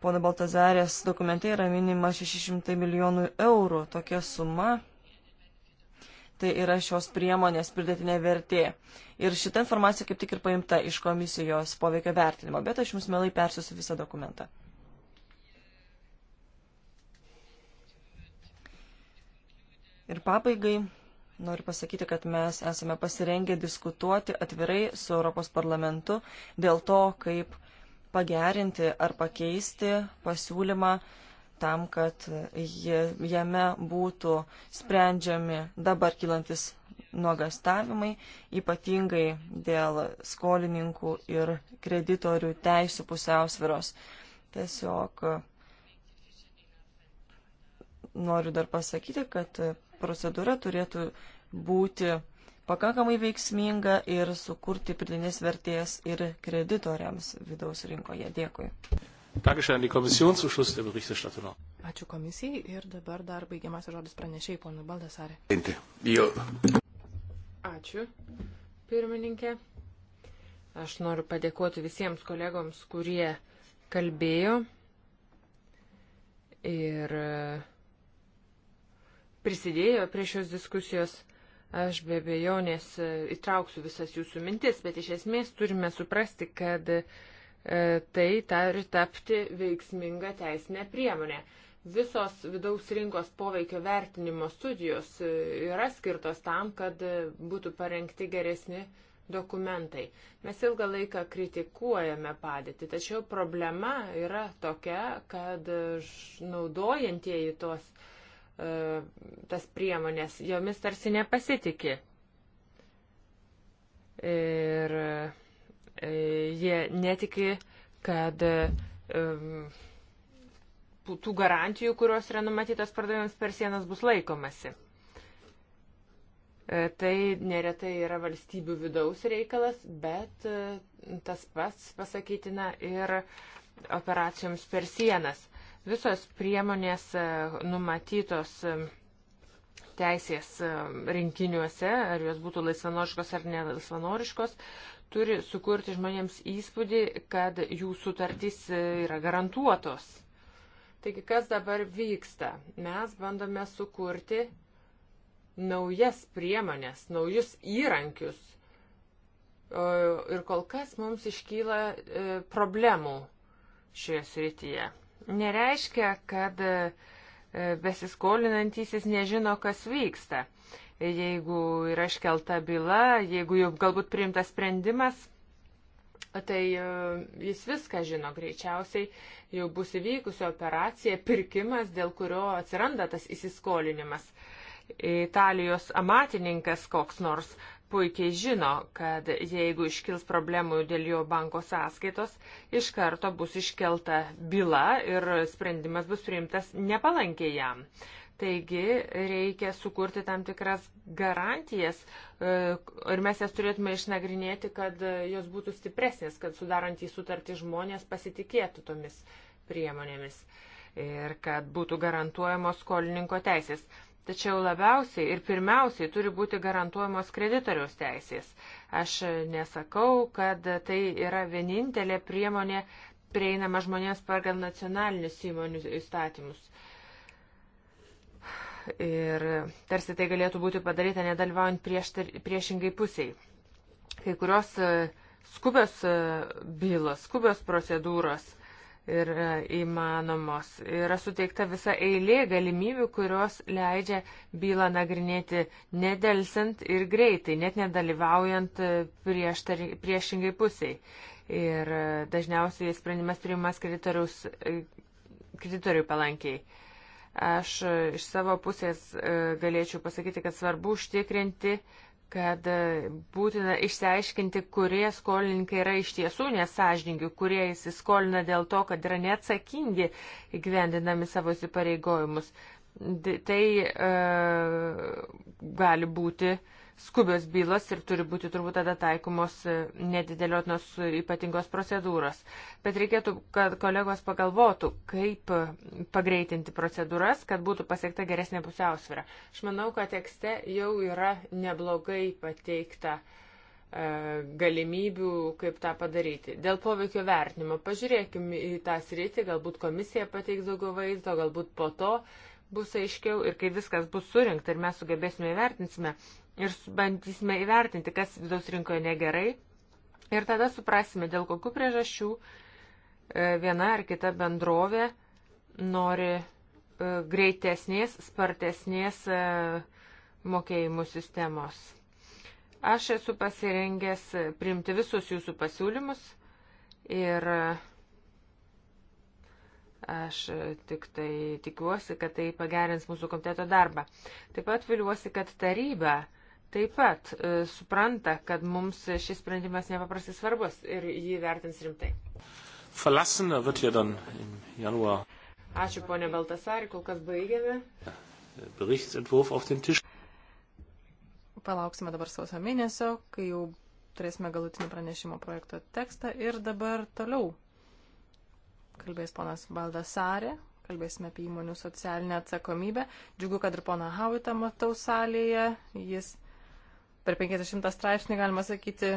pono Baltazarės dokumente yra minima 600 milijonų eurų. Tokia suma tai yra šios priemonės pridėtinė vertė. Ir šita informacija kaip tik ir paimta iš komisijos poveikio vertinimo, bet aš jums melai persiusiu visą dokumentą. Ir pabaigai noriu pasakyti, kad mes esame pasirengę diskutuoti atvirai su Europos parlamentu dėl to, kaip pagerinti ar pakeisti pasiūlymą tam, kad jame būtų sprendžiami dabar kilantis nuogastavimai, ypatingai dėl skolininkų ir kreditorių teisų pusiausviros. Tiesiog noriu dar pasakyti, kad procedūra turėtų būti pakankamai veiksminga ir sukurti pridinės vertės ir kreditoriams vidaus rinkoje. Dėkui. Ačiū komisijai ir dabar dar baigiamas žodis pranešėjai, ponui Baldasarė. Ačiū, pirmininkė. Aš noriu padėkoti visiems kolegoms, kurie kalbėjo ir e, prisidėjo prie šios diskusijos. Aš be bejonės e, įtrauksiu visas jūsų mintis, bet iš esmės turime suprasti, kad e, tai turi tapti veiksminga teisinė priemonė. Visos vidaus rinkos poveikio vertinimo studijos e, yra skirtos tam, kad būtų parengti geresni dokumentai. Mes ilgą laiką kritikuojame padėtį, tačiau problema yra tokia, kad naudojantieji tos uh, tas priemonės, jomis tarsi nepasitikė. Ir e, jie netiki, kad tų garantijų, kurios yra numatytos pardavimams per sienas, bus laikomasi. E, tai neretai yra valstybių vidaus reikalas, bet e, tas pats pasakytina ir operacijoms per sienas. Visos priemonės e, numatytos e, teisės e, rinkiniuose, ar jos būtų laisvanoriškos ar nelaisvanoriškos, turi sukurti žmonėms įspūdį, kad jų sutartys yra garantuotos. Taigi, kas dabar vyksta? Mes bandome sukurti naujas priemonės, naujus įrankius. Ir kol kas mums iškyla problemų šioje srityje nereiškia, kad e, besiskolinantysis nežino, kas vyksta. Jeigu yra iškelta byla, jeigu jau galbūt priimtas sprendimas, tai e, jis viską žino greičiausiai, jau bus įvykusi operacija, pirkimas, dėl kurio atsiranda tas įsiskolinimas. Italijos amatininkas koks nors puikiai žino, kad jeigu iškils problemų dėl jo banko sąskaitos, iš karto bus iškelta byla ir sprendimas bus priimtas nepalankiai jam. Taigi reikia sukurti tam tikras garantijas e, ir mes jas turėtume išnagrinėti, kad jos būtų stipresnės, kad sudarant į sutartį žmonės pasitikėtų tomis priemonėmis ir kad būtų garantuojamos skolininko teisės. Tačiau labiausiai ir pirmiausiai turi būti garantuojamos kreditoriaus teisės. Aš nesakau, kad tai yra vienintelė priemonė prieinama žmonėms pagal nacionalinius įmonių įstatymus. Ir tarsi tai galėtų būti padaryta nedalyvaujant prieš, priešingai pusiai. Kai kurios e, skubios e, bylos, skubios procedūros yra e, įmanomos. Yra suteikta visa eilė galimybių, kurios leidžia bylą nagrinėti nedelsint ir greitai, net nedalyvaujant e, prieš, priešingai pusiai. Ir e, dažniausiai sprendimas priimamas kreditoriui palankiai. Aš iš savo pusės galėčiau pasakyti, kad svarbu užtikrinti, uh, kad e, būtina išsiaiškinti, kurie skolininkai yra iš tiesų nesažininkai, kurie įsiskolina dėl to, kad yra neatsakingi įgyvendinami savo įsipareigojimus. Tai e, gali būti e, skubios bylos ir turi būti turbūt tada taikomos e, nedideliotinos e, ypatingos procedūros. Bet reikėtų, kad kolegos pagalvotų, kaip e, pagreitinti procedūras, kad būtų pasiekta geresnė pusiausvėra. Aš manau, kad tekste jau yra neblogai pateikta e, galimybių, kaip tą padaryti. Dėl poveikio vertinimo, pažiūrėkime į tą sritį, galbūt komisija pateiks daugiau vaizdo, galbūt po to bus aiškiau ir kai viskas bus surinkta ir mes sugebėsime įvertinsime, ir bandysime įvertinti, kas vidaus rinkoje negerai. Ir tada suprasime, dėl kokių priežasčių e, viena ar kita bendrovė nori e, greitesnės, spartesnės e, mokėjimų sistemos. Aš esu pasirengęs priimti visus jūsų pasiūlymus ir aš tik tai tikiuosi, kad tai pagerins mūsų komiteto darbą. Taip pat viliuosi, kad taryba taip pat e, supranta, kad mums šis sprendimas nepaprastai svarbus ir jį vertins rimtai. Verlassener wird ja dann im Januar. Ačiū ponė Baltasari, kol kas baigėme. Berichtsentwurf auf den Tisch. Palauksime dabar sausio mėnesio, kai jau turėsime galutinį pranešimo projekto tekstą. Ir dabar toliau kalbės ponas Baldasarė, kalbėsime apie įmonių socialinę atsakomybę. Džiugu, kad ir poną Hauitą matau salėje. Jis per 50 straipsnį galima sakyti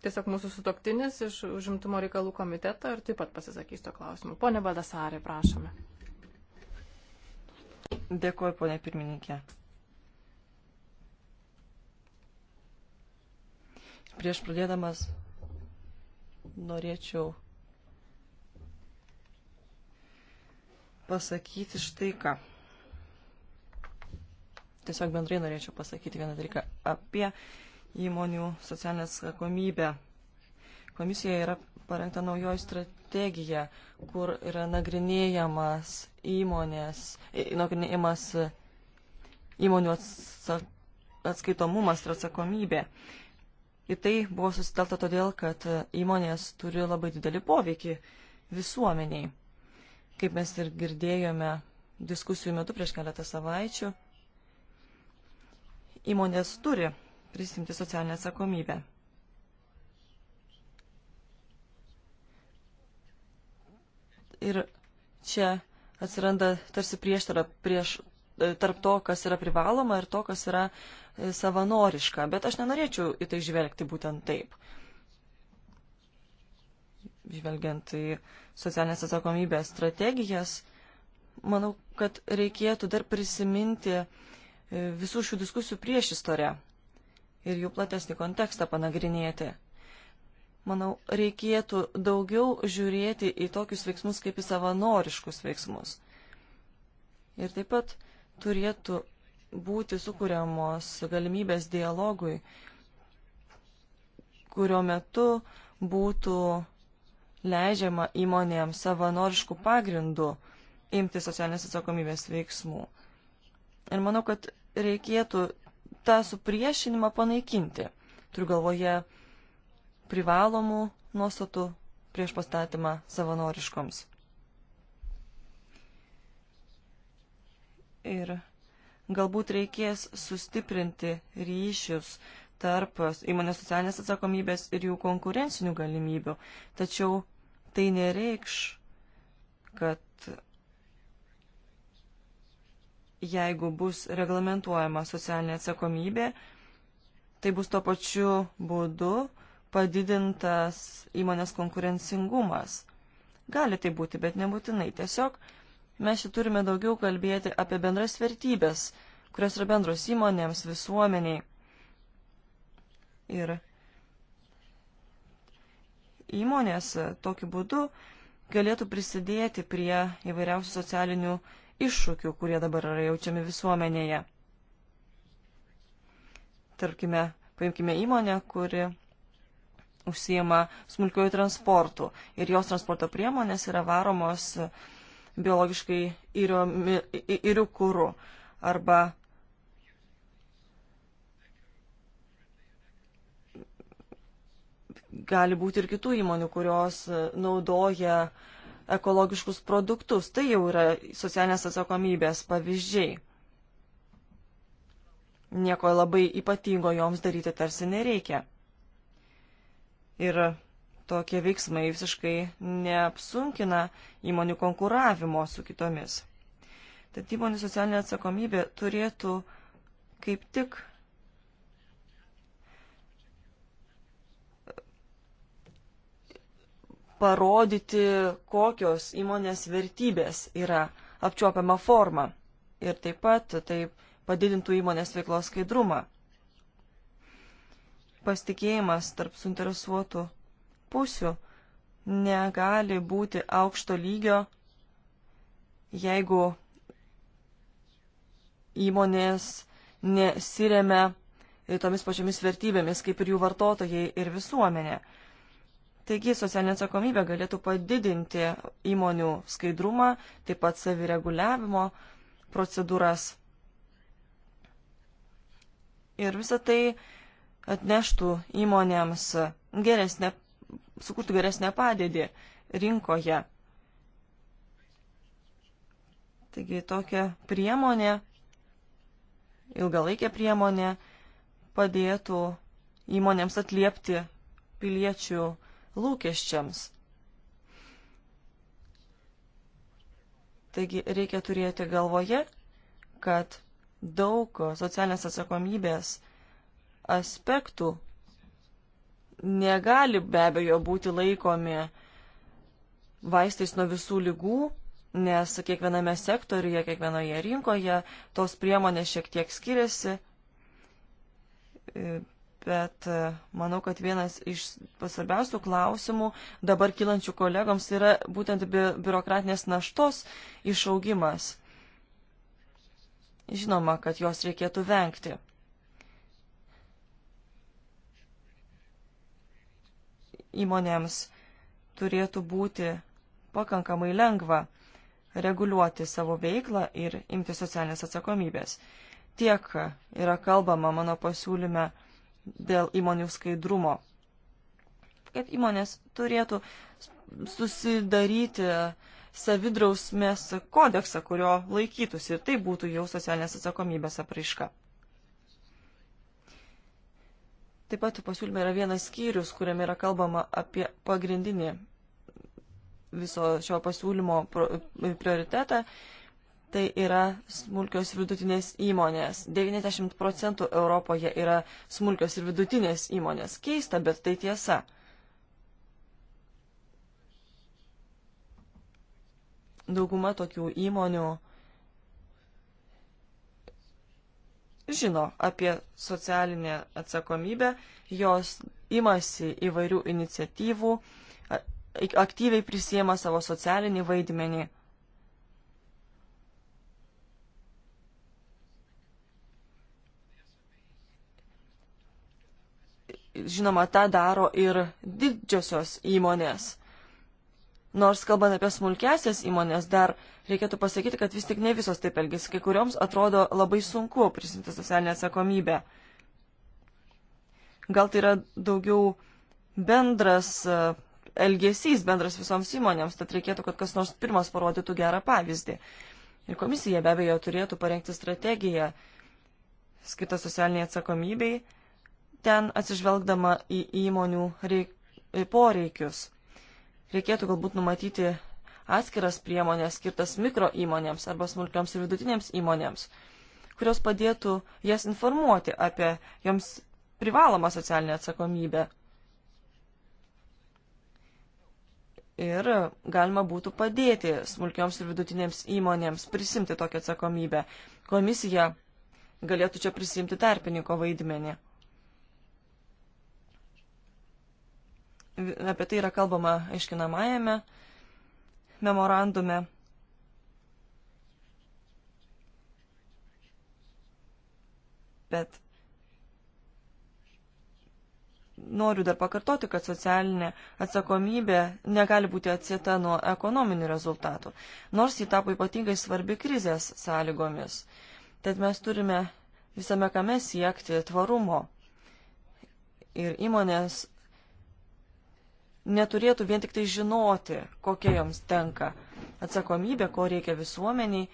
tiesiog mūsų sutoktinis iš užimtumo reikalų komiteto ir taip pat pasisakys to klausimu. Pone Badasarė, prašome. Dėkuoju, ponė pirmininkė. Prieš pradėdamas norėčiau pasakyti štai ką tiesiog bendrai norėčiau pasakyti vieną dalyką apie įmonių socialinę atsakomybę. Komisijoje yra parengta naujoji strategija, kur yra nagrinėjamas įmonės, nagrinėjamas įmonių atskaitomumas ir atsakomybė. Į tai buvo susitelta todėl, kad įmonės turi labai didelį poveikį visuomeniai. Kaip mes ir girdėjome diskusijų metu prieš keletą savaičių, Įmonės turi prisimti socialinę atsakomybę. Ir čia atsiranda tarsi prieštara prieš e, tarp to, kas yra privaloma ir to, kas yra e, savanoriška. Bet aš nenorėčiau į tai žvelgti būtent taip. Žvelgiant į socialinės atsakomybės strategijas, manau, kad reikėtų dar prisiminti uh, E, visų šių diskusijų prieš istorę ir jų platesnį kontekstą panagrinėti. Manau, reikėtų daugiau žiūrėti į tokius veiksmus kaip į savanoriškus veiksmus. Ir taip pat turėtų būti sukūriamos galimybės dialogui, kurio metu būtų leidžiama įmonėms savanoriškų pagrindų imti socialinės atsakomybės veiksmų. Ir manau, kad reikėtų tą supriešinimą panaikinti. Turiu galvoje privalomų nuostatų prieš pastatymą savanoriškoms. Ir galbūt reikės sustiprinti ryšius tarp įmonės socialinės atsakomybės ir jų konkurencinių galimybių. Tačiau tai nereikš, kad jeigu bus reglamentuojama socialinė atsakomybė, tai bus to pačiu būdu padidintas įmonės konkurencingumas. Gali tai būti, bet nebūtinai. Tiesiog mes čia turime daugiau kalbėti apie bendras vertybės, kurios yra bendros įmonėms, visuomeniai. Ir įmonės tokiu būdu galėtų prisidėti prie įvairiausių socialinių uh, iššūkių, kurie dabar yra jaučiami visuomenėje. Tarkime, paimkime įmonę, kuri užsijama smulkiojų transportų ir jos transporto priemonės yra varomos biologiškai įrių kūrų arba gali būti ir kitų įmonių, kurios naudoja uh, ekologiškus produktus. Tai jau yra socialinės atsakomybės pavyzdžiai. Nieko labai ypatingo joms daryti tarsi nereikia. Ir tokie veiksmai visiškai neapsunkina įmonių konkuravimo su kitomis. Tad įmonių socialinė atsakomybė turėtų kaip tik parodyti, kokios įmonės vertybės yra apčiuopiama forma ir taip pat tai padidintų įmonės veiklos skaidrumą. Pastikėjimas tarp suinteresuotų pusių negali būti aukšto lygio, jeigu įmonės nesiremia tomis pačiomis vertybėmis kaip ir jų vartotojai ir visuomenė. Taigi socialinė atsakomybė galėtų padidinti įmonių skaidrumą, taip pat savireguliavimo procedūras. Ir visą tai atneštų įmonėms geresnę, sukurtų geresnę padėdį rinkoje. Taigi tokia priemonė, ilgalaikė priemonė padėtų įmonėms atliepti piliečių lūkesčiams. Taigi reikia turėti galvoje, kad daug socialinės atsakomybės aspektų negali be abejo būti laikomi vaistais nuo visų lygų, nes kiekviename sektoriuje, kiekvienoje rinkoje tos priemonės šiek tiek skiriasi bet e, manau, kad vienas iš svarbiausių klausimų dabar kylančių kolegoms yra būtent bi biurokratinės naštos išaugimas. Žinoma, kad jos reikėtų vengti. Įmonėms turėtų būti pakankamai lengva reguliuoti savo veiklą ir imti socialinės atsakomybės. Tiek yra kalbama mano pasiūlyme dėl įmonių skaidrumo. Kad įmonės turėtų susidaryti savidrausmės kodeksą, kurio laikytųsi ir tai būtų jau socialinės atsakomybės apraiška. Taip pat pasiūlyme yra vienas skyrius, kuriame yra kalbama apie pagrindinį viso šio pasiūlymo prioritetą tai yra smulkios ir vidutinės įmonės. 90 procentų Europoje yra smulkios ir vidutinės įmonės. Keista, bet tai tiesa. Dauguma tokių įmonių žino apie socialinę atsakomybę, jos imasi įvairių iniciatyvų, aktyviai prisiema savo socialinį vaidmenį. žinoma, tą daro ir didžiosios įmonės. Nors kalbant apie smulkesias įmonės, dar reikėtų pasakyti, kad vis tik ne visos taip elgesi, kai kurioms atrodo labai sunku prisimti socialinę atsakomybę. Gal tai yra daugiau bendras e, elgesys, bendras visoms įmonėms, tad reikėtų, kad kas nors pirmas parodytų gerą pavyzdį. Ir komisija be abejo turėtų parengti strategiją skirtą socialiniai atsakomybei ten atsižvelgdama į įmonių reik... poreikius. Reikėtų galbūt numatyti atskiras priemonės skirtas mikro įmonėms arba smulkioms ir vidutinėms įmonėms, kurios padėtų jas informuoti apie joms privalomą socialinę atsakomybę. Ir galima būtų padėti smulkioms ir vidutinėms įmonėms prisimti tokią atsakomybę. Komisija galėtų čia prisimti tarpininko vaidmenį. apie tai yra kalbama aiškinamajame memorandume. Bet noriu dar pakartoti, kad socialinė atsakomybė negali būti atsieta nuo ekonominių rezultatų, nors ji tapo ypatingai svarbi krizės sąlygomis. Tad mes turime visame kame siekti tvarumo. Ir įmonės neturėtų vien tik tai žinoti, kokia joms tenka atsakomybė, ko reikia visuomeniai,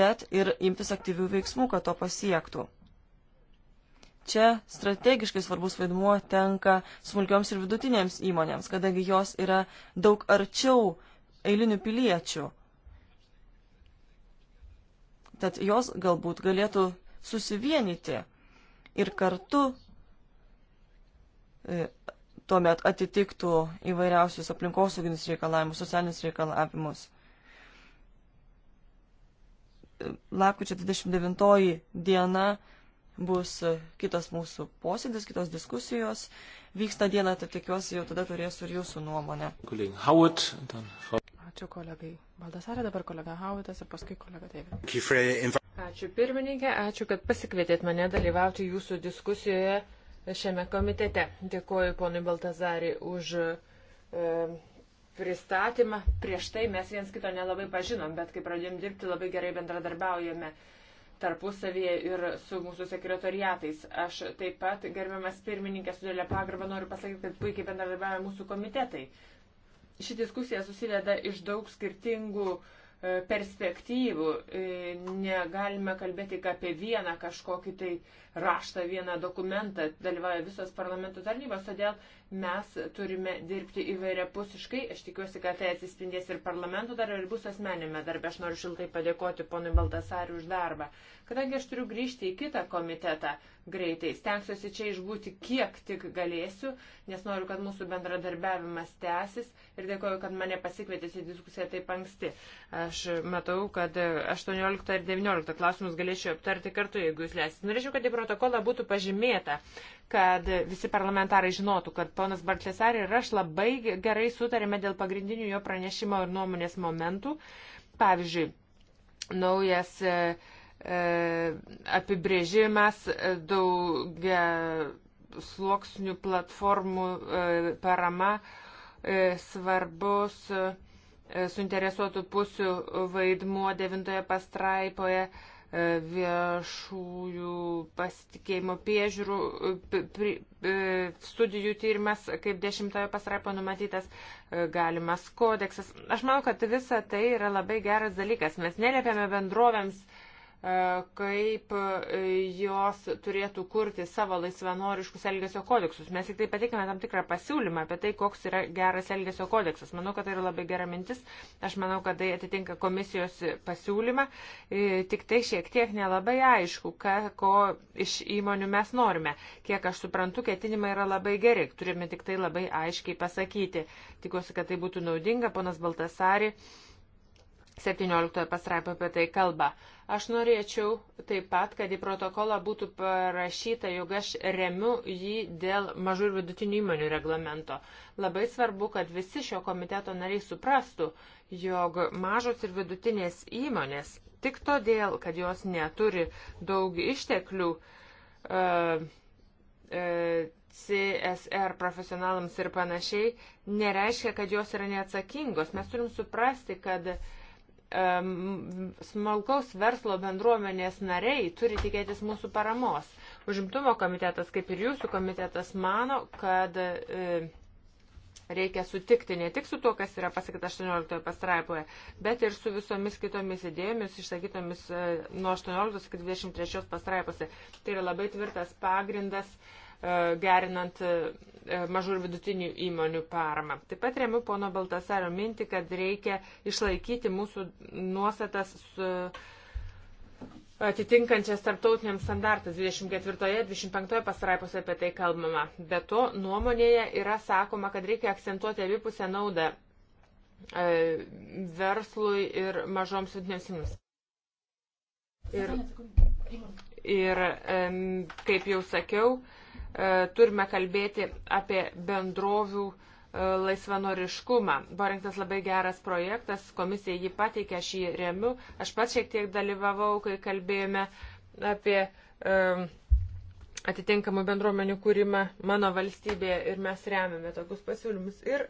bet ir imtis aktyvių veiksmų, kad to pasiektų. Čia strategiškai svarbus vaidmuo tenka smulkioms ir vidutinėms įmonėms, kadangi jos yra daug arčiau eilinių piliečių. Tad jos galbūt galėtų susivienyti ir kartu e, tuomet atitiktų įvairiausius aplinkosauginius reikalavimus, socialinius reikalavimus. Lapkričio 29 diena bus kitas mūsų posėdis, kitos diskusijos. Vyksta diena, tai tikiuosi jau tada turėsiu ir jūsų nuomonę. Ačiū kolegai Baldasarė, dabar kolega Hauvitas ir paskui kolega Tėvė. Ačiū pirmininkė, ačiū, kad pasikvietėt mane dalyvauti jūsų diskusijoje šiame komitete. Dėkuoju ponui Baltazarį už e, pristatymą. Prieš tai mes viens kito nelabai pažinom, bet kai pradėjom dirbti, labai gerai bendradarbiaujame tarpusavėje ir su mūsų sekretoriatais. Aš taip pat, gerbiamas pirmininkė, su dėlė pagarba noriu pasakyti, kad puikiai bendradarbiavę mūsų komitetai. Ši diskusija susideda iš daug skirtingų uh, E, perspektyvų. E, negalime kalbėti tik apie vieną kažkokį tai raštą, vieną dokumentą, dalyvauja visos parlamento tarnybos, todėl Mes turime dirbti įvairiapusiškai. Aš tikiuosi, kad tai atsispindės ir parlamento dar ir bus asmenime darbe. Aš noriu šiltai padėkoti ponui Baltasariu už darbą. Kadangi aš turiu grįžti į kitą komitetą greitai, stengsiuosi čia išbūti kiek tik galėsiu, nes noriu, kad mūsų bendradarbiavimas tęsis ir dėkoju, kad mane pasikvietėte į diskusiją taip anksti. Aš matau, kad 18 ir 19 klausimus galėčiau aptarti kartu, jeigu jūs leisite. Norėčiau, kad į protokolą būtų pažymėta, kad visi parlamentarai žinotų, kad ponas Bartlesarė ir aš labai gerai sutarėme dėl pagrindinių jo pranešimo ir nuomonės momentų. Pavyzdžiui, naujas e, e apibrėžimas e, daugia sluoksnių platformų e, parama e, svarbus e, e suinteresuotų pusių vaidmuo devintoje pastraipoje. E, E, viešųjų pasitikėjimo priežiūrų e, e, studijų tyrimas, kaip dešimtojo pasraipo numatytas galimas kodeksas. Aš manau, kad visa tai yra labai geras dalykas. Mes neliepiame bendrovėms E, kaip e, jos turėtų kurti savo laisvanoriškus elgesio kodeksus. Mes tik tai pateikėme tam tikrą pasiūlymą apie tai, koks yra geras elgesio kodeksas. Manau, kad tai yra labai gera mintis. Aš manau, kad tai atitinka komisijos pasiūlymą. E, tik tai šiek tiek nelabai aišku, ką, ko iš įmonių mes norime. Kiek aš suprantu, ketinimai yra labai geri. Turime tik tai labai aiškiai pasakyti. Tikiuosi, kad tai būtų naudinga. Ponas Baltasari 17 pasraipo apie tai kalba. Aš norėčiau taip pat, kad į protokolą būtų parašyta, jog aš remiu jį dėl mažų ir vidutinių įmonių reglamento. Labai svarbu, kad visi šio komiteto nariai suprastų, jog mažos ir vidutinės įmonės tik todėl, kad jos neturi daug išteklių, e, e, CSR profesionalams ir panašiai, nereiškia, kad jos yra neatsakingos. Mes turim suprasti, kad uh, smulkaus verslo bendruomenės nariai turi tikėtis mūsų paramos. Užimtumo komitetas, kaip ir jūsų komitetas, mano, kad e, reikia sutikti ne tik su tuo, kas yra pasakyta 18 pastraipoje, bet ir su visomis kitomis idėjomis išsakytomis e, nuo 18 iki 23 pastraipose. Tai yra labai tvirtas pagrindas uh, E, gerinant e, e, mažų ir vidutinių įmonių paramą. Taip pat remiu pono Baltasario mintį, kad reikia išlaikyti mūsų nuostatas su atitinkančias tarptautiniams standartas 24-25 pasraipose apie tai kalbama. Be to, nuomonėje yra sakoma, kad reikia akcentuoti abipusę naudą e, verslui ir mažoms vidinėms įmonėms. Ir, ir e, kaip jau sakiau, E, turime kalbėti apie bendrovių e, laisvanoriškumą. Buvo rinktas labai geras projektas, komisija jį pateikė, aš jį remiu. Aš pats šiek tiek dalyvavau, kai kalbėjome apie e, atitinkamų bendruomenių kūrimą mano valstybėje ir mes remiame tokius pasiūlymus. Ir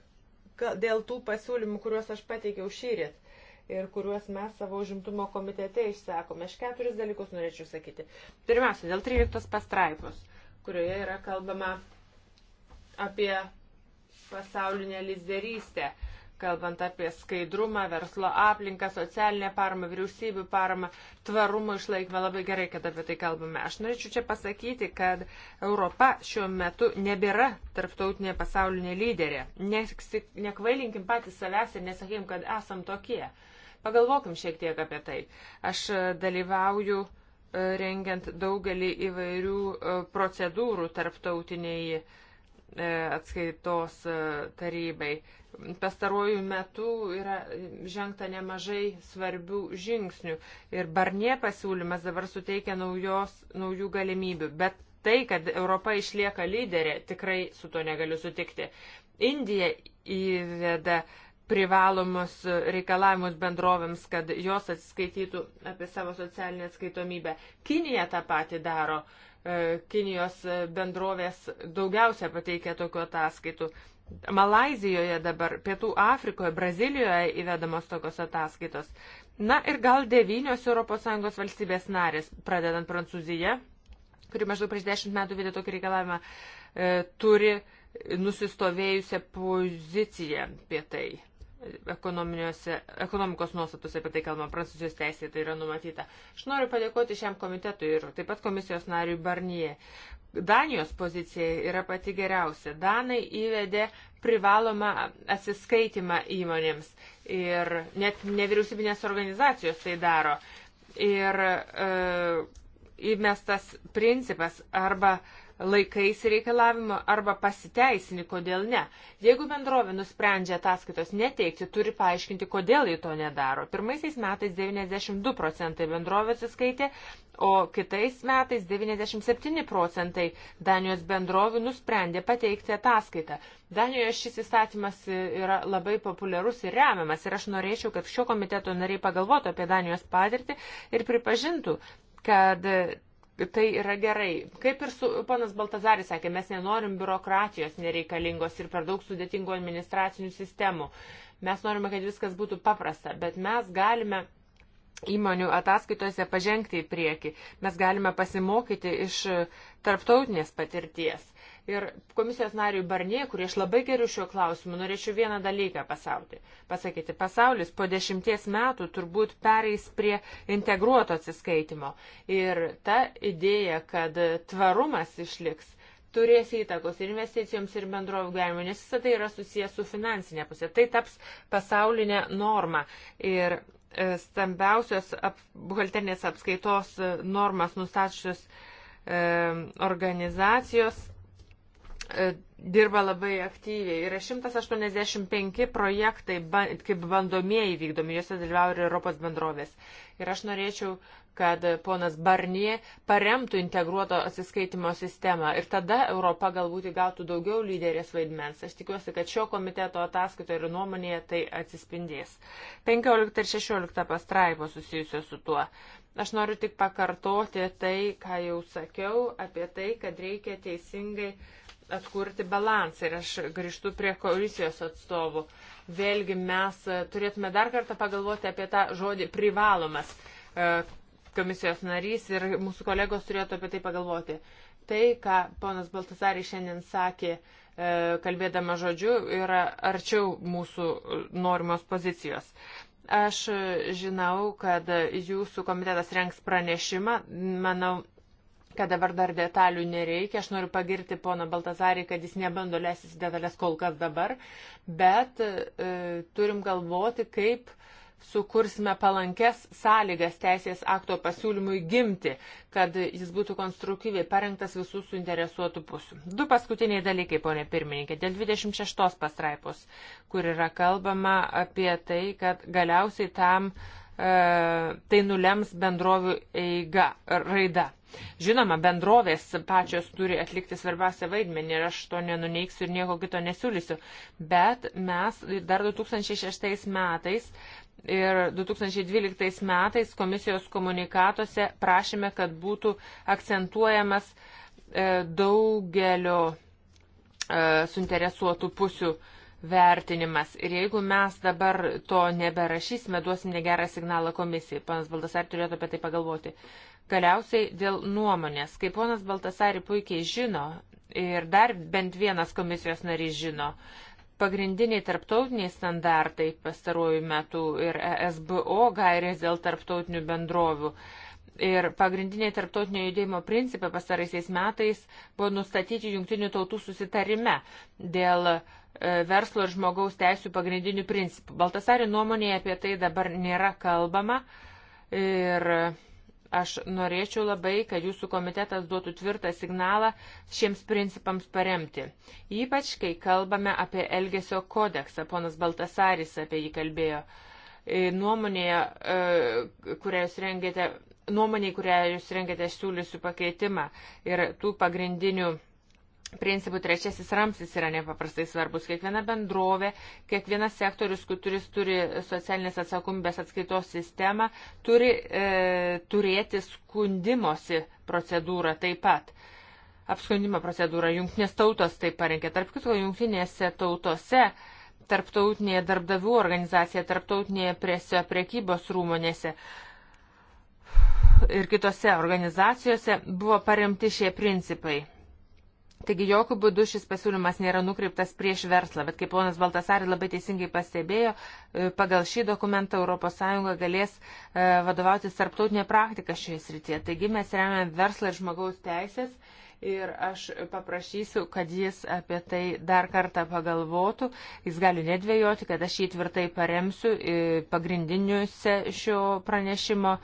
dėl tų pasiūlymų, kuriuos aš pateikiau šyrit ir kuriuos mes savo užimtumo komitete išsakome, aš keturis dalykus norėčiau sakyti. Pirmiausia, dėl 13 pastraipos kurioje yra kalbama apie pasaulinę lyderystę, kalbant apie skaidrumą, verslo aplinką, socialinę paramą, vyriausybių paramą, tvarumo išlaikymą. Labai gerai, kad apie tai kalbame. Aš norėčiau čia pasakyti, kad Europa šiuo metu nebėra tarptautinė pasaulinė lyderė. Nekvailinkim patys savęs ir nesakykim, kad esam tokie. Pagalvokim šiek tiek apie tai. Aš dalyvauju uh, rengiant daugelį įvairių e, procedūrų tarptautiniai e, atskaitos e, tarybai. Pastaruoju metu yra žengta nemažai svarbių žingsnių ir Barnie pasiūlymas dabar suteikia naujos, naujų galimybių, bet tai, kad Europa išlieka lyderė, tikrai su to negaliu sutikti. Indija įveda uh, privalomus reikalavimus bendrovėms, kad jos atsiskaitytų apie savo socialinę atskaitomybę. Kinija tą patį daro. E, Kinijos bendrovės daugiausia pateikia tokių ataskaitų. Malazijoje dabar, Pietų Afrikoje, Brazilijoje įvedamos tokios ataskaitos. Na ir gal devynios ES valstybės narės, pradedant Prancūziją, kuri maždaug prieš dešimt metų vidė tokį reikalavimą, e, turi nusistovėjusią poziciją apie tai ekonomikos nuostatus apie tai kalbama, prancūzijos teisėje tai yra numatyta. Aš noriu padėkoti šiam komitetui ir taip pat komisijos nariui Barnie. Danijos pozicija yra pati geriausia. Danai įvedė privalomą atsiskaitimą įmonėms ir net nevyriausybinės organizacijos tai daro. Ir e, įmestas principas arba e, laikais reikalavimo arba pasiteisini, kodėl ne. Jeigu bendrovė nusprendžia ataskaitos neteikti, turi paaiškinti, kodėl jį to nedaro. Pirmaisiais metais 92 procentai bendrovė atsiskaitė, o kitais metais 97 procentai Danijos bendrovių nusprendė pateikti ataskaitą. Danijoje šis įstatymas yra labai populiarus ir remiamas ir aš norėčiau, kad šio komiteto nariai pagalvotų apie Danijos patirtį ir pripažintų, kad tai yra gerai. Kaip ir su, panas Baltazaris sakė, mes nenorim biurokratijos nereikalingos ir per daug sudėtingų administracinių sistemų. Mes norime, kad viskas būtų paprasta, bet mes galime įmonių ataskaitose pažengti į priekį. Mes galime pasimokyti iš tarptautinės patirties. Ir komisijos nariui Barnie, kurį aš labai geriu šiuo klausimu, norėčiau vieną dalyką pasauti. pasakyti. Pasaulis po dešimties metų turbūt pereis prie integruoto atsiskaitimo. Ir ta idėja, kad tvarumas išliks, turės įtakos ir investicijoms, ir bendrovų gyvenimui, nes visą tai yra susijęs su finansinė pusė. Tai taps pasaulinė norma. Ir e, stambiausios ap, buhalternės apskaitos e, normas nustačiusios e, organizacijos E, dirba labai aktyviai. Yra 185 projektai kaip bandomieji vykdomi, juose dalyvauja ir Europos bendrovės. Ir aš norėčiau, kad ponas Barnie paremtų integruoto atsiskaitimo sistemą ir tada Europa galbūt įgautų daugiau lyderės vaidmens. Aš tikiuosi, kad šio komiteto ataskaitoje ir nuomonėje tai atsispindės. 15 ir 16 pastraipos susijusios su tuo. Aš noriu tik pakartoti tai, ką jau sakiau apie tai, kad reikia teisingai atkurti balansą. Ir aš grįžtu prie koalicijos atstovų. Vėlgi mes e, turėtume dar kartą pagalvoti apie tą žodį privalomas. E, komisijos narys ir mūsų kolegos turėtų apie tai pagalvoti. Tai, ką ponas Baltasarį šiandien sakė, e, kalbėdama žodžiu, yra arčiau mūsų norimos pozicijos. Aš žinau, kad jūsų komitetas renks pranešimą. Manau, kad dabar dar detalių nereikia. Aš noriu pagirti pono Baltazarį, kad jis nebando leistis į detalės kol kas dabar, bet e, turim galvoti, kaip sukursime palankes sąlygas teisės akto pasiūlymui gimti, kad jis būtų konstruktyviai parengtas visų suinteresuotų pusių. Du paskutiniai dalykai, ponė pirmininkė, dėl 26 pastraipos, kur yra kalbama apie tai, kad galiausiai tam e, tai nulems bendrovių eiga, raida. Žinoma, bendrovės pačios turi atlikti svarbiausią vaidmenį ir aš to nenuneiksiu ir nieko kito nesiūlysiu. Bet mes dar 2006 metais ir 2012 metais komisijos komunikatuose prašėme, kad būtų akcentuojamas e, daugelio e, suinteresuotų pusių vertinimas. Ir jeigu mes dabar to neberašysime, duosim negerą signalą komisijai. Panas Baldasar turėtų apie tai pagalvoti. Galiausiai dėl nuomonės, kaip ponas Baltasari puikiai žino ir dar bent vienas komisijos narys žino, pagrindiniai tarptautiniai standartai pastarojų metų ir ESBO gairės dėl tarptautinių bendrovių. Ir pagrindiniai tarptautinio judėjimo principai pastaraisiais metais buvo nustatyti jungtinių tautų susitarime dėl e, verslo ir žmogaus teisų pagrindinių principų. Baltasari nuomonėje apie tai dabar nėra kalbama. Ir Aš norėčiau labai, kad jūsų komitetas duotų tvirtą signalą šiems principams paremti. Ypač, kai kalbame apie Elgesio kodeksą, ponas Baltasaris apie jį kalbėjo. E, nuomonėje, e, kurią jūs rengėte, nuomonėje, kurią jūs rengėte, aš siūlysiu pakeitimą ir tų pagrindinių principų trečiasis ramsis yra nepaprastai svarbus. Kiekviena bendrovė, kiekvienas sektorius, kuris turi socialinės atsakomybės atskaitos sistemą, turi e, turėti skundimosi procedūrą taip pat. Apskundimo procedūrą jungtinės tautos taip parengė. Tarp kitko, jungtinėse tautose, tarptautinėje darbdavių organizacija, tarptautinėje presio prekybos rūmonėse ir kitose organizacijose buvo paremti šie principai Taigi jokių būdų šis pasiūlymas nėra nukreiptas prieš verslą, bet kaip ponas Baltasari labai teisingai pastebėjo, e, pagal šį dokumentą ES galės e, vadovautis tarptautinė praktika šioje srityje. Taigi mes remiam verslą ir žmogaus teisės ir aš paprašysiu, kad jis apie tai dar kartą pagalvotų. Jis gali nedvėjoti, kad aš jį tvirtai paremsiu e, pagrindiniuose šio pranešimo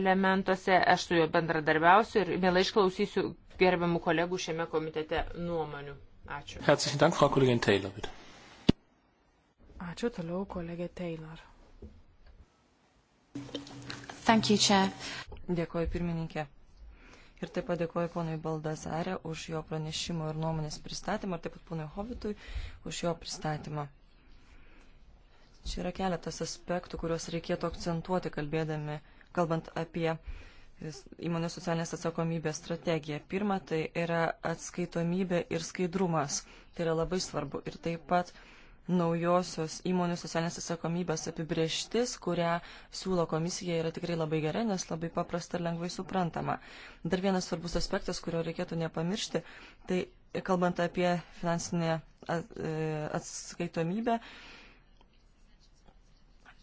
elementuose. Aš su juo bendradarbiausiu ir mielai išklausysiu gerbiamų kolegų šiame komitete nuomonių. Ačiū. Herzlichen Dank, Frau Kollegin Taylor, bitte. Ačiū toliau, kolegė Taylor. Thank you, Chair. Dėkoju pirmininkė. Ir taip pat dėkoju ponui Baldazarė už jo pranešimo ir nuomonės pristatymą, ir taip pat ponui Hobitui už jo pristatymą. Čia yra keletas aspektų, kuriuos reikėtų akcentuoti, kalbėdami, kalbant apie įmonių socialinės atsakomybės strategija. Pirma, tai yra atskaitomybė ir skaidrumas. Tai yra labai svarbu. Ir taip pat naujosios įmonių socialinės atsakomybės apibrieštis, kurią siūlo komisija, yra tikrai labai gera, nes labai paprasta ir lengvai suprantama. Dar vienas svarbus aspektas, kurio reikėtų nepamiršti, tai kalbant apie finansinę e, atskaitomybę,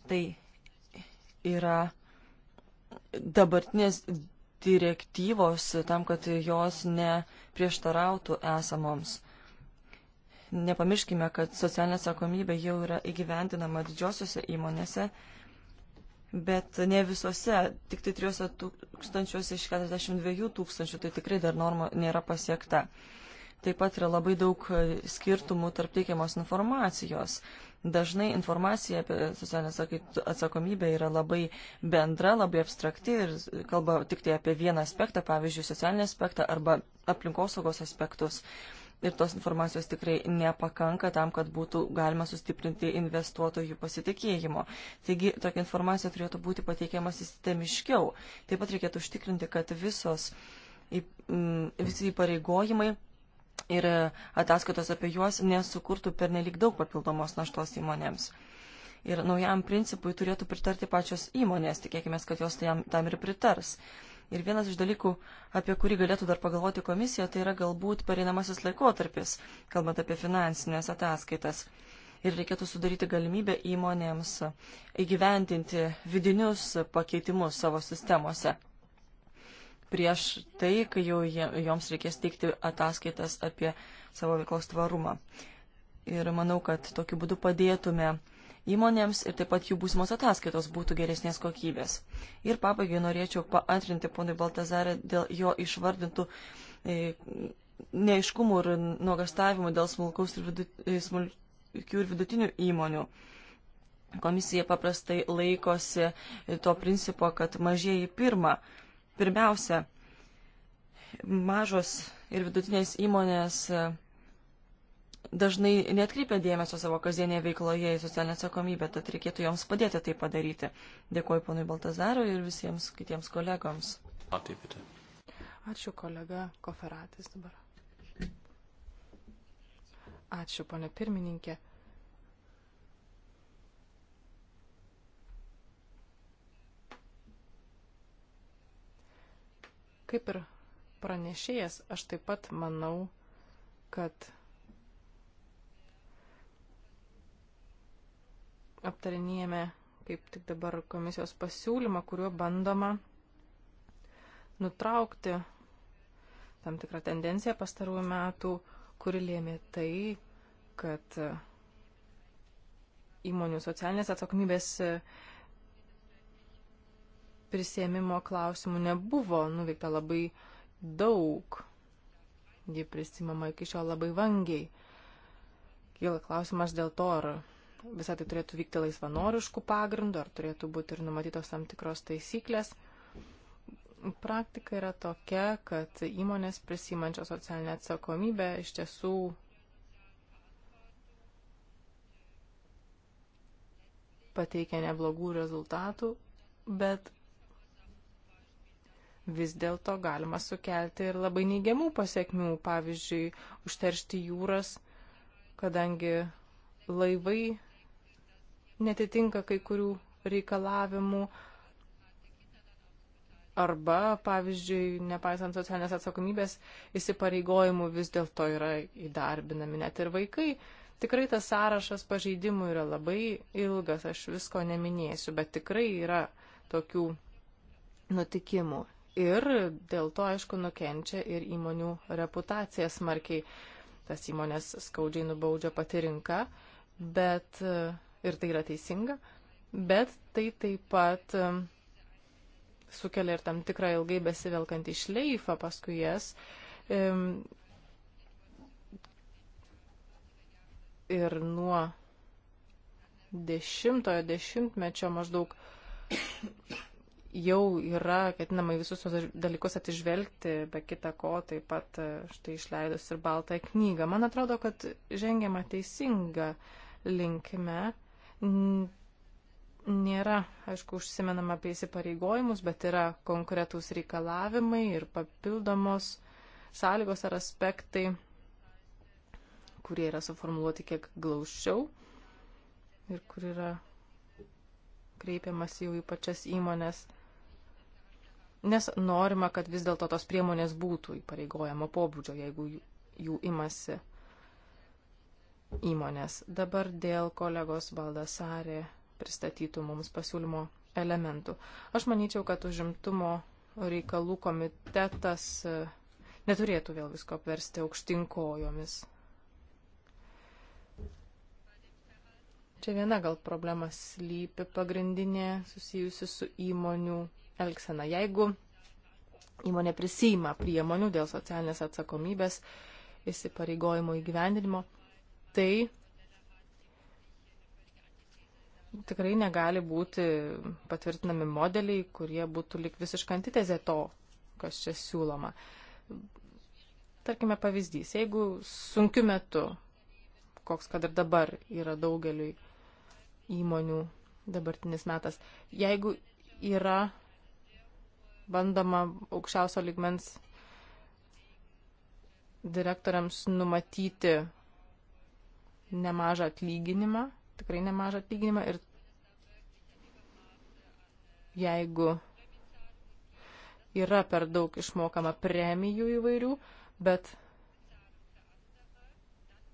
tai yra dabartinės direktyvos tam, kad jos neprieštarautų esamoms. Nepamirškime, kad socialinė atsakomybė jau yra įgyvendinama didžiosiuose įmonėse, bet ne visose, tik tai 3 tūkstančiuose iš 42 tūkstančių, tai tikrai dar norma nėra pasiekta. Taip pat yra labai daug skirtumų tarp teikiamos informacijos. Dažnai informacija apie socialinę atsakomybę yra labai bendra, labai abstrakti ir kalba tik tai apie vieną aspektą, pavyzdžiui, socialinį aspektą arba aplinkosaugos aspektus. Ir tos informacijos tikrai nepakanka tam, kad būtų galima sustiprinti investuotojų pasitikėjimo. Taigi tokia informacija turėtų būti pateikiama sistemiškiau. Taip pat reikėtų užtikrinti, kad visos visi įpareigojimai ir e, ataskaitos apie juos nesukurtų pernelik daug papildomos naštos įmonėms. Ir naujam principui turėtų pritarti pačios įmonės, tikėkime, kad jos tam, tai tam ir pritars. Ir vienas iš dalykų, apie kurį galėtų dar pagalvoti komisija, tai yra galbūt pereinamasis laikotarpis, kalbant apie finansinės ataskaitas. Ir reikėtų sudaryti galimybę įmonėms įgyvendinti vidinius pakeitimus savo sistemose prieš tai, kai jau joms reikės teikti ataskaitas apie savo veiklos tvarumą. Ir manau, kad tokiu būdu padėtume įmonėms ir taip pat jų būsimos ataskaitos būtų geresnės kokybės. Ir pabaigai norėčiau paantrinti ponui Baltazarė dėl jo išvardintų e, neiškumų ir nuogastavimų dėl smulkaus ir, vidut, e, smulkių ir vidutinių įmonių. Komisija paprastai laikosi to principo, kad mažieji pirmą Pirmiausia, mažos ir vidutinės įmonės e, dažnai netkreipia dėmesio savo kasdienėje veikloje į socialinę atsakomybę, tad reikėtų joms padėti tai padaryti. Dėkuoju ponui Baltazarui ir visiems kitiems kolegoms. Ateipite. Ačiū kolega Koferatis dabar. Ačiū, ponė pirmininkė. Kaip ir pranešėjas, aš taip pat manau, kad aptarinėjame kaip tik dabar komisijos pasiūlymą, kuriuo bandoma nutraukti tam tikrą tendenciją pastarųjų metų, kuri lėmė tai, kad įmonių socialinės atsakomybės prisėmimo klausimų nebuvo nuveikta labai daug. Ji prisimama iki šiol labai vangiai. Kyla klausimas dėl to, ar visą tai turėtų vykti laisvanoriškų pagrindų, ar turėtų būti ir numatytos tam tikros taisyklės. Praktika yra tokia, kad įmonės prisimančios socialinę atsakomybę iš tiesų pateikia neblogų rezultatų, bet vis dėlto galima sukelti ir labai neigiamų pasiekmių, pavyzdžiui, užteršti jūras, kadangi laivai netitinka kai kurių reikalavimų arba, pavyzdžiui, nepaisant socialinės atsakomybės įsipareigojimų vis dėlto yra įdarbinami net ir vaikai. Tikrai tas sąrašas pažeidimų yra labai ilgas, aš visko neminėsiu, bet tikrai yra tokių nutikimų ir dėl to, aišku, nukenčia ir įmonių reputacija smarkiai. Tas įmonės skaudžiai nubaudžia pati rinka, bet ir tai yra teisinga, bet tai taip pat um, sukelia ir tam tikrą ilgai besivelkantį šleifą paskui jas. Um, ir nuo dešimtojo dešimtmečio maždaug jau yra ketinama į visus tos dalykus atižvelgti, be kita ko taip pat e, štai išleidus ir baltą knygą. Man atrodo, kad žengiama teisinga linkme. Nėra, aišku, užsimenama apie įsipareigojimus, bet yra konkretūs reikalavimai ir papildomos sąlygos ar aspektai, kurie yra suformuoluoti kiek glaušiau ir kur yra kreipiamas jau į pačias įmonės nes norima, kad vis dėlto tos priemonės būtų įpareigojamo pobūdžio, jeigu jų imasi įmonės. Dabar dėl kolegos Baldasarė pristatytų mums pasiūlymo elementų. Aš manyčiau, kad užimtumo reikalų komitetas e, neturėtų vėl visko apversti aukštinkojomis. Čia viena gal problema slypi pagrindinė susijusi su įmonių elgseną. Jeigu įmonė prisima priemonių dėl socialinės atsakomybės įsipareigojimų įgyvendinimo, tai tikrai negali būti patvirtinami modeliai, kurie būtų lik visiška antitezė to, kas čia siūloma. Tarkime pavyzdys, jeigu sunkiu metu, koks kad ir dabar yra daugeliui įmonių dabartinis metas, jeigu yra bandoma aukščiausio lygmens direktoriams numatyti nemažą atlyginimą, tikrai nemažą atlyginimą ir jeigu yra per daug išmokama premijų įvairių, bet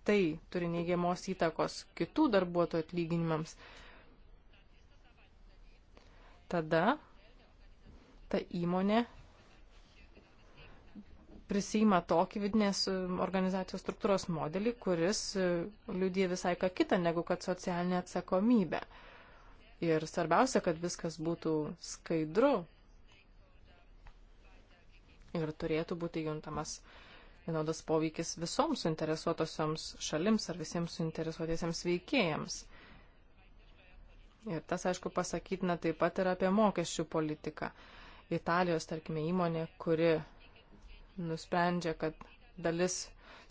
tai turi neigiamos įtakos kitų darbuotojų atlyginimams, tada ta įmonė prisima tokį vidinės um, organizacijos struktūros modelį, kuris um, liudija visai ką kitą negu kad socialinė atsakomybė. Ir svarbiausia, kad viskas būtų skaidru ir turėtų būti juntamas vienodas poveikis visoms suinteresuotosioms šalims ar visiems suinteresuotiesiems veikėjams. Ir tas, aišku, pasakytina taip pat ir apie mokesčių politiką. Uh, Italijos, tarkime, įmonė, kuri nusprendžia, kad dalis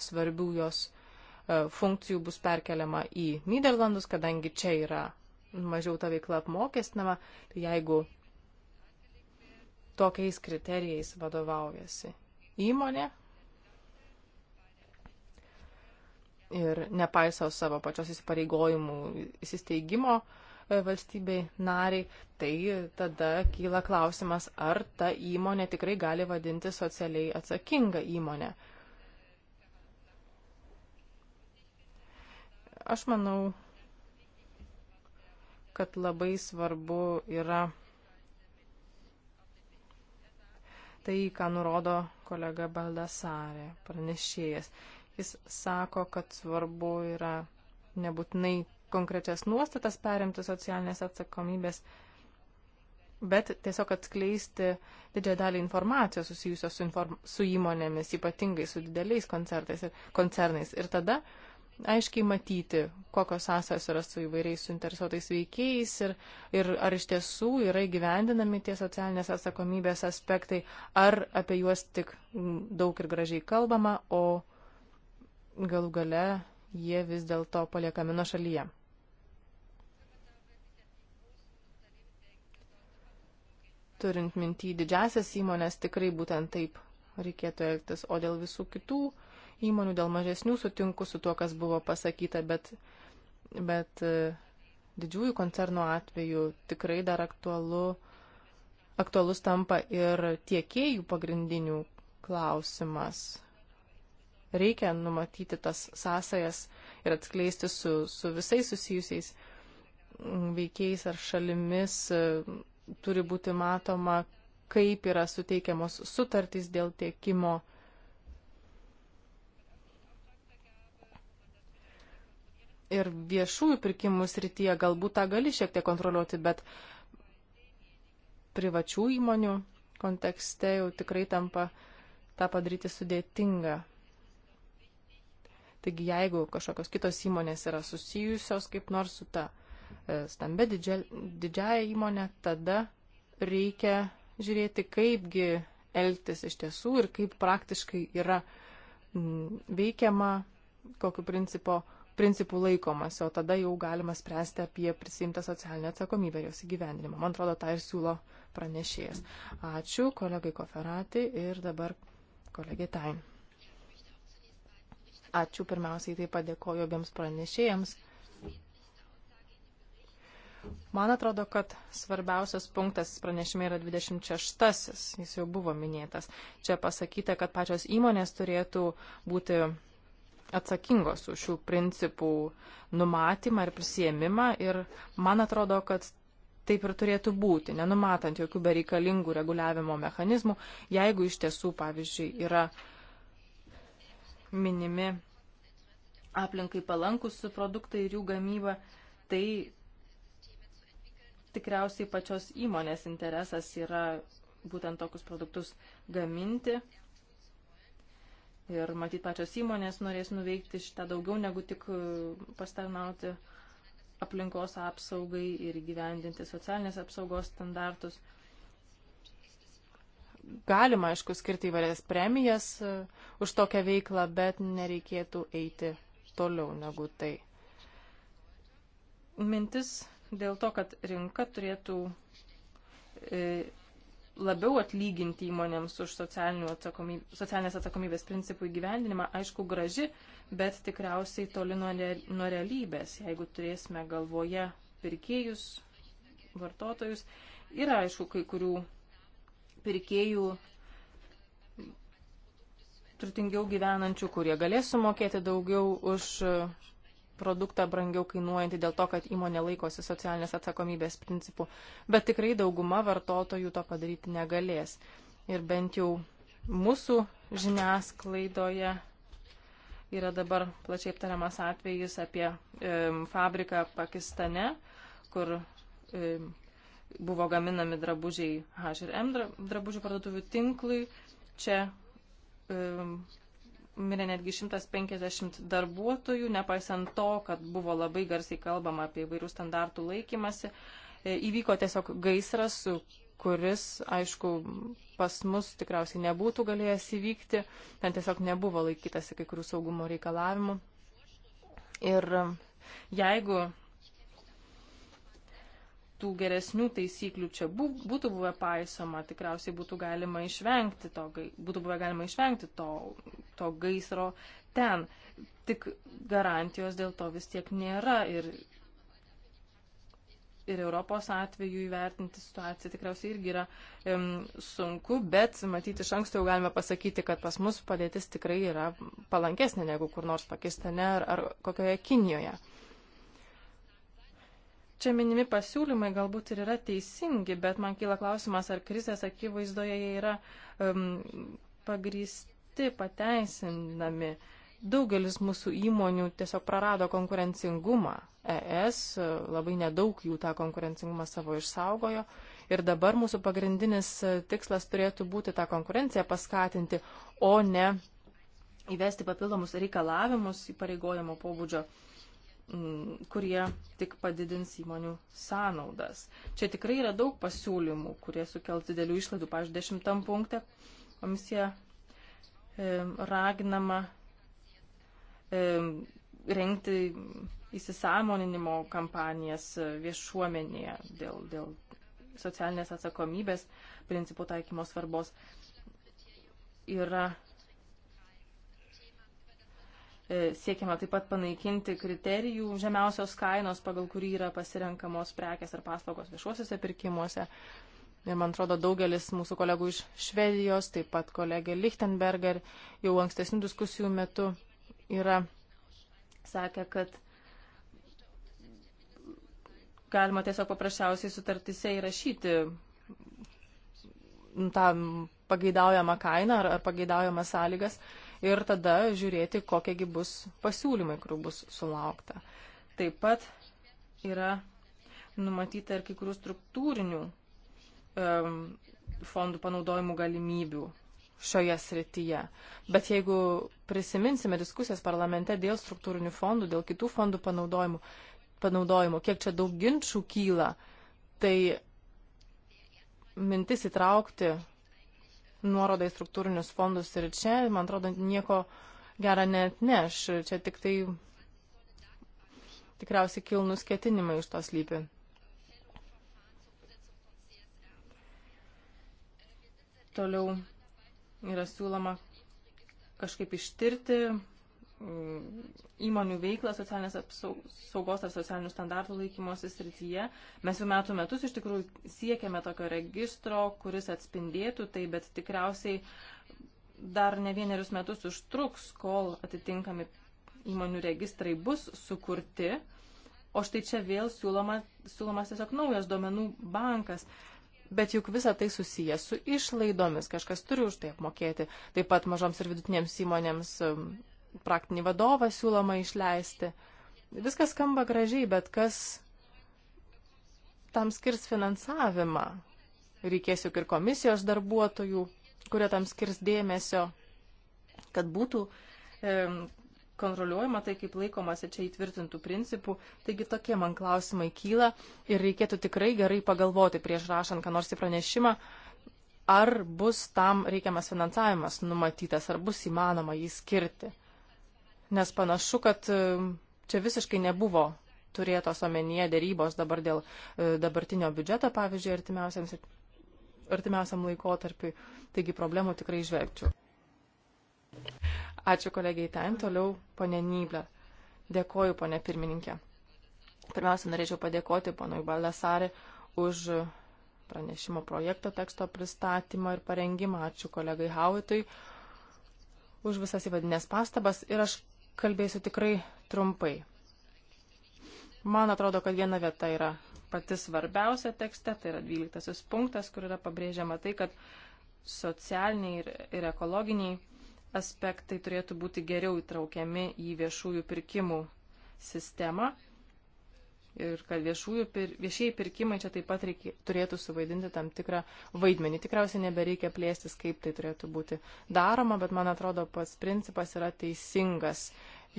svarbių jos e, funkcijų bus perkeliama į Niderlandus, kadangi čia yra mažiau ta veikla apmokestinama, tai jeigu tokiais kriterijais vadovaujasi įmonė ir nepaiso savo pačios įsipareigojimų įsisteigimo E, valstybei nariai, tai tada kyla klausimas, ar ta įmonė tikrai gali vadinti socialiai atsakinga įmonė. Aš manau, kad labai svarbu yra tai, ką nurodo kolega Baldasarė, pranešėjas. Jis sako, kad svarbu yra nebūtinai konkrečias nuostatas perimti socialinės atsakomybės, bet tiesiog atskleisti didžiąją dalį informacijos susijusios su, inform su įmonėmis, ypatingai su dideliais ir, koncernais. Ir tada aiškiai matyti, kokios sąsajos yra su įvairiais suinteresuotais veikėjais ir, ir ar iš tiesų yra įgyvendinami tie socialinės atsakomybės aspektai, ar apie juos tik daug ir gražiai kalbama, o galų gale jie vis dėlto paliekami nuo šalyje. turint mintį didžiasias įmonės, tikrai būtent taip reikėtų elgtis. O dėl visų kitų įmonių, dėl mažesnių sutinku su tuo, kas buvo pasakyta, bet, bet e, didžiųjų koncernų atveju tikrai dar aktualu, aktualus tampa ir tiekėjų pagrindinių klausimas. Reikia numatyti tas sąsajas ir atskleisti su, su visais susijusiais veikėjais ar šalimis turi būti matoma, kaip yra suteikiamos sutartys dėl tiekimo. Ir viešųjų pirkimų srityje galbūt tą gali šiek tiek kontroliuoti, bet privačių įmonių kontekste jau tikrai tampa tą padaryti sudėtinga. Taigi jeigu kažkokios kitos įmonės yra susijusios kaip nors su ta E, stambia didžia, didžiaja įmonė, tada reikia žiūrėti, kaipgi elgtis iš tiesų ir kaip praktiškai yra veikiama, kokiu principo, principu laikomasi, o tada jau galima spręsti apie prisimtą socialinę atsakomybę jos įgyvendinimą. Man atrodo, tą ir siūlo pranešėjas. Ačiū kolegai Koferati ir dabar kolegė Tain. Ačiū pirmiausiai taip pat dėkoju abiems pranešėjams Man atrodo, kad svarbiausias punktas pranešime yra 26-asis, jis jau buvo minėtas. Čia pasakyta, kad pačios įmonės turėtų būti atsakingos už šių principų numatymą ir prisėmimą ir man atrodo, kad taip ir turėtų būti, nenumatant jokių bereikalingų reguliavimo mechanizmų, jeigu iš tiesų, pavyzdžiui, yra minimi aplinkai palankus produktai ir jų gamyba, tai tikriausiai pačios įmonės interesas yra būtent tokius produktus gaminti. Ir matyt, pačios įmonės norės nuveikti šitą daugiau negu tik e, pastarnauti aplinkos apsaugai ir gyvendinti socialinės apsaugos standartus. Galima, aišku, skirti įvairias premijas e, už tokią veiklą, bet nereikėtų eiti toliau negu tai. Mintis dėl to, kad rinka turėtų e, labiau atlyginti įmonėms už atsakomybės, socialinės atsakomybės principų įgyvendinimą, aišku, graži, bet tikriausiai toli nuo, nuo realybės, jeigu turėsime galvoje pirkėjus, vartotojus. Yra, aišku, kai kurių pirkėjų turtingiau gyvenančių, kurie galės sumokėti daugiau už produktą brangiau kainuojantį dėl to, kad įmonė laikosi socialinės atsakomybės principų, bet tikrai dauguma vartotojų to padaryti negalės. Ir bent jau mūsų žiniasklaidoje yra dabar plačiai aptariamas atvejis apie e, fabriką Pakistane, kur e, buvo gaminami drabužiai H&M drabužių parduotuvių tinklui. Čia e, mirė netgi 150 darbuotojų, nepaisant to, kad buvo labai garsiai kalbama apie įvairių standartų laikymasi. E, įvyko tiesiog gaisras, kuris, aišku, pas mus tikriausiai nebūtų galėjęs įvykti, ten tiesiog nebuvo laikytasi kai kurių saugumo reikalavimų. Ir e, jeigu tų geresnių taisyklių čia būtų buvę paisoma, tikriausiai būtų galima išvengti to, būtų buvę galima išvengti to, to gaisro ten. Tik garantijos dėl to vis tiek nėra ir, ir Europos atveju įvertinti situaciją tikriausiai irgi yra um, sunku, bet matyti iš anksto jau galime pasakyti, kad pas mus padėtis tikrai yra palankesnė negu kur nors Pakistane ar, ar kokioje Kinijoje. Uh, čia minimi pasiūlymai galbūt ir yra teisingi, bet man kyla klausimas, ar krizės akivaizdoje jie yra um, pagrysti, pateisinami. Daugelis mūsų įmonių tiesiog prarado konkurencingumą. ES e, labai nedaug jų tą konkurencingumą savo išsaugojo. Ir dabar mūsų pagrindinis e, tikslas turėtų būti tą konkurenciją paskatinti, o ne įvesti papildomus reikalavimus įpareigojimo pobūdžio uh, Mm, kurie tik padidins įmonių sąnaudas. Čia tikrai yra daug pasiūlymų, kurie sukels didelių išlaidų. Pavyzdžiui, dešimtam punkte komisija e, raginama e, rengti įsisamoninimo kampanijas viešuomenėje dėl, dėl socialinės atsakomybės principų taikymo svarbos. Yra E, siekiama taip pat panaikinti kriterijų žemiausios kainos, pagal kurį yra pasirenkamos prekės ar paslaugos viešuosiuose pirkimuose. Ir man atrodo, daugelis mūsų kolegų iš Švedijos, taip pat kolegė Lichtenberger jau ankstesnių diskusijų metu yra sakę, kad galima tiesiog paprasčiausiai sutartise įrašyti tą pageidaujamą kainą ar, ar pageidaujamą sąlygas ir tada žiūrėti, kokiegi bus pasiūlymai, kurių bus sulaukta. Taip pat yra numatyta ir kai kurių struktūrinių um, fondų panaudojimų galimybių šioje srityje. Bet jeigu prisiminsime diskusijas parlamente dėl struktūrinių fondų, dėl kitų fondų panaudojimų, panaudojimo, kiek čia daug ginčių kyla, tai mintis įtraukti nuorodą į struktūrinius fondus ir čia, man atrodo, nieko gera net neš. Čia tik tai tikriausiai kilnus ketinimai iš tos lypi. Toliau yra siūloma kažkaip ištirti Mm, įmonių veiklą socialinės apsaugos ar socialinių standartų laikymosi srityje. Mes jau metų metus iš tikrųjų siekiame tokio registro, kuris atspindėtų tai, bet tikriausiai dar ne vienerius metus užtruks, kol atitinkami įmonių registrai bus sukurti. O štai čia vėl siūloma, siūlomas tiesiog naujas duomenų bankas. Bet juk visa tai susijęs su išlaidomis, kažkas turi už tai apmokėti. Taip pat mažoms ir vidutinėms įmonėms um, praktinį vadovą siūloma išleisti. Viskas skamba gražiai, bet kas tam skirs finansavimą? Reikės juk ir komisijos darbuotojų, kurie tam skirs dėmesio, kad būtų e, kontroliuojama tai, kaip laikomasi čia įtvirtintų principų. Taigi tokie man klausimai kyla ir reikėtų tikrai gerai pagalvoti prieš rašant, ką nors į pranešimą, ar bus tam reikiamas finansavimas numatytas, ar bus įmanoma jį skirti nes panašu, kad e, čia visiškai nebuvo turėtos omenyje dėrybos dabar dėl e, dabartinio biudžeto, pavyzdžiui, artimiausiams ir artimiausiam laikotarpiui. Taigi problemų tikrai žvelgčiau. Ačiū kolegiai Tain, toliau ponė Nyblė. Dėkoju, ponė pirmininkė. Pirmiausia, norėčiau padėkoti ponui Baldasarį už pranešimo projekto teksto pristatymą ir parengimą. Ačiū kolegai Hauitui už visas įvadinės pastabas. Ir aš Kalbėsiu tikrai trumpai. Man atrodo, kad viena vieta yra pati svarbiausia tekste, tai yra 12 punktas, kur yra pabrėžiama tai, kad socialiniai ir, ir ekologiniai aspektai turėtų būti geriau įtraukiami į viešųjų pirkimų sistemą ir kad viešųjų, pir, viešieji pirkimai čia taip pat reikia, turėtų suvaidinti tam tikrą vaidmenį. Tikriausiai nebereikia plėstis, kaip tai turėtų būti daroma, bet man atrodo, pats principas yra teisingas.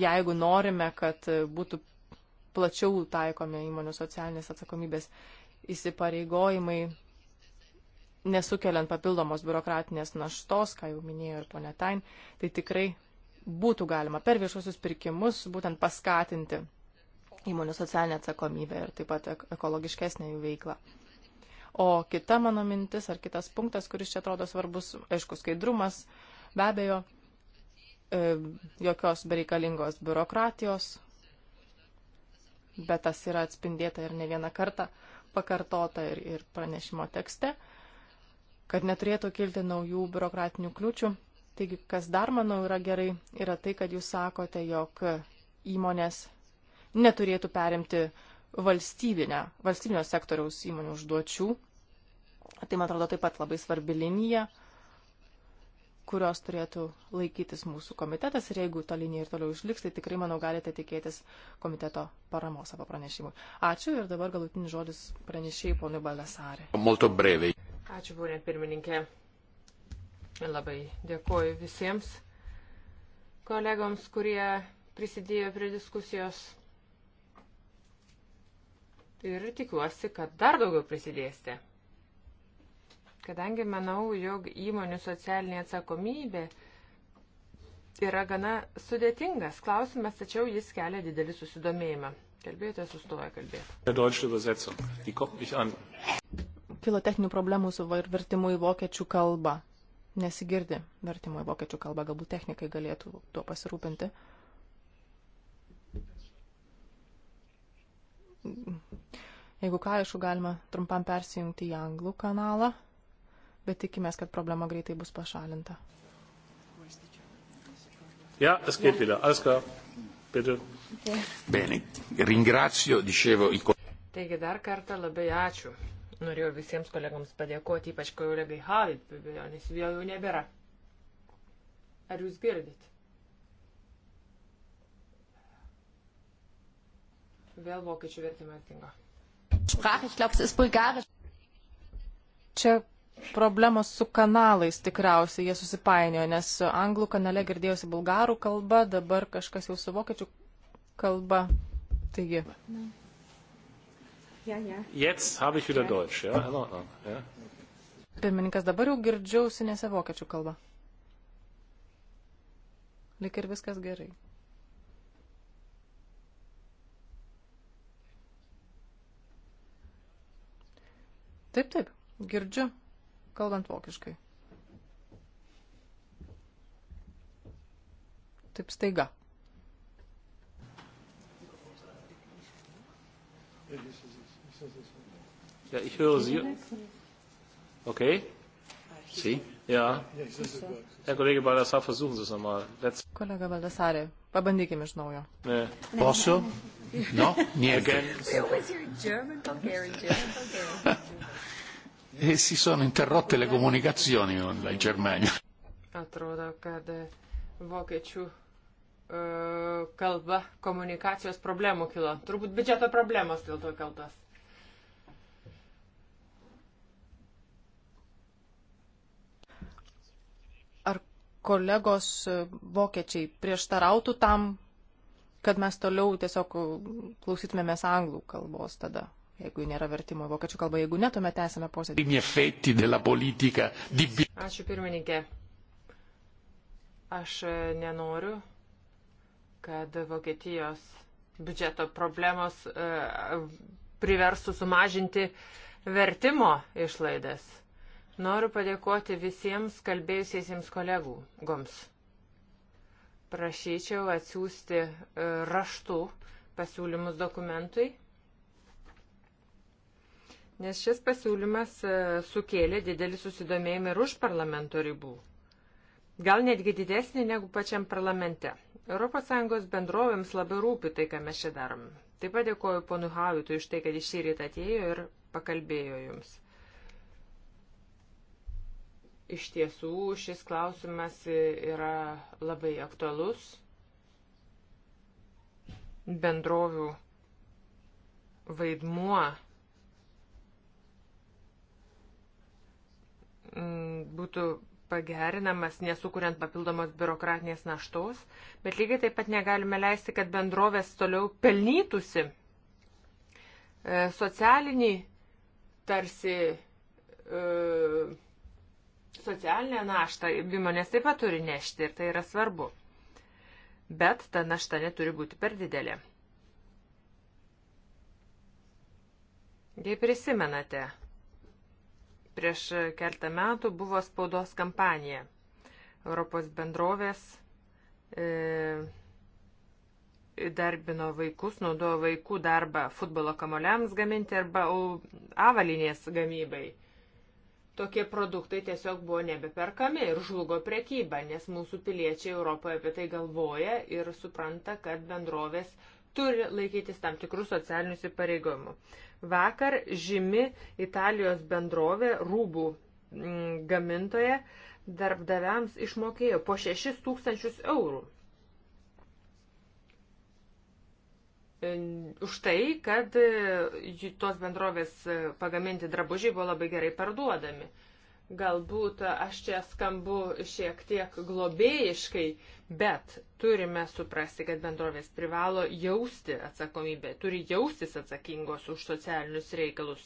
Jeigu norime, kad būtų plačiau taikomi įmonių socialinės atsakomybės įsipareigojimai, nesukeliant papildomos biurokratinės naštos, ką jau minėjo ir ponė Tain, tai tikrai būtų galima per viešuosius pirkimus būtent paskatinti įmonių socialinę atsakomybę ir taip pat ekologiškesnę jų veiklą. O kita mano mintis ar kitas punktas, kuris čia atrodo svarbus, aišku, skaidrumas, be abejo, e, jokios bereikalingos biurokratijos, bet tas yra atspindėta ir ne vieną kartą pakartota ir, ir pranešimo tekste, kad neturėtų kilti naujų biurokratinių kliūčių. Taigi, kas dar, manau, yra gerai, yra tai, kad jūs sakote, jog įmonės neturėtų perimti valstybinę, valstybinio sektoriaus įmonių užduočių. Tai, man atrodo, taip pat labai svarbi linija, kurios turėtų laikytis mūsų komitetas ir jeigu ta linija ir toliau išliks, tai tikrai, manau, galite tikėtis komiteto paramos savo pranešimui. Ačiū ir dabar galutinis žodis pranešėjai ponui Baldasarė. Molto breviai. Ačiū, būrė pirmininkė. Labai dėkoju visiems kolegoms, kurie prisidėjo prie diskusijos ir tikiuosi, kad dar daugiau prisidėsite. Kadangi manau, jog įmonių socialinė atsakomybė yra gana sudėtingas klausimas, tačiau jis kelia didelį susidomėjimą. Kalbėjote, sustoja kalbėti. Kilo techninių problemų su vertimu į vokiečių kalbą. Nesigirdi vertimo į vokiečių kalbą, galbūt technikai galėtų tuo pasirūpinti. Jeigu ką, aišku, galima trumpam persijungti į anglų kanalą, bet tikimės, kad problema greitai bus pašalinta. Ja, es geht wieder. Alles klar. Bitte. Bene. Ringrazio, dicevo, i Taigi dar kartą labai ačiū. Norėjau visiems kolegams padėkoti, ypač kolegai Havit, nes jo jau nebėra. Ar jūs girdite? Vėl vokiečių vertimą attingo. Čia problemos su kanalais tikriausiai jie susipainiojo, nes anglų kanale girdėjosi bulgarų kalba, dabar kažkas jau su vokiečių kalba. Taigi. Ja, ja. Jetzt habe ich wieder ja. Deutsch, ja? In Ordnung, ja? Pirmininkas, dabar jau girdžiu ausinėse vokiečių kalbą. Lik ir viskas gerai. Taip, taip, girdžiu, kalbant vokiškai. Taip staiga. Ja, ich höre Sie. Okay. Sie? Ja. Herr Kollege Baldassar, versuchen Sie es nochmal. Let's... Kollege Baldassare, pabandykime iš naujo. Ne. Posso? No? Nie. Again. It's always your German, Bulgarian, German, Bulgarian. E si sono interrotte le komunikacijoni in Germania. Atrodo, kad e, vokiečių e, kalba komunikacijos problemų kilo. Turbūt biudžeto problemos dėl to kaltas. Ar kolegos e, vokiečiai prieštarautų tam, kad mes toliau tiesiog klausytumėmės anglų kalbos tada? jeigu nėra vertimo į vokiečių kalbą. Jeigu ne, tuomet esame posėdį. Ačiū pirmininkė. Aš e, nenoriu, kad Vokietijos biudžeto problemos e, priversų sumažinti vertimo išlaidas. Noriu padėkoti visiems kalbėjusiesiems kolegų goms. Prašyčiau atsiųsti e, raštų pasiūlymus dokumentui nes šis pasiūlymas e, sukėlė didelį susidomėjimą ir už parlamento ribų. Gal netgi didesnį negu pačiam parlamente. ES bendrovėms labai rūpi tai, ką mes čia darom. Taip pat dėkoju ponu Havitui iš tai, kad iš rytą atėjo ir pakalbėjo jums. Iš tiesų, šis klausimas yra labai aktualus bendrovių vaidmuo Mm, būtų pagerinamas, nesukuriant papildomos biurokratinės naštos, bet lygiai taip pat negalime leisti, kad bendrovės toliau pelnytųsi. E, Socialiniai tarsi e, socialinę naštą įmonės taip pat turi nešti ir tai yra svarbu. Bet ta našta neturi būti per didelė. Jei prisimenate, Prieš keltą metų buvo spaudos kampanija. Europos bendrovės e, įdarbino e, vaikus, naudojo vaikų darbą futbolo kamoliams gaminti arba avalinės gamybai. Tokie produktai tiesiog buvo nebeperkami ir žlugo prekyba, nes mūsų piliečiai Europoje apie tai galvoja ir supranta, kad bendrovės turi laikytis tam tikrų socialinių įsipareigojimų. Vakar žymi Italijos bendrovė rūbų mm, gamintoje darbdaviams išmokėjo po 6 tūkstančius eurų. E, už tai, kad e, tos bendrovės e, pagaminti drabužiai buvo labai gerai parduodami. Galbūt aš čia skambu šiek tiek globėjiškai, Bet turime suprasti, kad bendrovės privalo jausti atsakomybę, turi jaustis atsakingos už socialinius reikalus.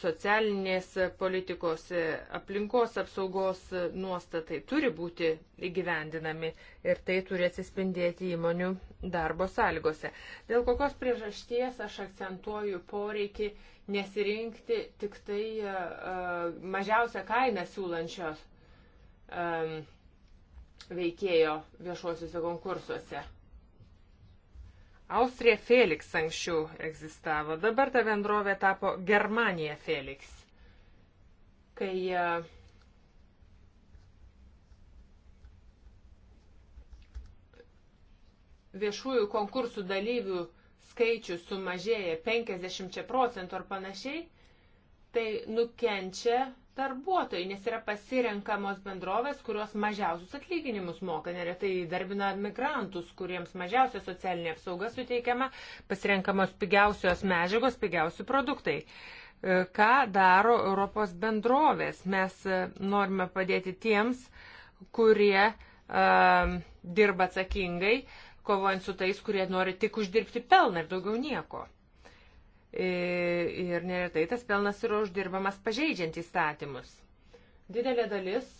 Socialinės politikos, e, aplinkos apsaugos nuostatai turi būti įgyvendinami ir tai turi atsispindėti įmonių darbo sąlygose. Dėl kokios priežasties aš akcentuoju poreikį nesirinkti tik tai uh, mažiausią kainą siūlančios. Um, veikėjo viešuosiuose konkursuose. Austrija Felix anksčiau egzistavo, dabar ta bendrovė tapo Germanija Felix. Kai e, viešųjų konkursų dalyvių skaičius sumažėja 50 procentų ar panašiai, tai nukenčia darbuotojai, nes yra pasirenkamos bendrovės, kurios mažiausius atlyginimus moka, neretai darbina migrantus, kuriems mažiausia socialinė apsauga suteikiama, pasirenkamos pigiausios medžiagos, pigiausi produktai. E, ką daro Europos bendrovės? Mes e, norime padėti tiems, kurie uh, dirba atsakingai, kovojant su tais, kurie nori tik uždirbti pelną ir daugiau nieko. E, ir neretai tas pelnas yra uždirbamas pažeidžiant įstatymus. Didelė dalis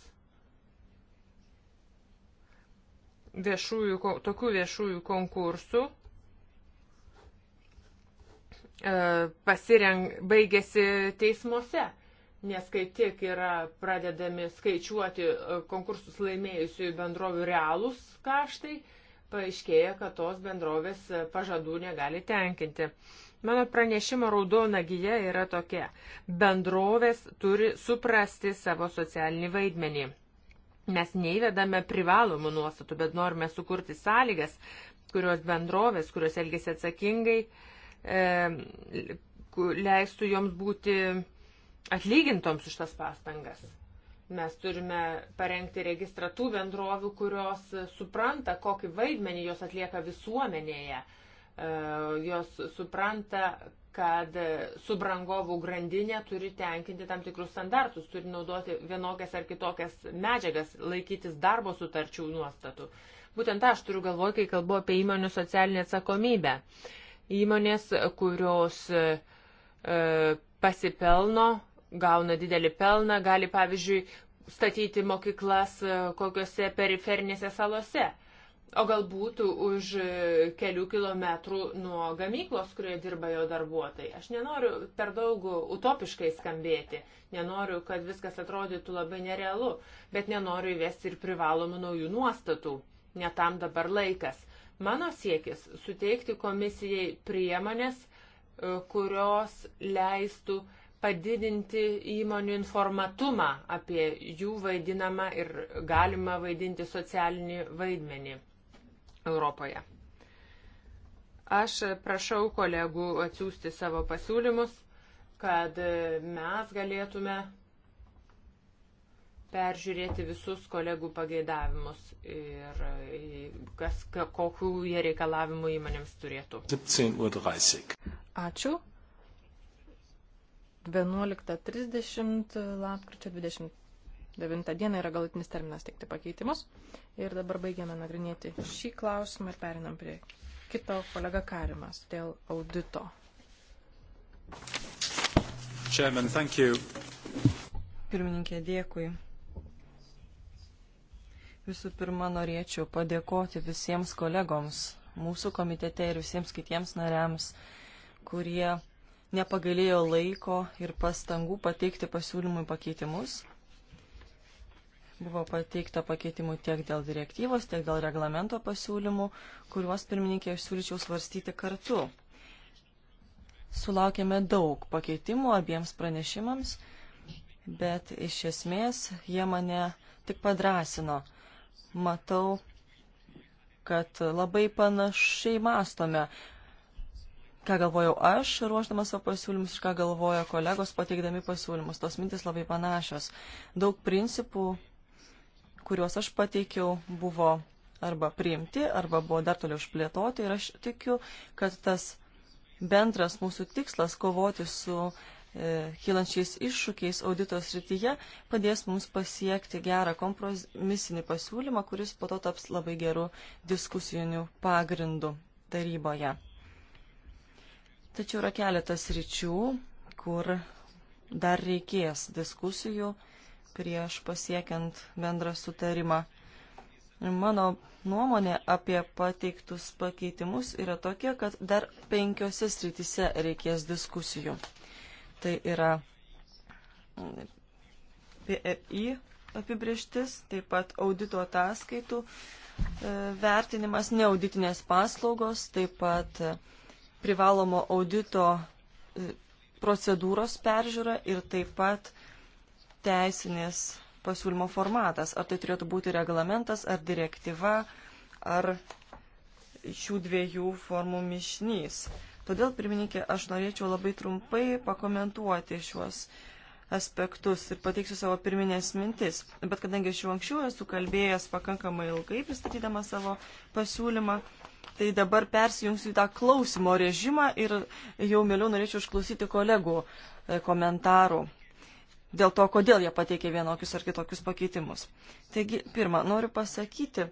viešųjų, tokių viešųjų konkursų e, pasireng, baigėsi teismuose, nes kai tik yra pradedami skaičiuoti e, konkursus laimėjusių bendrovių realūs kaštai, paaiškėja, kad tos bendrovės pažadų negali tenkinti. Mano pranešimo raudona gyja yra tokia. Bendrovės turi suprasti savo socialinį vaidmenį. Mes neįvedame privalomų nuostatų, bet norime sukurti sąlygas, kurios bendrovės, kurios elgesi atsakingai, e, leistų joms būti atlygintoms už tas pastangas. Mes turime parengti registratų bendrovių, kurios supranta, kokį vaidmenį jos atlieka visuomenėje. E, Jos supranta, kad subrangovų grandinė turi tenkinti tam tikrus standartus, turi naudoti vienokias ar kitokias medžiagas, laikytis darbo sutarčių nuostatų. Būtent aš turiu galvoje, kai kalbu apie įmonių socialinę atsakomybę. Įmonės, kurios e, pasipelno, gauna didelį pelną, gali pavyzdžiui statyti mokyklas e, kokiuose periferinėse salose. E, o galbūt už kelių kilometrų nuo gamyklos, kurioje dirba jo darbuotojai. Aš nenoriu per daug utopiškai skambėti, nenoriu, kad viskas atrodytų labai nerealu, bet nenoriu įvesti ir privalomų naujų nuostatų. Netam dabar laikas. Mano siekis - suteikti komisijai priemonės, e, kurios leistų padidinti įmonių informatumą apie jų vaidinamą ir galimą vaidinti socialinį vaidmenį. Europoje. Aš prašau kolegų atsiųsti savo pasiūlymus, kad mes galėtume peržiūrėti visus kolegų pageidavimus ir kas, kokių jie reikalavimų įmonėms turėtų. 17.30. Ačiū. 11.30 lapkričio 20. 9 dieną yra galutinis terminas teikti pakeitimus. Ir dabar baigiame nagrinėti šį klausimą ir perinam prie kito kolega Karimas dėl audito. Chairman, thank you. Pirmininkė, dėkui. Visų pirma, norėčiau padėkoti visiems kolegoms mūsų komitete ir visiems kitiems nariams, kurie nepagailėjo laiko ir pastangų pateikti pasiūlymui pakeitimus Buvo pateikta pakeitimų tiek dėl direktyvos, tiek dėl reglamento pasiūlymų, kuriuos pirmininkė aš siūlyčiau svarstyti kartu. Sulaukėme daug pakeitimų abiems pranešimams, bet iš esmės jie mane tik padrasino. Matau, kad labai panašiai mastome ką galvojau aš, ruoždamas savo pasiūlymus, ir ką galvoja kolegos, pateikdami pasiūlymus. Tos mintis labai panašios. Daug principų kuriuos aš pateikiau, buvo arba priimti, arba buvo dar toliau išplėtoti. Ir aš tikiu, kad tas bendras mūsų tikslas kovoti su e, kylančiais iššūkiais audito srityje padės mums pasiekti gerą kompromisinį pasiūlymą, kuris po to taps labai geru diskusijiniu pagrindu taryboje. Tačiau yra keletas ryčių, kur dar reikės diskusijų prieš pasiekiant bendrą sutarimą. Mano nuomonė apie pateiktus pakeitimus yra tokia, kad dar penkiose srityse reikės diskusijų. Tai yra PRI e apibrieštis, taip pat audito ataskaitų e, vertinimas, neauditinės paslaugos, taip pat e, privalomo audito procedūros peržiūra ir taip pat teisinis pasiūlymo formatas. Ar tai turėtų būti reglamentas, ar direktyva, ar šių dviejų formų mišnys. Todėl, pirmininkė, aš norėčiau labai trumpai pakomentuoti šiuos aspektus ir pateiksiu savo pirminės mintis. Bet kadangi aš jau anksčiau esu kalbėjęs pakankamai ilgai pristatydama savo pasiūlymą, tai dabar persijungsiu į tą klausimo režimą ir jau mieliau norėčiau išklausyti kolegų e, komentarų dėl to, kodėl jie pateikė vienokius ar kitokius pakeitimus. Taigi, pirmą, noriu pasakyti,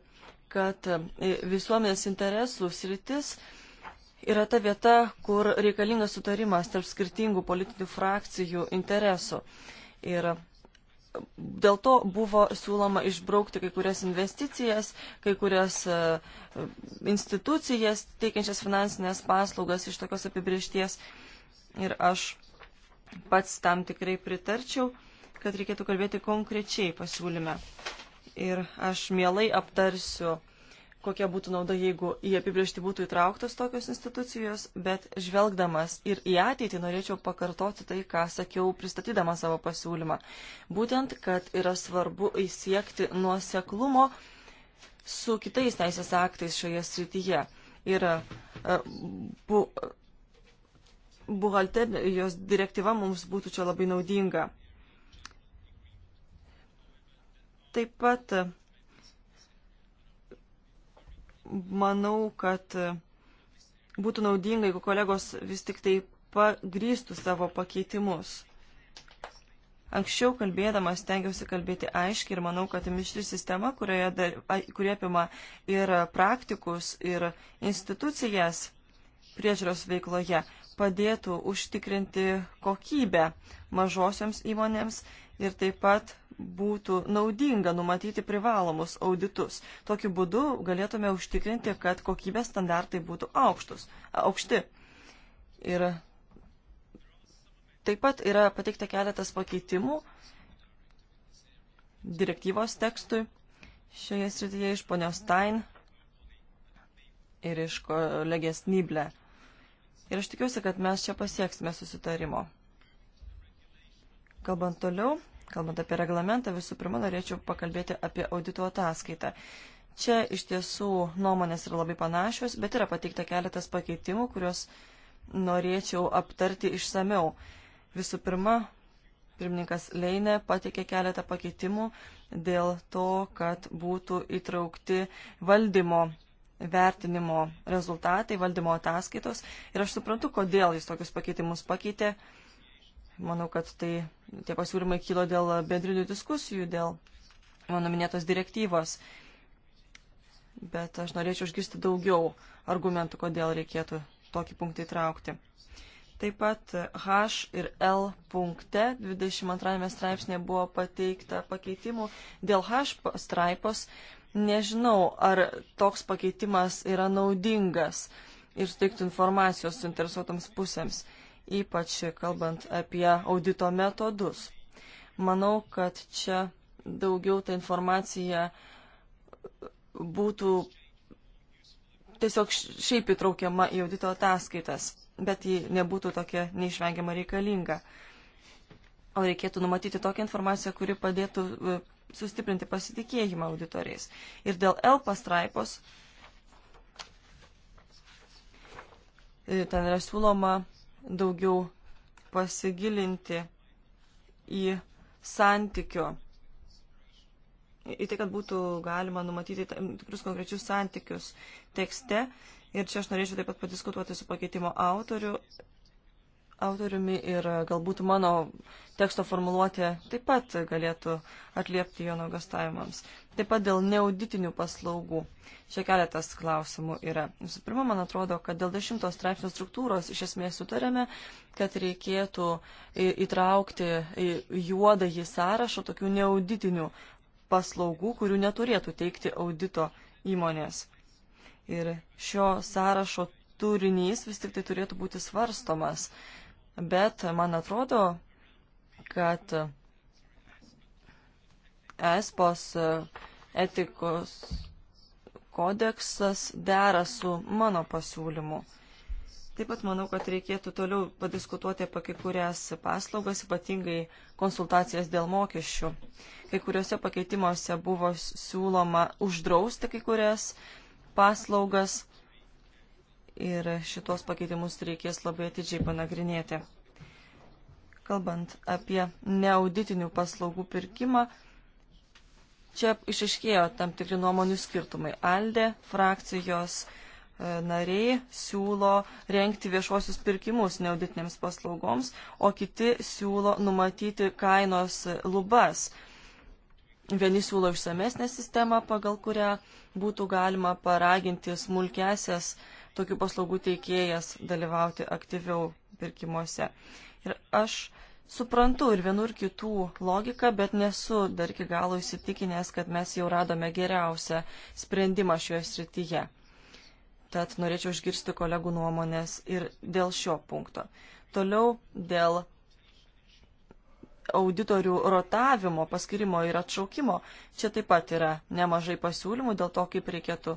kad e, visuomenės interesų sritis yra ta vieta, kur reikalingas sutarimas tarp skirtingų politinių frakcijų interesų. Ir e, dėl to buvo siūloma išbraukti kai kurias investicijas, kai kurias e, institucijas teikiančias finansinės paslaugas iš tokios apibriešties. Ir aš pats tam tikrai pritarčiau, kad reikėtų kalbėti konkrečiai pasiūlyme. Ir aš mielai aptarsiu, kokia būtų nauda, jeigu į apibriežtį būtų įtrauktos tokios institucijos, bet žvelgdamas ir į ateitį norėčiau pakartoti tai, ką sakiau pristatydama savo pasiūlymą. Būtent, kad yra svarbu įsiekti nuoseklumo su kitais teisės aktais šioje srityje. Ir e, bu, buhalterijos direktyva mums būtų čia labai naudinga. Taip pat manau, kad būtų naudinga, jeigu kolegos vis tik tai pagrįstų savo pakeitimus. Anksčiau kalbėdamas stengiausi kalbėti aiškiai ir manau, kad mišri sistema, kurioje, kurie apima ir praktikus, ir institucijas priežiūros veikloje, padėtų užtikrinti kokybę mažosioms įmonėms ir taip pat būtų naudinga numatyti privalomus auditus. Tokiu būdu galėtume užtikrinti, kad kokybės standartai būtų aukštus, aukšti. Ir taip pat yra pateikta keletas pakeitimų direktyvos tekstui šioje srityje iš ponios Stein ir iš kolegės Nible. Ir aš tikiuosi, kad mes čia pasieksime susitarimo. Kalbant toliau, kalbant apie reglamentą, visų pirma, norėčiau pakalbėti apie audito ataskaitą. Čia iš tiesų nuomonės yra labai panašios, bet yra pateikta keletas pakeitimų, kuriuos norėčiau aptarti išsameu. Visų pirma, pirmininkas Leinė pateikė keletą pakeitimų dėl to, kad būtų įtraukti valdymo vertinimo rezultatai, valdymo ataskaitos. Ir aš suprantu, kodėl jis tokius pakeitimus pakeitė. Manau, kad tai, tie pasiūlymai kilo dėl bendrinių diskusijų, dėl mano minėtos direktyvos. Bet aš norėčiau išgirsti daugiau argumentų, kodėl reikėtų tokį punktą įtraukti. Taip pat H ir L punkte 22 straipsnė buvo pateikta pakeitimų. Dėl H straipos Nežinau, ar toks pakeitimas yra naudingas ir suteiktų informacijos suinteresuotams pusėms, ypač kalbant apie audito metodus. Manau, kad čia daugiau ta informacija būtų tiesiog šiaip įtraukiama į audito ataskaitas, bet ji nebūtų tokia neišvengiama reikalinga. O reikėtų numatyti tokią informaciją, kuri padėtų e, sustiprinti pasitikėjimą auditoriais. Ir dėl L pastraipos e, ten yra siūloma daugiau pasigilinti į santykio, į tai, kad būtų galima numatyti tam tikrus konkrečius santykius tekste. Ir čia aš norėčiau taip pat padiskutuoti su pakeitimo autoriu autoriumi ir galbūt mano teksto formuluotė taip pat galėtų atliepti jo nuogastavimams. Taip pat dėl neauditinių paslaugų. Čia keletas klausimų yra. Visų pirma, man atrodo, kad dėl dešimtos straipsnio struktūros iš esmės sutarėme, kad reikėtų įtraukti juodą į sąrašą tokių neauditinių paslaugų, kurių neturėtų teikti audito įmonės. Ir šio sąrašo turinys vis tik tai turėtų būti svarstomas bet man atrodo, kad ESPOS e, etikos kodeksas dera su mano pasiūlymu. Taip pat manau, kad reikėtų toliau padiskutuoti apie kai kurias paslaugas, ypatingai konsultacijas dėl mokesčių. Kai kuriuose pakeitimuose buvo siūloma uždrausti kai kurias paslaugas, ir šitos pakeitimus reikės labai atidžiai panagrinėti. Kalbant apie neauditinių paslaugų pirkimą, čia išiškėjo tam tikri nuomonių skirtumai. Alde frakcijos e, nariai siūlo renkti viešuosius pirkimus neauditinėms paslaugoms, o kiti siūlo numatyti kainos lubas. Vieni siūlo išsamesnę sistemą, pagal kurią būtų galima paraginti smulkesias tokių paslaugų teikėjas dalyvauti aktyviau pirkimuose. Ir aš suprantu ir vienų ir kitų logiką, bet nesu dar iki galo įsitikinęs, kad mes jau radome geriausią sprendimą šioje srityje. Tad norėčiau išgirsti kolegų nuomonės ir dėl šio punkto. Toliau dėl auditorių rotavimo, paskirimo ir atšaukimo. Čia taip pat yra nemažai pasiūlymų dėl to, kaip reikėtų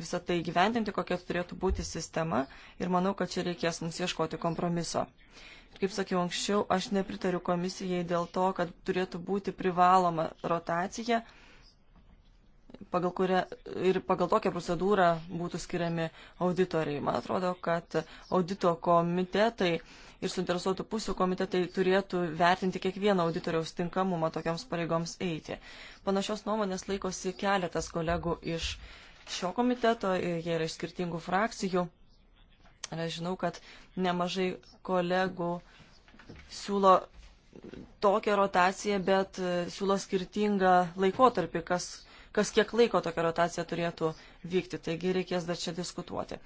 visą tai gyventinti, kokia turėtų būti sistema ir manau, kad čia reikės mums ieškoti kompromiso. Kaip sakiau anksčiau, aš nepritariu komisijai dėl to, kad turėtų būti privaloma rotacija, pagal kurią ir pagal tokią procedūrą būtų skiriami auditoriai. Man atrodo, kad audito komitetai ir suinteresuotų pusių komitetai turėtų vertinti kiekvieną auditoriaus tinkamumą tokiams pareigoms eiti. Panašios nuomonės laikosi keletas kolegų iš šio komiteto, jie yra iš skirtingų frakcijų. Ir aš žinau, kad nemažai kolegų siūlo tokią rotaciją, bet e, siūlo skirtingą laikotarpį, kas, kas kiek laiko tokia rotacija turėtų vykti. Taigi reikės dar čia diskutuoti.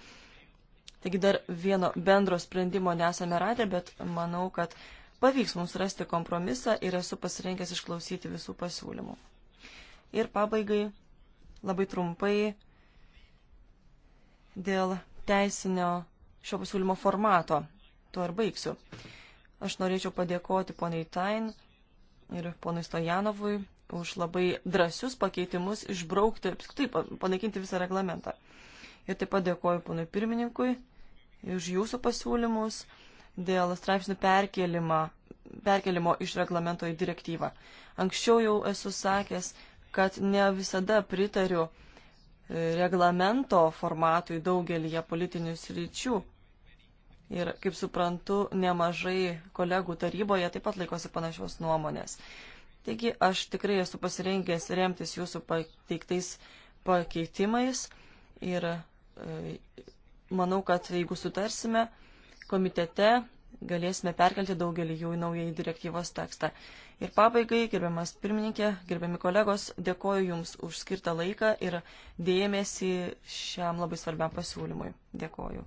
Taigi dar vieno bendro sprendimo nesame radę, bet manau, kad pavyks mums rasti kompromisą ir esu pasirinkęs išklausyti visų pasiūlymų. Ir pabaigai labai trumpai dėl teisinio šio pasiūlymo formato. Tuo ir baigsiu. Aš norėčiau padėkoti poniai Tain ir ponui Stojanovui už labai drąsius pakeitimus išbraukti, apskritai panaikinti visą reglamentą. Ir taip pat dėkoju ponui pirmininkui už jūsų pasiūlymus dėl straipsnių perkelimo iš reglamento į direktyvą. Anksčiau jau esu sakęs, kad ne visada pritariu e, reglamento formatui daugelįje politinių sričių. Ir, kaip suprantu, nemažai kolegų taryboje taip pat laikosi panašios nuomonės. Taigi, aš tikrai esu pasirengęs remtis jūsų pateiktais pakeitimais ir e, manau, kad jeigu sutarsime komitete, galėsime perkelti daugelį jų į naująjį direktyvos tekstą. Ir pabaigai, gerbiamas pirmininkė, gerbiami kolegos, dėkoju Jums už skirtą laiką ir dėmesį šiam labai svarbiam pasiūlymui. Dėkoju.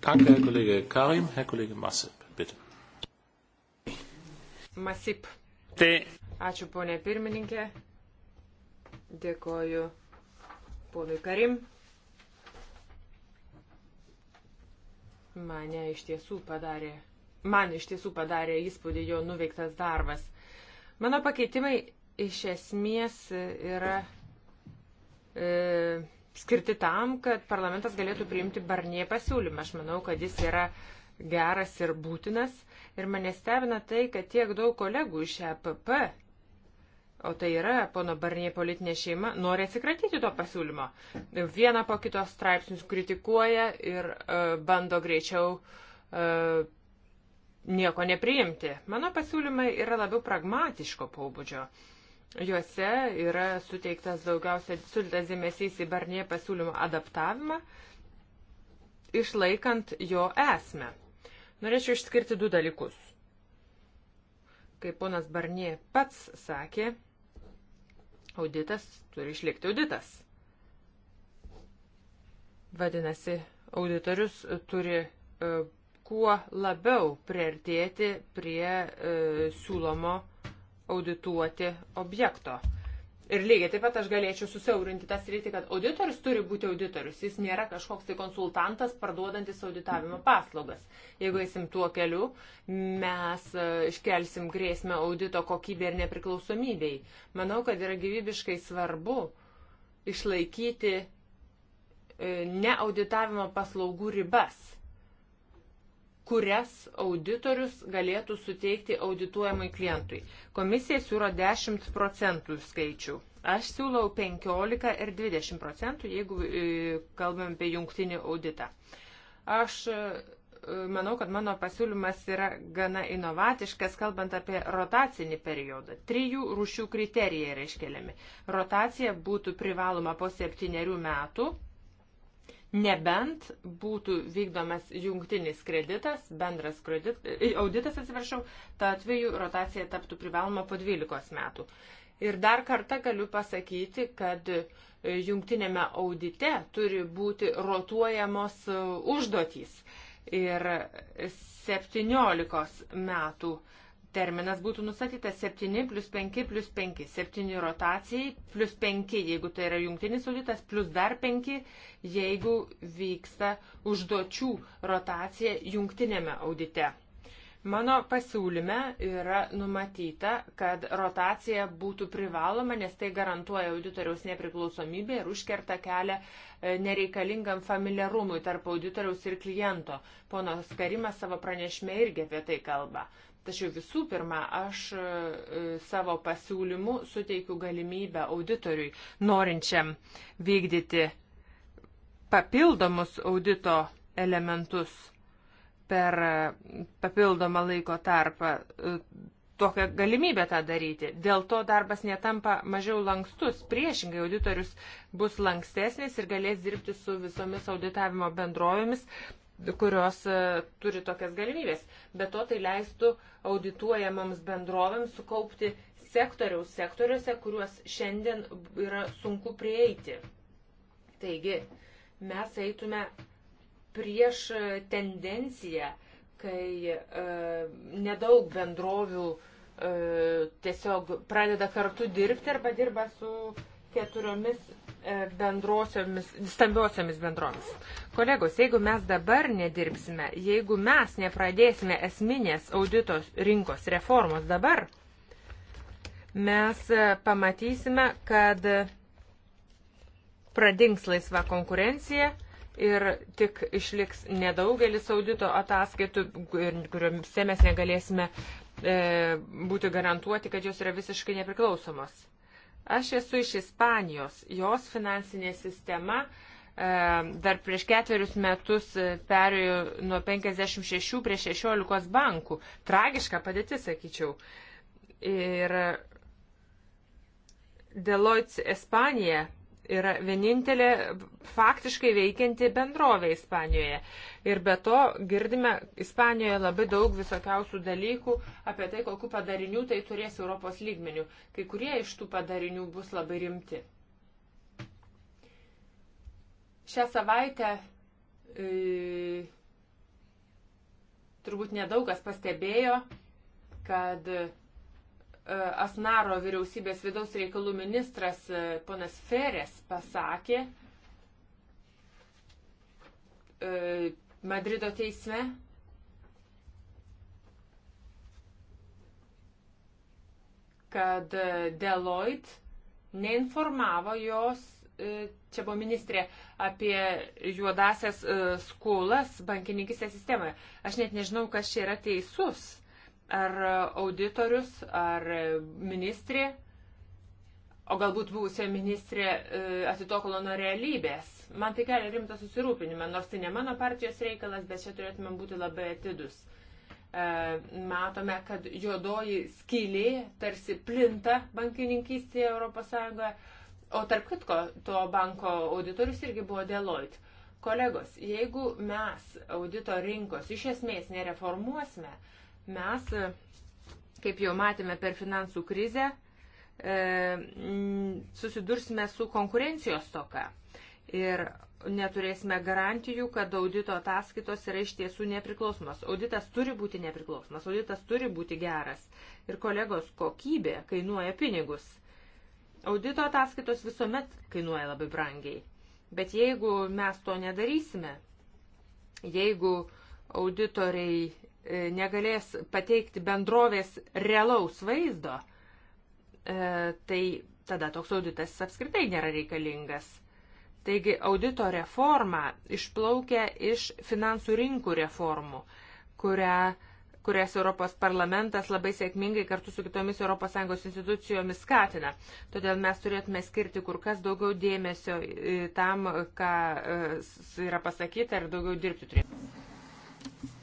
Danke, Herr Kollege Karim, Herr Kollege Masip, bitte. Masip. Tai. Ačiū, ponė pirmininkė. Dėkoju ponui Karim. Mane iš tiesų padarė man iš tiesų padarė įspūdį jo nuveiktas darbas. Mano pakeitimai iš esmės yra e, skirti tam, kad parlamentas galėtų priimti Barnie pasiūlymą. Aš manau, kad jis yra geras ir būtinas. Ir mane stebina tai, kad tiek daug kolegų iš EPP, o tai yra pono Barnie politinė šeima, nori atsikratyti to pasiūlymo. Vieną po kitos straipsnius kritikuoja ir e, bando greičiau e, nieko nepriimti. Mano pasiūlymai yra labiau pragmatiško pobūdžio. Juose yra suteiktas daugiausia sultas dėmesys į Barnie pasiūlymo adaptavimą, išlaikant jo esmę. Norėčiau išskirti du dalykus. Kaip ponas Barnie pats sakė, auditas turi išlikti auditas. Vadinasi, auditorius turi e, kuo labiau priartėti prie e, siūlomo audituoti objekto. Ir lygiai taip pat aš galėčiau susiaurinti tą sritį, kad auditorius turi būti auditorius, jis nėra kažkoks tai konsultantas parduodantis auditavimo paslaugas. Jeigu eisim tuo keliu, mes e, iškelsim grėsmę audito kokybė ir nepriklausomybei. Manau, kad yra gyvybiškai svarbu išlaikyti e, neauditavimo paslaugų ribas kurias auditorius galėtų suteikti audituojamai klientui. Komisija siūlo 10 procentų skaičių. Aš siūlau 15 ir 20 procentų, jeigu e, kalbam apie jungtinį auditą. Aš e, manau, kad mano pasiūlymas yra gana inovatiškas, kalbant apie rotacinį periodą. Trijų rūšių kriterijai yra iškeliami. Rotacija būtų privaloma po septyniarių metų nebent būtų vykdomas jungtinis kreditas, bendras kredit, auditas, atsiprašau, ta atveju rotacija taptų privaloma po 12 metų. Ir dar kartą galiu pasakyti, kad jungtinėme audite turi būti rotuojamos užduotys. Ir 17 metų uh, terminas būtų nustatytas 7 plus 5 plus 5, 7 rotacijai, plus 5, jeigu tai yra jungtinis auditas, plus dar 5, jeigu vyksta užduočių rotacija jungtinėme audite. Mano pasiūlyme yra numatyta, kad rotacija būtų privaloma, nes tai garantuoja auditoriaus nepriklausomybę ir užkerta kelią e, nereikalingam familiarumui tarp auditoriaus ir kliento. Ponas Karimas savo pranešime irgi apie tai kalba. Tačiau visų pirma, aš e, savo pasiūlymu suteikiu galimybę auditoriui, norinčiam vykdyti papildomus audito elementus per papildomą laiko tarpą, e, tokią galimybę tą daryti. Dėl to darbas netampa mažiau lankstus. Priešingai, auditorius bus lankstesnis ir galės dirbti su visomis auditavimo bendrovėmis, kurios e, turi tokias galimybės. Be to tai leistų audituojamoms bendrovėms sukaupti sektoriaus sektoriuose, kuriuos šiandien yra sunku prieiti. Taigi, mes eitume prieš tendenciją, kai e, nedaug bendrovių e, tiesiog pradeda kartu dirbti arba dirba su keturiomis E, bendrosiomis, stambiosiomis bendromis. Kolegos, jeigu mes dabar nedirbsime, jeigu mes nepradėsime esminės audito rinkos reformos dabar, mes e, pamatysime, kad pradings laisva konkurencija ir tik išliks nedaugelis audito ataskaitų, kuriuose mes negalėsime e, būti garantuoti, kad jos yra visiškai nepriklausomos Aš esu iš Ispanijos. Jos finansinė sistema e, dar prieš ketverius metus e, perėjo nuo 56 prie 16 bankų. Tragiška padėtis, sakyčiau. Ir Deloitte Espanija yra vienintelė faktiškai veikianti bendrovė Ispanijoje. Ir be to girdime Ispanijoje labai daug visokiausių dalykų apie tai, kokiu padarinių tai turės Europos lygmenių. Kai kurie iš tų padarinių bus labai rimti. Šią savaitę. E, turbūt nedaug kas pastebėjo, kad e, E, Asnaro vyriausybės vidaus reikalų ministras e, ponas Feres pasakė e, Madrido teisme, kad Deloitte neinformavo jos, čia buvo ministrė, apie juodasias skolas bankininkistės sistemoje. Aš net nežinau, kas čia yra teisus ar auditorius, ar ministrė, o galbūt buvusią ministrė e, atitokalo nuo realybės. Man tai kelia rimtą susirūpinimą, nors tai ne mano partijos reikalas, bet čia turėtume būti labai atidus. E, matome, kad juodoji skylė tarsi plinta bankininkystėje ES, o tarp kitko to banko auditorius irgi buvo Deloitte. Kolegos, jeigu mes audito rinkos iš esmės nereformuosime, uh, Mes, e, kaip jau matėme per finansų krizę, e, susidursime su konkurencijos toka. Ir neturėsime garantijų, kad audito ataskaitos yra iš tiesų nepriklausomas. Auditas turi būti nepriklausomas, auditas turi būti geras. Ir kolegos, kokybė kainuoja pinigus. Audito ataskaitos visuomet kainuoja labai brangiai. Bet jeigu mes to nedarysime, jeigu auditoriai E, negalės pateikti bendrovės realaus vaizdo, e, tai tada toks auditas apskritai nėra reikalingas. Taigi audito reforma išplaukia iš finansų rinkų reformų, kurią, kurias Europos parlamentas labai sėkmingai kartu su kitomis ES institucijomis skatina. Todėl mes turėtume skirti kur kas daugiau dėmesio e, tam, ką yra pasakyta ir daugiau dirbti turėtume.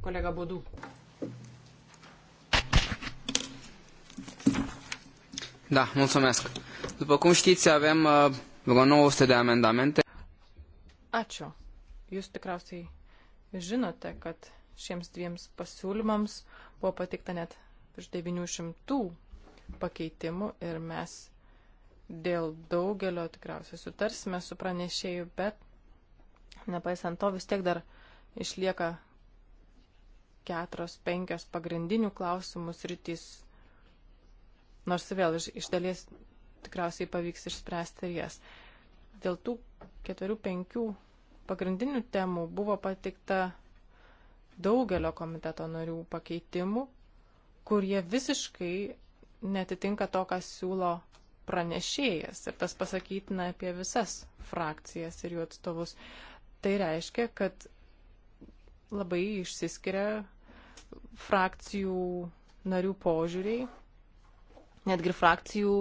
Kolega Bodu. Da, mulțumesc. După cum știți, avem uh, vreo 900 de amendamente. Ačiū. Jūs tikriausiai žinote, kad šiems dviems pasiūlymams buvo patikta net virš 900 pakeitimų ir mes dėl daugelio tikriausiai sutarsime su pranešėju, bet nepaisant to vis tiek dar išlieka keturios, penkios pagrindinių klausimų sritys, nors vėl iš, iš dalies tikriausiai pavyks išspręsti ir jas. Dėl tų keturių, penkių pagrindinių temų buvo patikta daugelio komiteto narių pakeitimų, kurie visiškai netitinka to, kas siūlo pranešėjas. Ir tas pasakytina apie visas frakcijas ir jų atstovus. Tai reiškia, kad labai išsiskiria frakcijų narių požiūriai, netgi frakcijų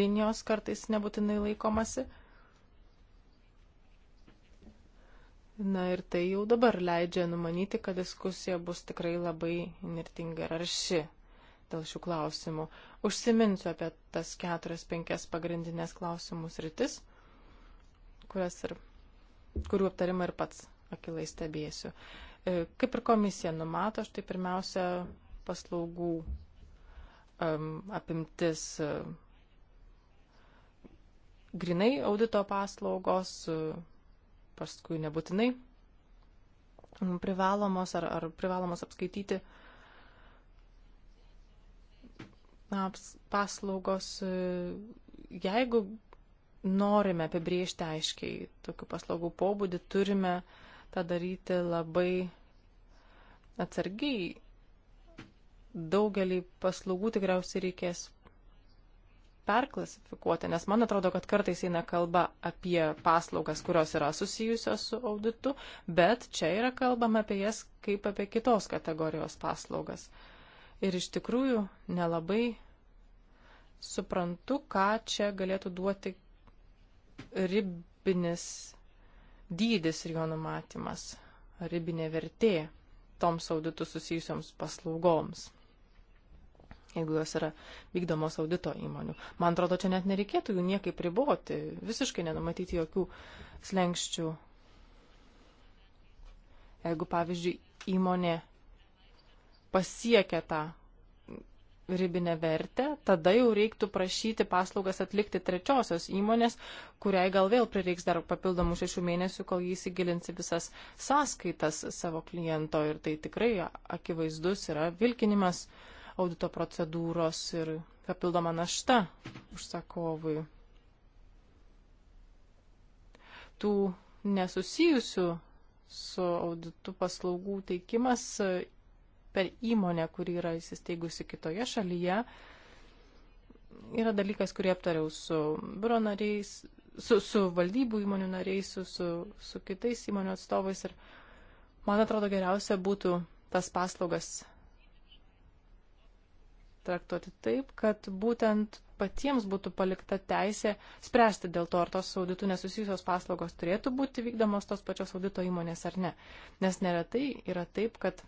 linijos kartais nebūtinai laikomasi. Na ir tai jau dabar leidžia numanyti, kad diskusija bus tikrai labai nirtinga ir arši dėl šių klausimų. Užsiminsiu apie tas keturias, penkias pagrindinės klausimus rytis, kurias ir kurių aptarimą ir pats akilai stebėsiu. E, kaip ir komisija numato, štai pirmiausia paslaugų apimtis e, grinai audito paslaugos, e, paskui nebūtinai privalomos ar, ar privalomos apskaityti paslaugos, jeigu norime apibriežti aiškiai tokių paslaugų pobūdį, turime tą daryti labai atsargiai. Daugelį paslaugų tikriausiai reikės perklasifikuoti, nes man atrodo, kad kartais eina kalba apie paslaugas, kurios yra susijusios su auditu, bet čia yra kalbama apie jas kaip apie kitos kategorijos paslaugas. Ir iš tikrųjų nelabai suprantu, ką čia galėtų duoti ribinis dydis ir jo numatymas, ribinė vertė toms auditų susijusioms paslaugoms, jeigu jos yra vykdomos audito įmonių. Man atrodo, čia net nereikėtų jų niekaip riboti, visiškai nenumatyti jokių slengščių. Jeigu, pavyzdžiui, įmonė pasiekia tą ribinę vertę, tada jau reiktų prašyti paslaugas atlikti trečiosios įmonės, kuriai gal vėl prireiks dar papildomų šešių mėnesių, kol jis įgilinsi visas sąskaitas savo kliento ir tai tikrai akivaizdus yra vilkinimas audito procedūros ir papildoma našta užsakovui. Tų nesusijusių su auditu paslaugų teikimas per įmonę, kuri yra įsisteigusi kitoje šalyje, yra dalykas, kurį aptariau su biuro nariais, su, su valdybų įmonių nariais, su, su, su kitais įmonių atstovais ir man atrodo geriausia būtų tas paslaugas traktuoti taip, kad būtent patiems būtų palikta teisė spręsti dėl to, ar tos auditų nesusijusios paslaugos turėtų būti vykdomos tos pačios audito įmonės ar ne. Nes neretai yra taip, kad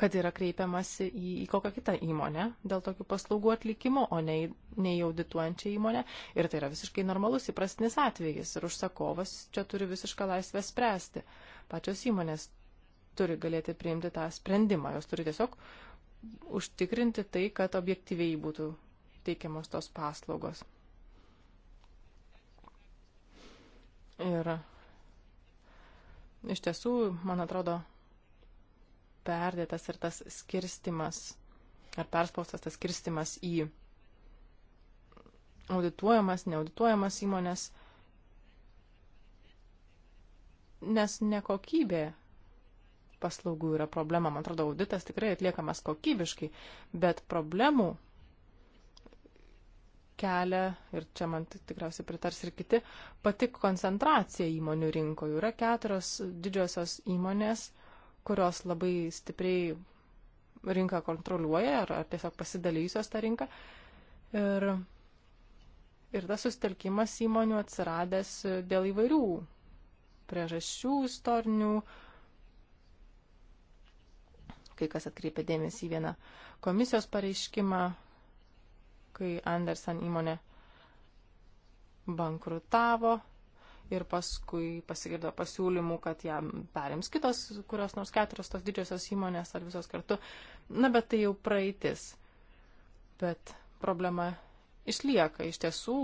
kad yra kreipiamasi į, į kokią kitą įmonę dėl tokių paslaugų atlikimo, o ne į, ne į audituojančią įmonę. Ir tai yra visiškai normalus, įprastinis atvejis. Ir užsakovas čia turi visišką laisvę spręsti. Pačios įmonės turi galėti priimti tą sprendimą. Jos turi tiesiog užtikrinti tai, kad objektyviai būtų teikiamos tos paslaugos. Ir iš tiesų, man atrodo, perdėtas ir tas skirstimas, ar perspaustas tas skirstimas į audituojamas, neaudituojamas įmonės, nes nekokybė paslaugų yra problema. Man atrodo, auditas tikrai atliekamas kokybiškai, bet problemų kelia, ir čia man tikriausiai pritars ir kiti, pati koncentracija įmonių rinkoje. Yra keturios didžiosios įmonės, kurios labai stipriai rinką kontroliuoja ar, ar tiesiog pasidalyjusios tą rinką. Ir, ir tas sustelkimas įmonių atsiradęs dėl įvairių priežasčių istorinių. Kai kas atkreipė dėmesį į vieną komisijos pareiškimą, kai Andersen įmonė bankrutavo ir paskui pasigirdo pasiūlymų, kad ją perims kitos, kurios nors keturios tos didžiosios įmonės ar visos kartu. Na, bet tai jau praeitis. Bet problema išlieka. Iš tiesų,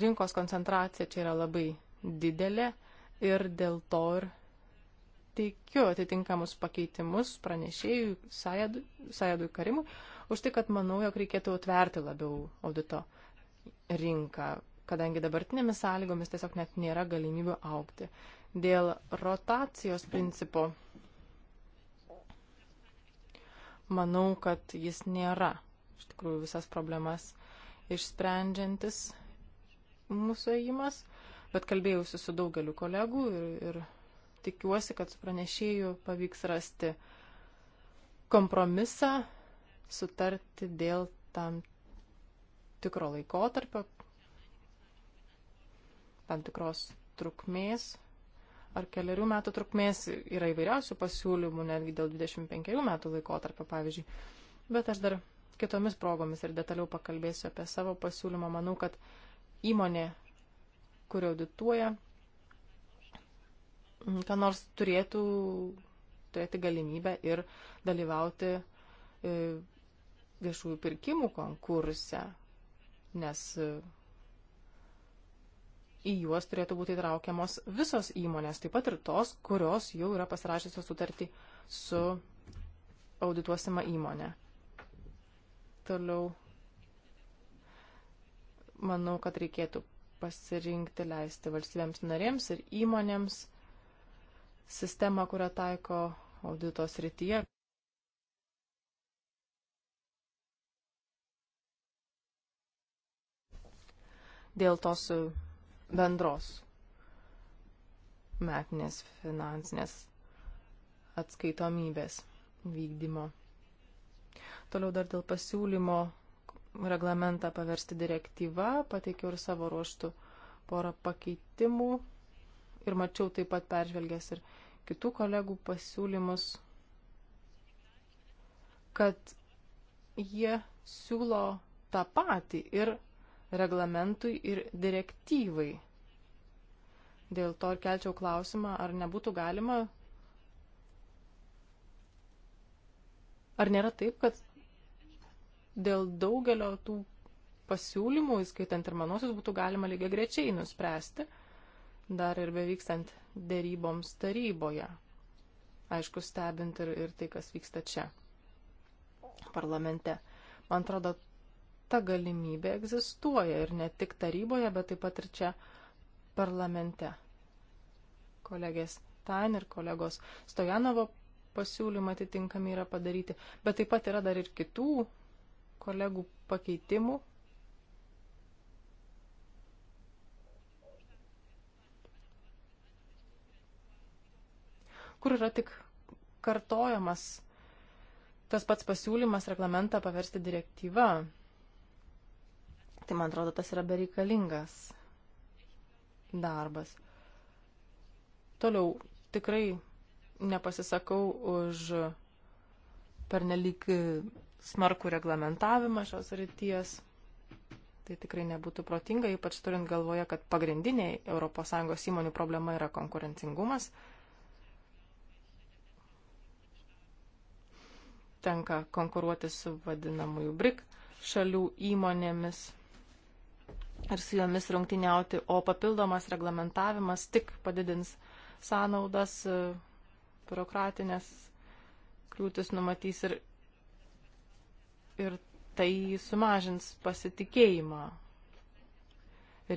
rinkos koncentracija čia yra labai didelė ir dėl to ir teikiu atitinkamus pakeitimus pranešėjui Sajadui, Sajadui Karimui už tai, kad manau, jog reikėtų atverti labiau audito rinką, kadangi dabartinėmis sąlygomis tiesiog net nėra galimybių aukti. Dėl rotacijos principo manau, kad jis nėra iš tikrųjų visas problemas išsprendžiantis mūsų ėjimas, bet kalbėjausi su daugeliu kolegų ir, ir tikiuosi, kad su pranešėju pavyks rasti kompromisą, sutarti dėl tam tikro laikotarpio, tam tikros trukmės ar keliarių metų trukmės. Yra įvairiausių pasiūlymų, netgi dėl 25 metų laikotarpio, pavyzdžiui. Bet aš dar kitomis progomis ir detaliau pakalbėsiu apie savo pasiūlymą. Manau, kad įmonė, kuri audituoja, ką nors turėtų turėti galimybę ir dalyvauti e, viešųjų pirkimų konkurse, nes į juos turėtų būti įtraukiamos visos įmonės, taip pat ir tos, kurios jau yra pasirašysios sutartį su audituosima įmonė. Toliau manau, kad reikėtų pasirinkti leisti valstybėms narėms ir įmonėms sistemą, kurią taiko auditos rytyje. Dėl tos bendros metinės finansinės atskaitomybės vykdymo. Toliau dar dėl pasiūlymo reglamentą paversti direktyvą, pateikiau ir savo ruoštų porą pakeitimų ir mačiau taip pat peržvelgęs ir kitų kolegų pasiūlymus, kad jie siūlo tą patį ir reglamentui ir direktyvai. Dėl to ir kelčiau klausimą, ar nebūtų galima. Ar nėra taip, kad dėl daugelio tų pasiūlymų, įskaitant ir manosius, būtų galima lygiai grečiai nuspręsti, dar ir bevykstant dėryboms taryboje. Aišku, stebint ir, ir tai, kas vyksta čia, parlamente. Man atrodo, ta galimybė egzistuoja ir ne tik taryboje, bet taip pat ir čia parlamente. Kolegės Tain ir kolegos Stojanovo pasiūlymą atitinkami yra padaryti, bet taip pat yra dar ir kitų kolegų pakeitimų. kur yra tik kartojamas tas pats pasiūlymas reglamentą paversti direktyvą. Tai man atrodo, tas yra bereikalingas darbas. Toliau, tikrai nepasisakau už pernelyg smarkų reglamentavimą šios ryties. Tai tikrai nebūtų protinga, ypač turint galvoje, kad pagrindinė ES įmonių problema yra konkurencingumas. Tenka konkuruoti su vadinamųjų BRIC šalių įmonėmis ir su jomis rungtyniauti, o papildomas reglamentavimas tik padidins sąnaudas, e, biurokratinės kliūtis numatys ir, ir tai sumažins pasitikėjimą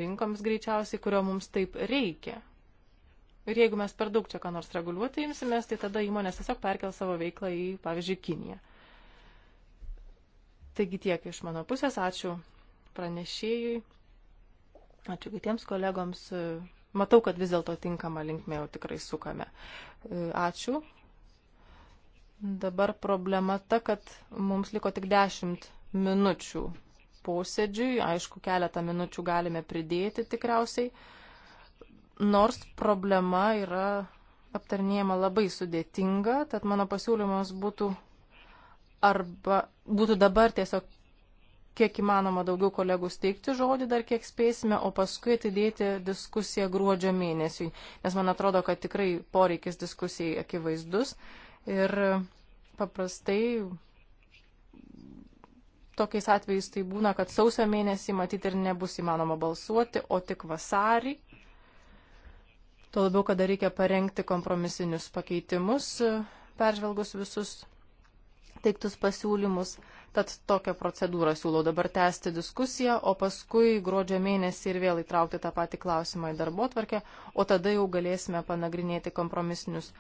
rinkoms greičiausiai, kurio mums taip reikia. Ir jeigu mes per daug čia ką nors reguliuoti imsimės, tai tada įmonės tiesiog perkel savo veiklą į, pavyzdžiui, Kiniją. Taigi tiek iš mano pusės, ačiū pranešėjui. Ačiū kitiems kolegoms. Matau, kad vis dėlto tinkama linkme jau tikrai sukame. Ačiū. Dabar problema ta, kad mums liko tik 10 minučių posėdžiui. Aišku, keletą minučių galime pridėti tikriausiai. Nors problema yra aptarnėjama labai sudėtinga, tad mano pasiūlymas būtų arba būtų dabar tiesiog kiek įmanoma daugiau kolegų steigti žodį, dar kiek spėsime, o paskui atidėti diskusiją gruodžio mėnesiui, nes man atrodo, kad tikrai poreikis diskusijai akivaizdus ir paprastai tokiais atvejais tai būna, kad sausio mėnesį matyti ir nebus įmanoma balsuoti, o tik vasarį. Tuo labiau, kada reikia parengti kompromisinius pakeitimus, peržvelgus visus teiktus pasiūlymus. Tad tokią procedūrą siūlau dabar tęsti diskusiją, o paskui gruodžio mėnesį ir vėl įtraukti tą patį klausimą į darbo tvarkę, o tada jau galėsime panagrinėti kompromisinius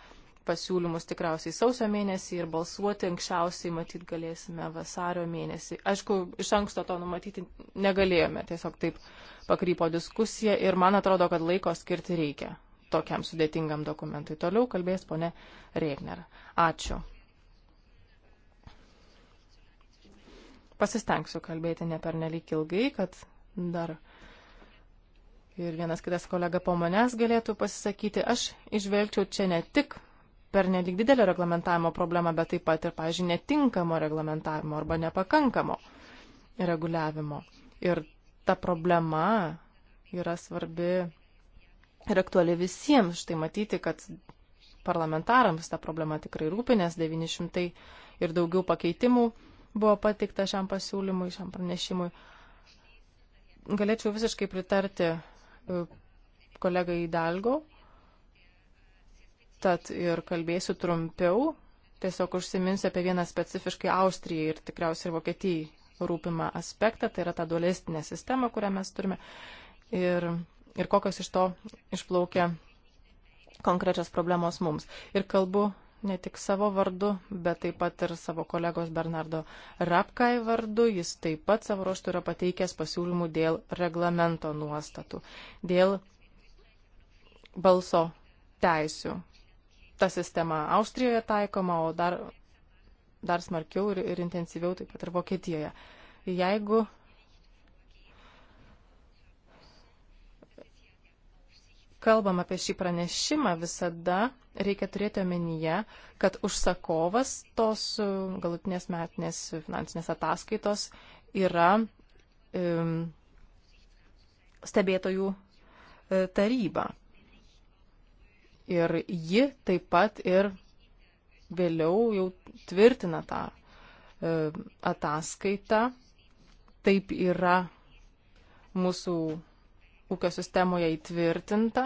pasiūlymus tikriausiai sausio mėnesį ir balsuoti anksčiausiai matyt galėsime vasario mėnesį. Aišku, iš anksto to numatyti negalėjome, tiesiog taip pakrypo diskusija ir man atrodo, kad laiko skirti reikia tokiam sudėtingam dokumentui. Toliau kalbės ponė Regner. Ačiū. Pasistengsiu kalbėti ne per nelik ilgai, kad dar ir vienas kitas kolega po manęs galėtų pasisakyti. Aš išvelgčiau čia ne tik per nelik didelio reglamentavimo problemą, bet taip pat ir, pažiūrėjau, netinkamo reglamentavimo arba nepakankamo reguliavimo. Ir ta problema yra svarbi ir aktuali visiems. Štai matyti, kad parlamentarams ta problema tikrai rūpinės 900 ir daugiau pakeitimų buvo pateikta šiam pasiūlymui, šiam pranešimui. Galėčiau visiškai pritarti e, kolegai Dalgo, tad ir kalbėsiu trumpiau, tiesiog užsiminsiu apie vieną specifiškai Austrijai ir tikriausiai ir Vokietijai rūpimą aspektą, tai yra ta dualistinė sistema, kurią mes turime ir, ir kokios iš to išplaukia konkrečios problemos mums. Ir kalbu ne tik savo vardu, bet taip pat ir savo kolegos Bernardo Rapkai vardu. Jis taip pat savo ruoštų yra pateikęs pasiūlymų dėl reglamento nuostatų, dėl balso teisių. Ta sistema Austrijoje taikoma, o dar, dar smarkiau ir, ir intensyviau taip pat ir Vokietijoje. Jeigu kalbam apie šį pranešimą, visada reikia turėti omenyje, kad užsakovas tos e, galutinės metinės finansinės ataskaitos yra um, stebėtojų e, taryba. Ir ji taip pat ir vėliau jau tvirtina tą e, ataskaitą. Taip yra mūsų ūkio sistemoje įtvirtinta.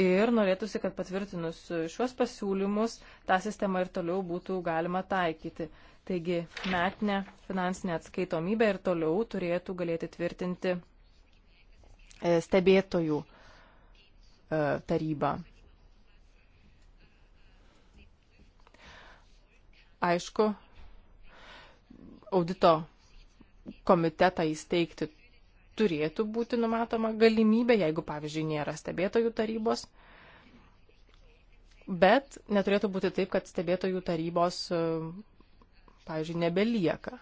Ir norėtųsi, kad patvirtinus šiuos pasiūlymus tą sistemą ir toliau būtų galima taikyti. Taigi metinė finansinė atskaitomybė ir toliau turėtų galėti tvirtinti e, stebėtojų e, taryba. Aišku, audito komitetą įsteigti turėtų būti numatoma galimybė, jeigu, pavyzdžiui, nėra stebėtojų tarybos. Bet neturėtų būti taip, kad stebėtojų tarybos, pavyzdžiui, nebelieka,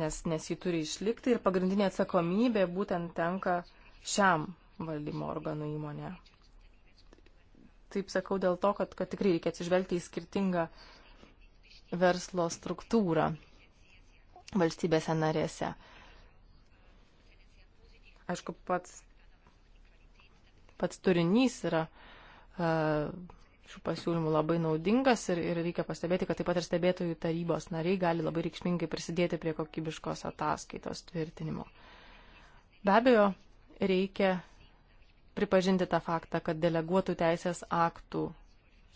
nes, nes jį turi išlikti ir pagrindinė atsakomybė būtent tenka šiam valdymo organų įmonė. Taip sakau dėl to, kad, kad tikrai reikia atsižvelgti į skirtingą verslo struktūrą valstybėse narėse. Aišku, pats, pats turinys yra uh, šių pasiūlymų labai naudingas ir, ir reikia pastebėti, kad taip pat ir stebėtojų tarybos nariai gali labai reikšmingai prisidėti prie kokybiškos ataskaitos tvirtinimo. Be abejo, reikia pripažinti tą faktą, kad deleguotų teisės aktų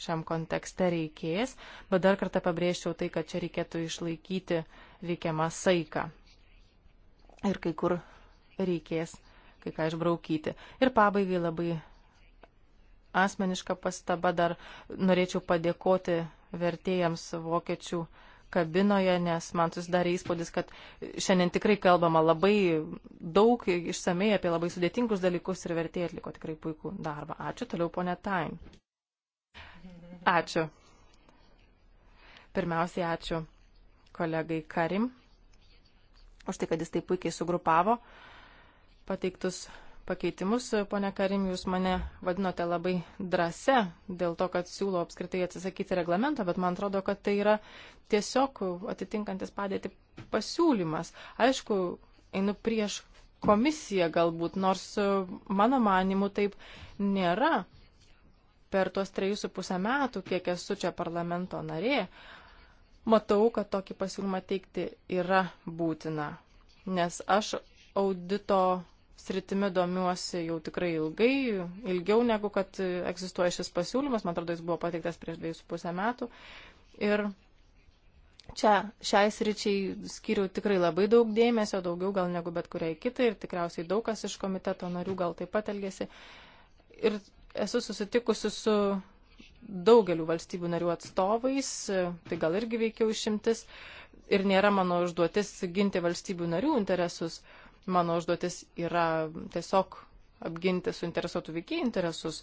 šiam kontekste reikės, bet dar kartą pabrėžčiau tai, kad čia reikėtų išlaikyti reikiamą saiką. Ir kai kur reikės kai ką išbraukyti. Ir pabaigai labai asmeniška pastaba dar norėčiau padėkoti vertėjams vokiečių kabinoje, nes man susidarė įspūdis, kad šiandien tikrai kalbama labai daug išsamei apie labai sudėtingus dalykus ir vertėjai atliko tikrai puikų darbą. Ačiū toliau, ponė Tain. Ačiū. Pirmiausiai ačiū kolegai Karim už tai, kad jis taip puikiai sugrupavo pateiktus pakeitimus. Pone Karim, jūs mane vadinote labai drąse dėl to, kad siūlo apskritai atsisakyti reglamento, bet man atrodo, kad tai yra tiesiog atitinkantis padėti pasiūlymas. Aišku, einu prieš komisiją galbūt, nors mano manimu taip nėra per tuos trejus su pusę metų, kiek esu čia parlamento narė, matau, kad tokį pasiūlymą teikti yra būtina. Nes aš audito sritimi domiuosi jau tikrai ilgai, ilgiau negu kad egzistuoja šis pasiūlymas, man atrodo, jis buvo pateiktas prieš dviejus su pusę metų. Ir čia šiai sričiai skiriu tikrai labai daug dėmesio, daugiau gal negu bet kuriai kitai ir tikriausiai daug kas iš komiteto narių gal taip pat elgėsi. Ir esu susitikusi su daugeliu valstybių narių atstovais, tai gal irgi veikiau išimtis, ir nėra mano užduotis ginti valstybių narių interesus, mano užduotis yra tiesiog apginti suinteresuotų veikėjų interesus,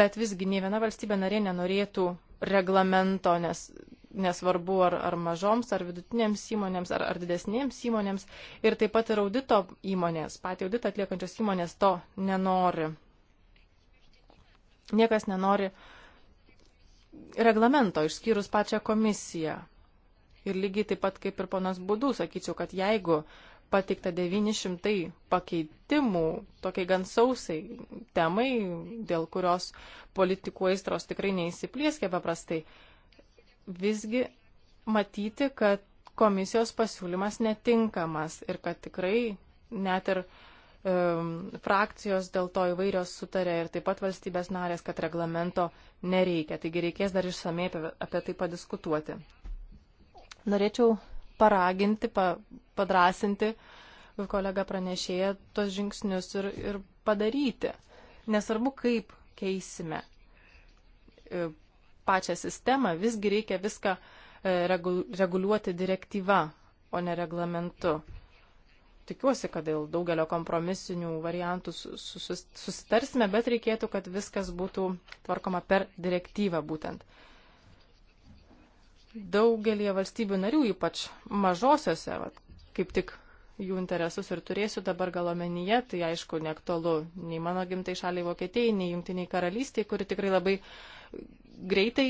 bet visgi nei viena valstybė narė nenorėtų reglamento, nes nesvarbu ar, ar mažoms, ar vidutinėms įmonėms, ar, ar didesnėms įmonėms, ir taip pat ir audito įmonės, patį auditą atliekančios įmonės to nenori. Niekas nenori reglamento išskyrus pačią komisiją. Ir lygiai taip pat kaip ir ponas Budų, sakyčiau, kad jeigu pateikta 900 pakeitimų tokiai gan sausiai temai, dėl kurios politikų aistros tikrai neįsiplieskia paprastai, visgi matyti, kad komisijos pasiūlymas netinkamas ir kad tikrai net ir uh, frakcijos dėl to įvairios sutarė ir taip pat valstybės narės, kad reglamento nereikia. Taigi reikės dar išsamei apie, apie tai padiskutuoti. Norėčiau paraginti, pa, padrasinti kolegą pranešėją tos žingsnius ir, ir padaryti. Nesvarbu, kaip keisime e, pačią sistemą, visgi reikia viską e, reguliuoti direktyva, o ne reglamentu tikiuosi, kad dėl daugelio kompromisinių variantų susitarsime, bet reikėtų, kad viskas būtų tvarkoma per direktyvą būtent. Daugelie valstybių narių, ypač mažosiose, va, kaip tik jų interesus ir turėsiu dabar gal omenyje, tai aišku, neaktualu nei mano gimtai šaliai Vokietijai, nei Junktiniai karalystiai, kuri tikrai labai greitai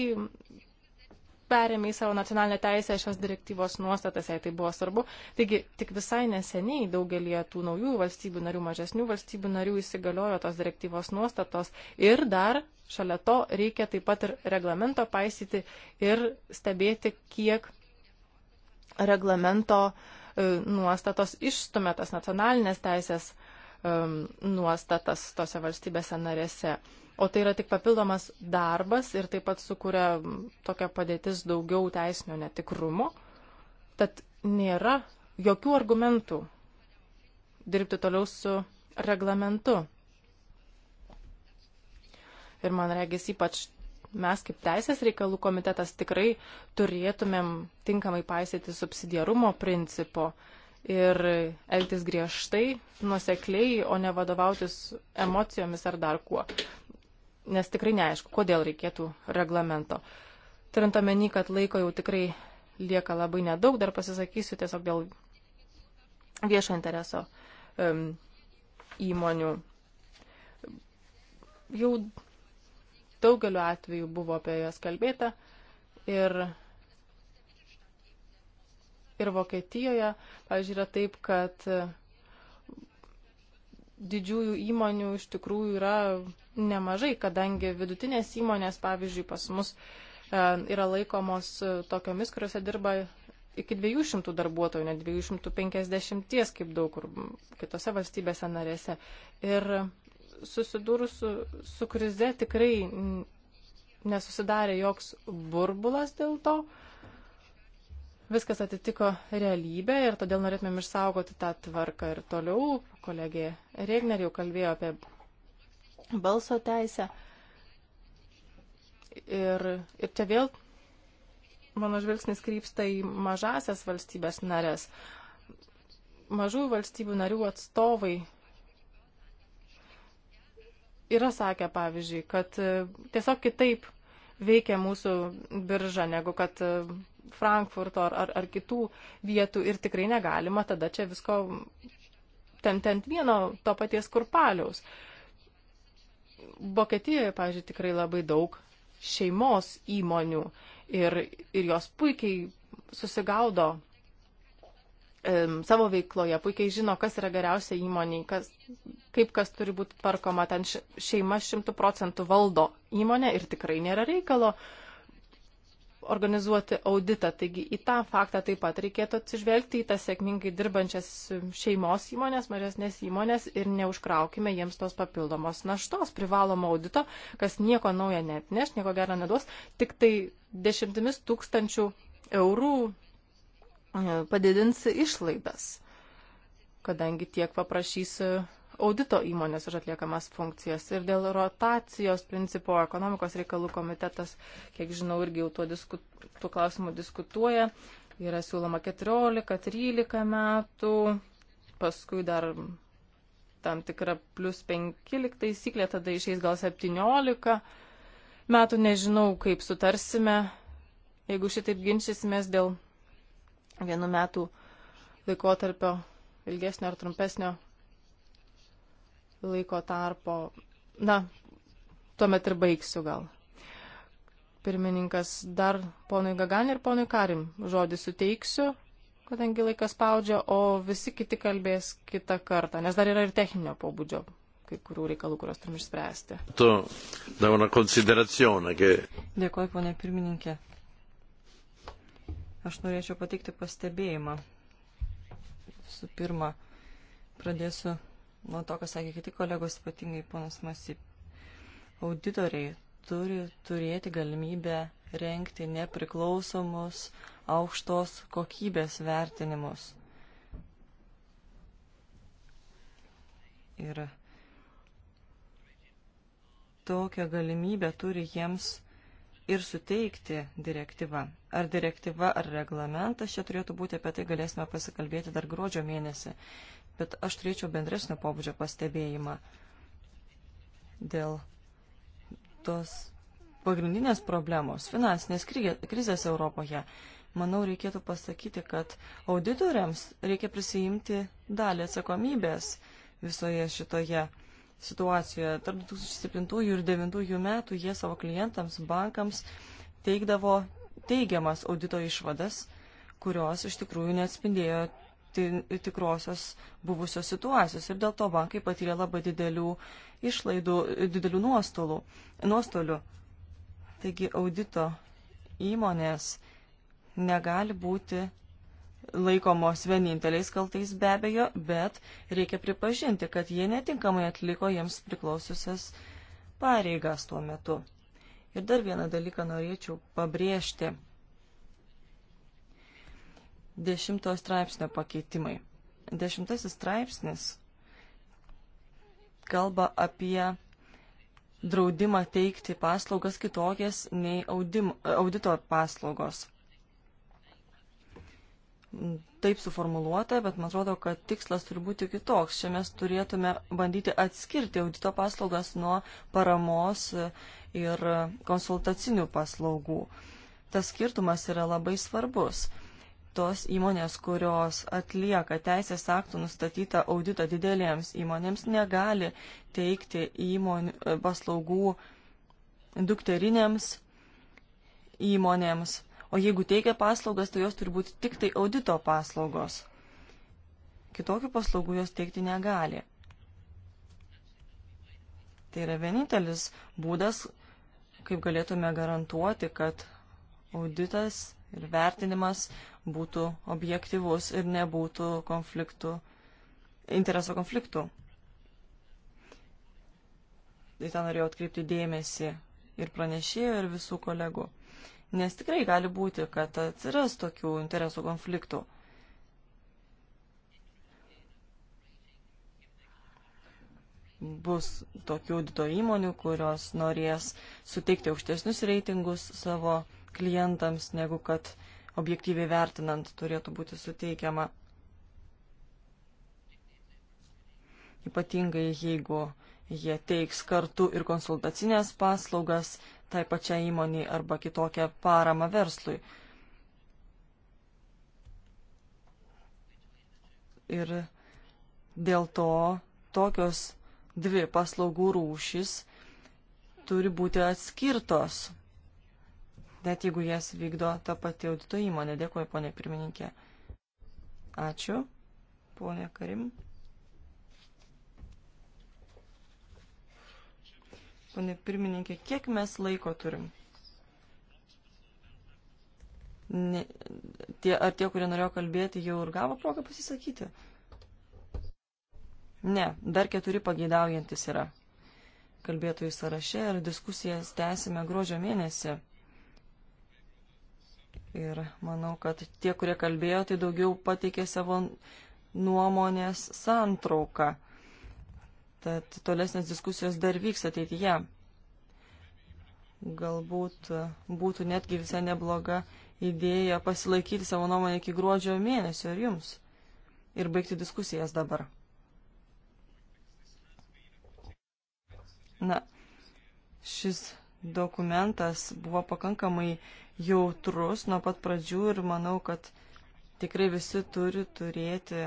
perėmė į savo nacionalinę teisę šios direktyvos nuostatas, jei tai buvo svarbu. Taigi tik visai neseniai daugelį tų naujų valstybių narių, mažesnių valstybių narių įsigaliojo tos direktyvos nuostatos ir dar šalia to reikia taip pat ir reglamento paisyti ir stebėti, kiek reglamento e, nuostatos išstumė tas nacionalinės teisės um, nuostatas tose valstybėse narėse. O tai yra tik papildomas darbas ir taip pat sukuria tokia padėtis daugiau teisinio netikrumo. Tad nėra jokių argumentų dirbti toliau su reglamentu. Ir man regis ypač mes kaip Teisės reikalų komitetas tikrai turėtumėm tinkamai paisyti subsidiarumo principo ir elgtis griežtai, nusekliai, o ne vadovautis emocijomis ar dar kuo nes tikrai neaišku, kodėl reikėtų reglamento. Turint omeny, kad laiko jau tikrai lieka labai nedaug, dar pasisakysiu tiesiog dėl viešo intereso um, įmonių. Jau daugeliu atveju buvo apie jas kalbėta ir, ir Vokietijoje, pažiūrė, taip, kad didžiųjų įmonių iš tikrųjų yra nemažai, kadangi vidutinės įmonės, pavyzdžiui, pas mus e, yra laikomos e, tokiomis, kuriuose dirba iki 200 darbuotojų, net 250, kaip daug kur kitose valstybėse narėse. Ir susidūrus su, su krize tikrai nesusidarė joks burbulas dėl to, uh, viskas atitiko realybę ir todėl norėtumėm išsaugoti tą tvarką ir toliau. Kolegė Regner jau kalbėjo apie balso teisę. Ir, ir čia vėl mano žvilgsnis krypsta į mažasias valstybės narės. Mažų valstybių narių atstovai yra sakę, pavyzdžiui, kad tiesiog kitaip veikia mūsų birža, negu kad Frankfurto ar, ar, ar kitų vietų ir tikrai negalima tada čia visko ten, ten vieno to paties kurpaliaus. Vokietijoje, pažiūrėjau, tikrai labai daug šeimos įmonių ir, ir jos puikiai susigaudo um, savo veikloje, puikiai žino, kas yra geriausia įmonė, kas, kaip kas turi būti tvarkoma, ten šeima šimtų procentų valdo įmonę ir tikrai nėra reikalo uh, organizuoti auditą. Taigi į tą faktą taip pat reikėtų atsižvelgti į tas sėkmingai dirbančias šeimos įmonės, mažesnės įmonės ir neužkraukime jiems tos papildomos naštos privalomo audito, kas nieko naujo neatneš, nieko gero neduos, tik tai dešimtimis tūkstančių eurų e, padidins išlaidas, kadangi tiek paprašys audito įmonės už atliekamas funkcijas. Ir dėl rotacijos principo ekonomikos reikalų komitetas, kiek žinau, irgi jau tuo, disku, tuo klausimu diskutuoja. Yra siūloma 14-13 metų, paskui dar tam tikra plus 15 taisyklė, tada išeis gal 17 metų, nežinau, kaip sutarsime, jeigu šitaip ginčysimės dėl vienų metų laikotarpio ilgesnio ar trumpesnio laiko tarpo. Na, tuomet ir baigsiu gal. Pirmininkas dar ponui Gagan ir ponui Karim žodį suteiksiu, kadangi laikas spaudžia, o visi kiti kalbės kitą kartą, nes dar yra ir techninio pobūdžio kai kurių reikalų, kuriuos turim išspręsti. Tu, dauna konsideracijonė. Dėkuoju, ponė pirmininkė. Aš norėčiau pateikti pastebėjimą. Visų pirma, pradėsiu nuo to, kas sakė kiti kolegos, ypatingai ponas Masip. Auditoriai turi turėti galimybę renkti nepriklausomus aukštos kokybės vertinimus. Ir tokią galimybę turi jiems ir suteikti direktyva. Ar direktyva, ar reglamentas čia turėtų būti, apie tai galėsime pasikalbėti dar gruodžio mėnesį bet aš turėčiau bendresnio pobūdžio pastebėjimą dėl tos pagrindinės problemos - finansinės krizės Europoje. Manau, reikėtų pasakyti, kad auditoriams reikia prisijimti dalį atsakomybės visoje šitoje situacijoje. Tarp 2007 ir 2009 metų jie savo klientams, bankams teikdavo teigiamas audito išvadas, kurios iš tikrųjų neatspindėjo tikrosios buvusios situacijos ir dėl to bankai patyrė labai didelių išlaidų, didelių nuostolų, nuostolių. Taigi audito įmonės negali būti laikomos vieninteliais kaltais be abejo, bet reikia pripažinti, kad jie netinkamai atliko jiems priklausiusias pareigas tuo metu. Ir dar vieną dalyką norėčiau pabrėžti. 10 straipsnio pakeitimai. 10 straipsnis kalba apie draudimą teikti paslaugas kitokias nei audim, audito paslaugos. Taip suformuluota, bet man atrodo, kad tikslas turi būti kitoks. Čia mes turėtume bandyti atskirti audito paslaugas nuo paramos ir konsultacinių paslaugų. Tas skirtumas yra labai svarbus tos įmonės, kurios atlieka teisės aktų nustatytą auditą didelėms įmonėms, negali teikti įmonių e, paslaugų dukterinėms įmonėms. O jeigu teikia paslaugas, tai jos turi būti tik tai audito paslaugos. Kitokių paslaugų jos teikti negali. Tai yra vienintelis būdas, kaip galėtume garantuoti, kad auditas ir vertinimas būtų objektivus ir nebūtų konfliktų, intereso konfliktų. Tai tą norėjau atkreipti dėmesį ir pranešėjo, ir visų kolegų. Nes tikrai gali būti, kad atsiras tokių interesų konfliktų. bus tokių audito įmonių, kurios norės suteikti aukštesnius reitingus savo klientams, negu kad objektyviai vertinant turėtų būti suteikiama. Ypatingai jeigu jie teiks kartu ir konsultacinės paslaugas tai pačiai įmoniai arba kitokią paramą verslui. Ir dėl to tokios dvi paslaugų rūšis turi būti atskirtos net jeigu jas vykdo ta pati audito įmonė. Dėkuoju, ponė pirmininkė. Ačiū, ponė Karim. Pone pirmininkė, kiek mes laiko turim? Ne, tie, ar tie, kurie norėjo kalbėti, jau ir gavo progą pasisakyti? Ne, dar keturi pageidaujantis yra. Kalbėtojų sąraše ir diskusijas tęsime gruodžio mėnesį. Ir manau, kad tie, kurie kalbėjo, tai daugiau pateikė savo nuomonės santrauką. Tad tolesnės diskusijos dar vyks ateityje. Galbūt būtų netgi visai nebloga idėja pasilaikyti savo nuomonę iki gruodžio mėnesio ir jums. Ir baigti diskusijas dabar. Na, šis dokumentas buvo pakankamai jautrus nuo pat pradžių ir manau, kad tikrai visi turi turėti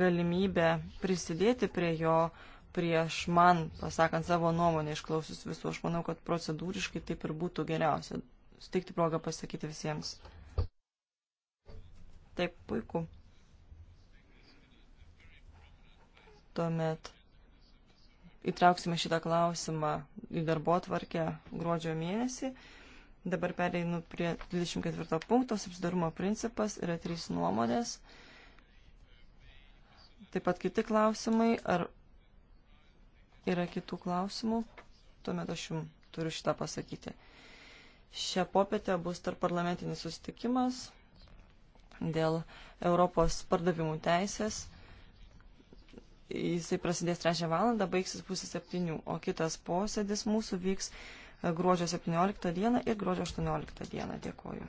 galimybę prisidėti prie jo prieš man, pasakant savo nuomonę, išklausius visų. Aš manau, kad procedūriškai taip ir būtų geriausia. Suteikti progą pasakyti visiems. Taip, puiku. Tuomet įtrauksime šitą klausimą į darbo tvarkę gruodžio mėnesį. Dabar pereinu prie 24 punkto, subsidarumo principas, yra trys nuomonės. Taip pat kiti klausimai, ar yra kitų klausimų, tuomet aš jums turiu šitą pasakyti. Šią popietę bus tarp parlamentinis susitikimas dėl Europos pardavimų teisės. Jisai prasidės trečią valandą, baigsis pusę septynių, o kitas posėdis mūsų vyks gruodžio 17 dieną ir gruodžio 18 dieną. Dėkoju.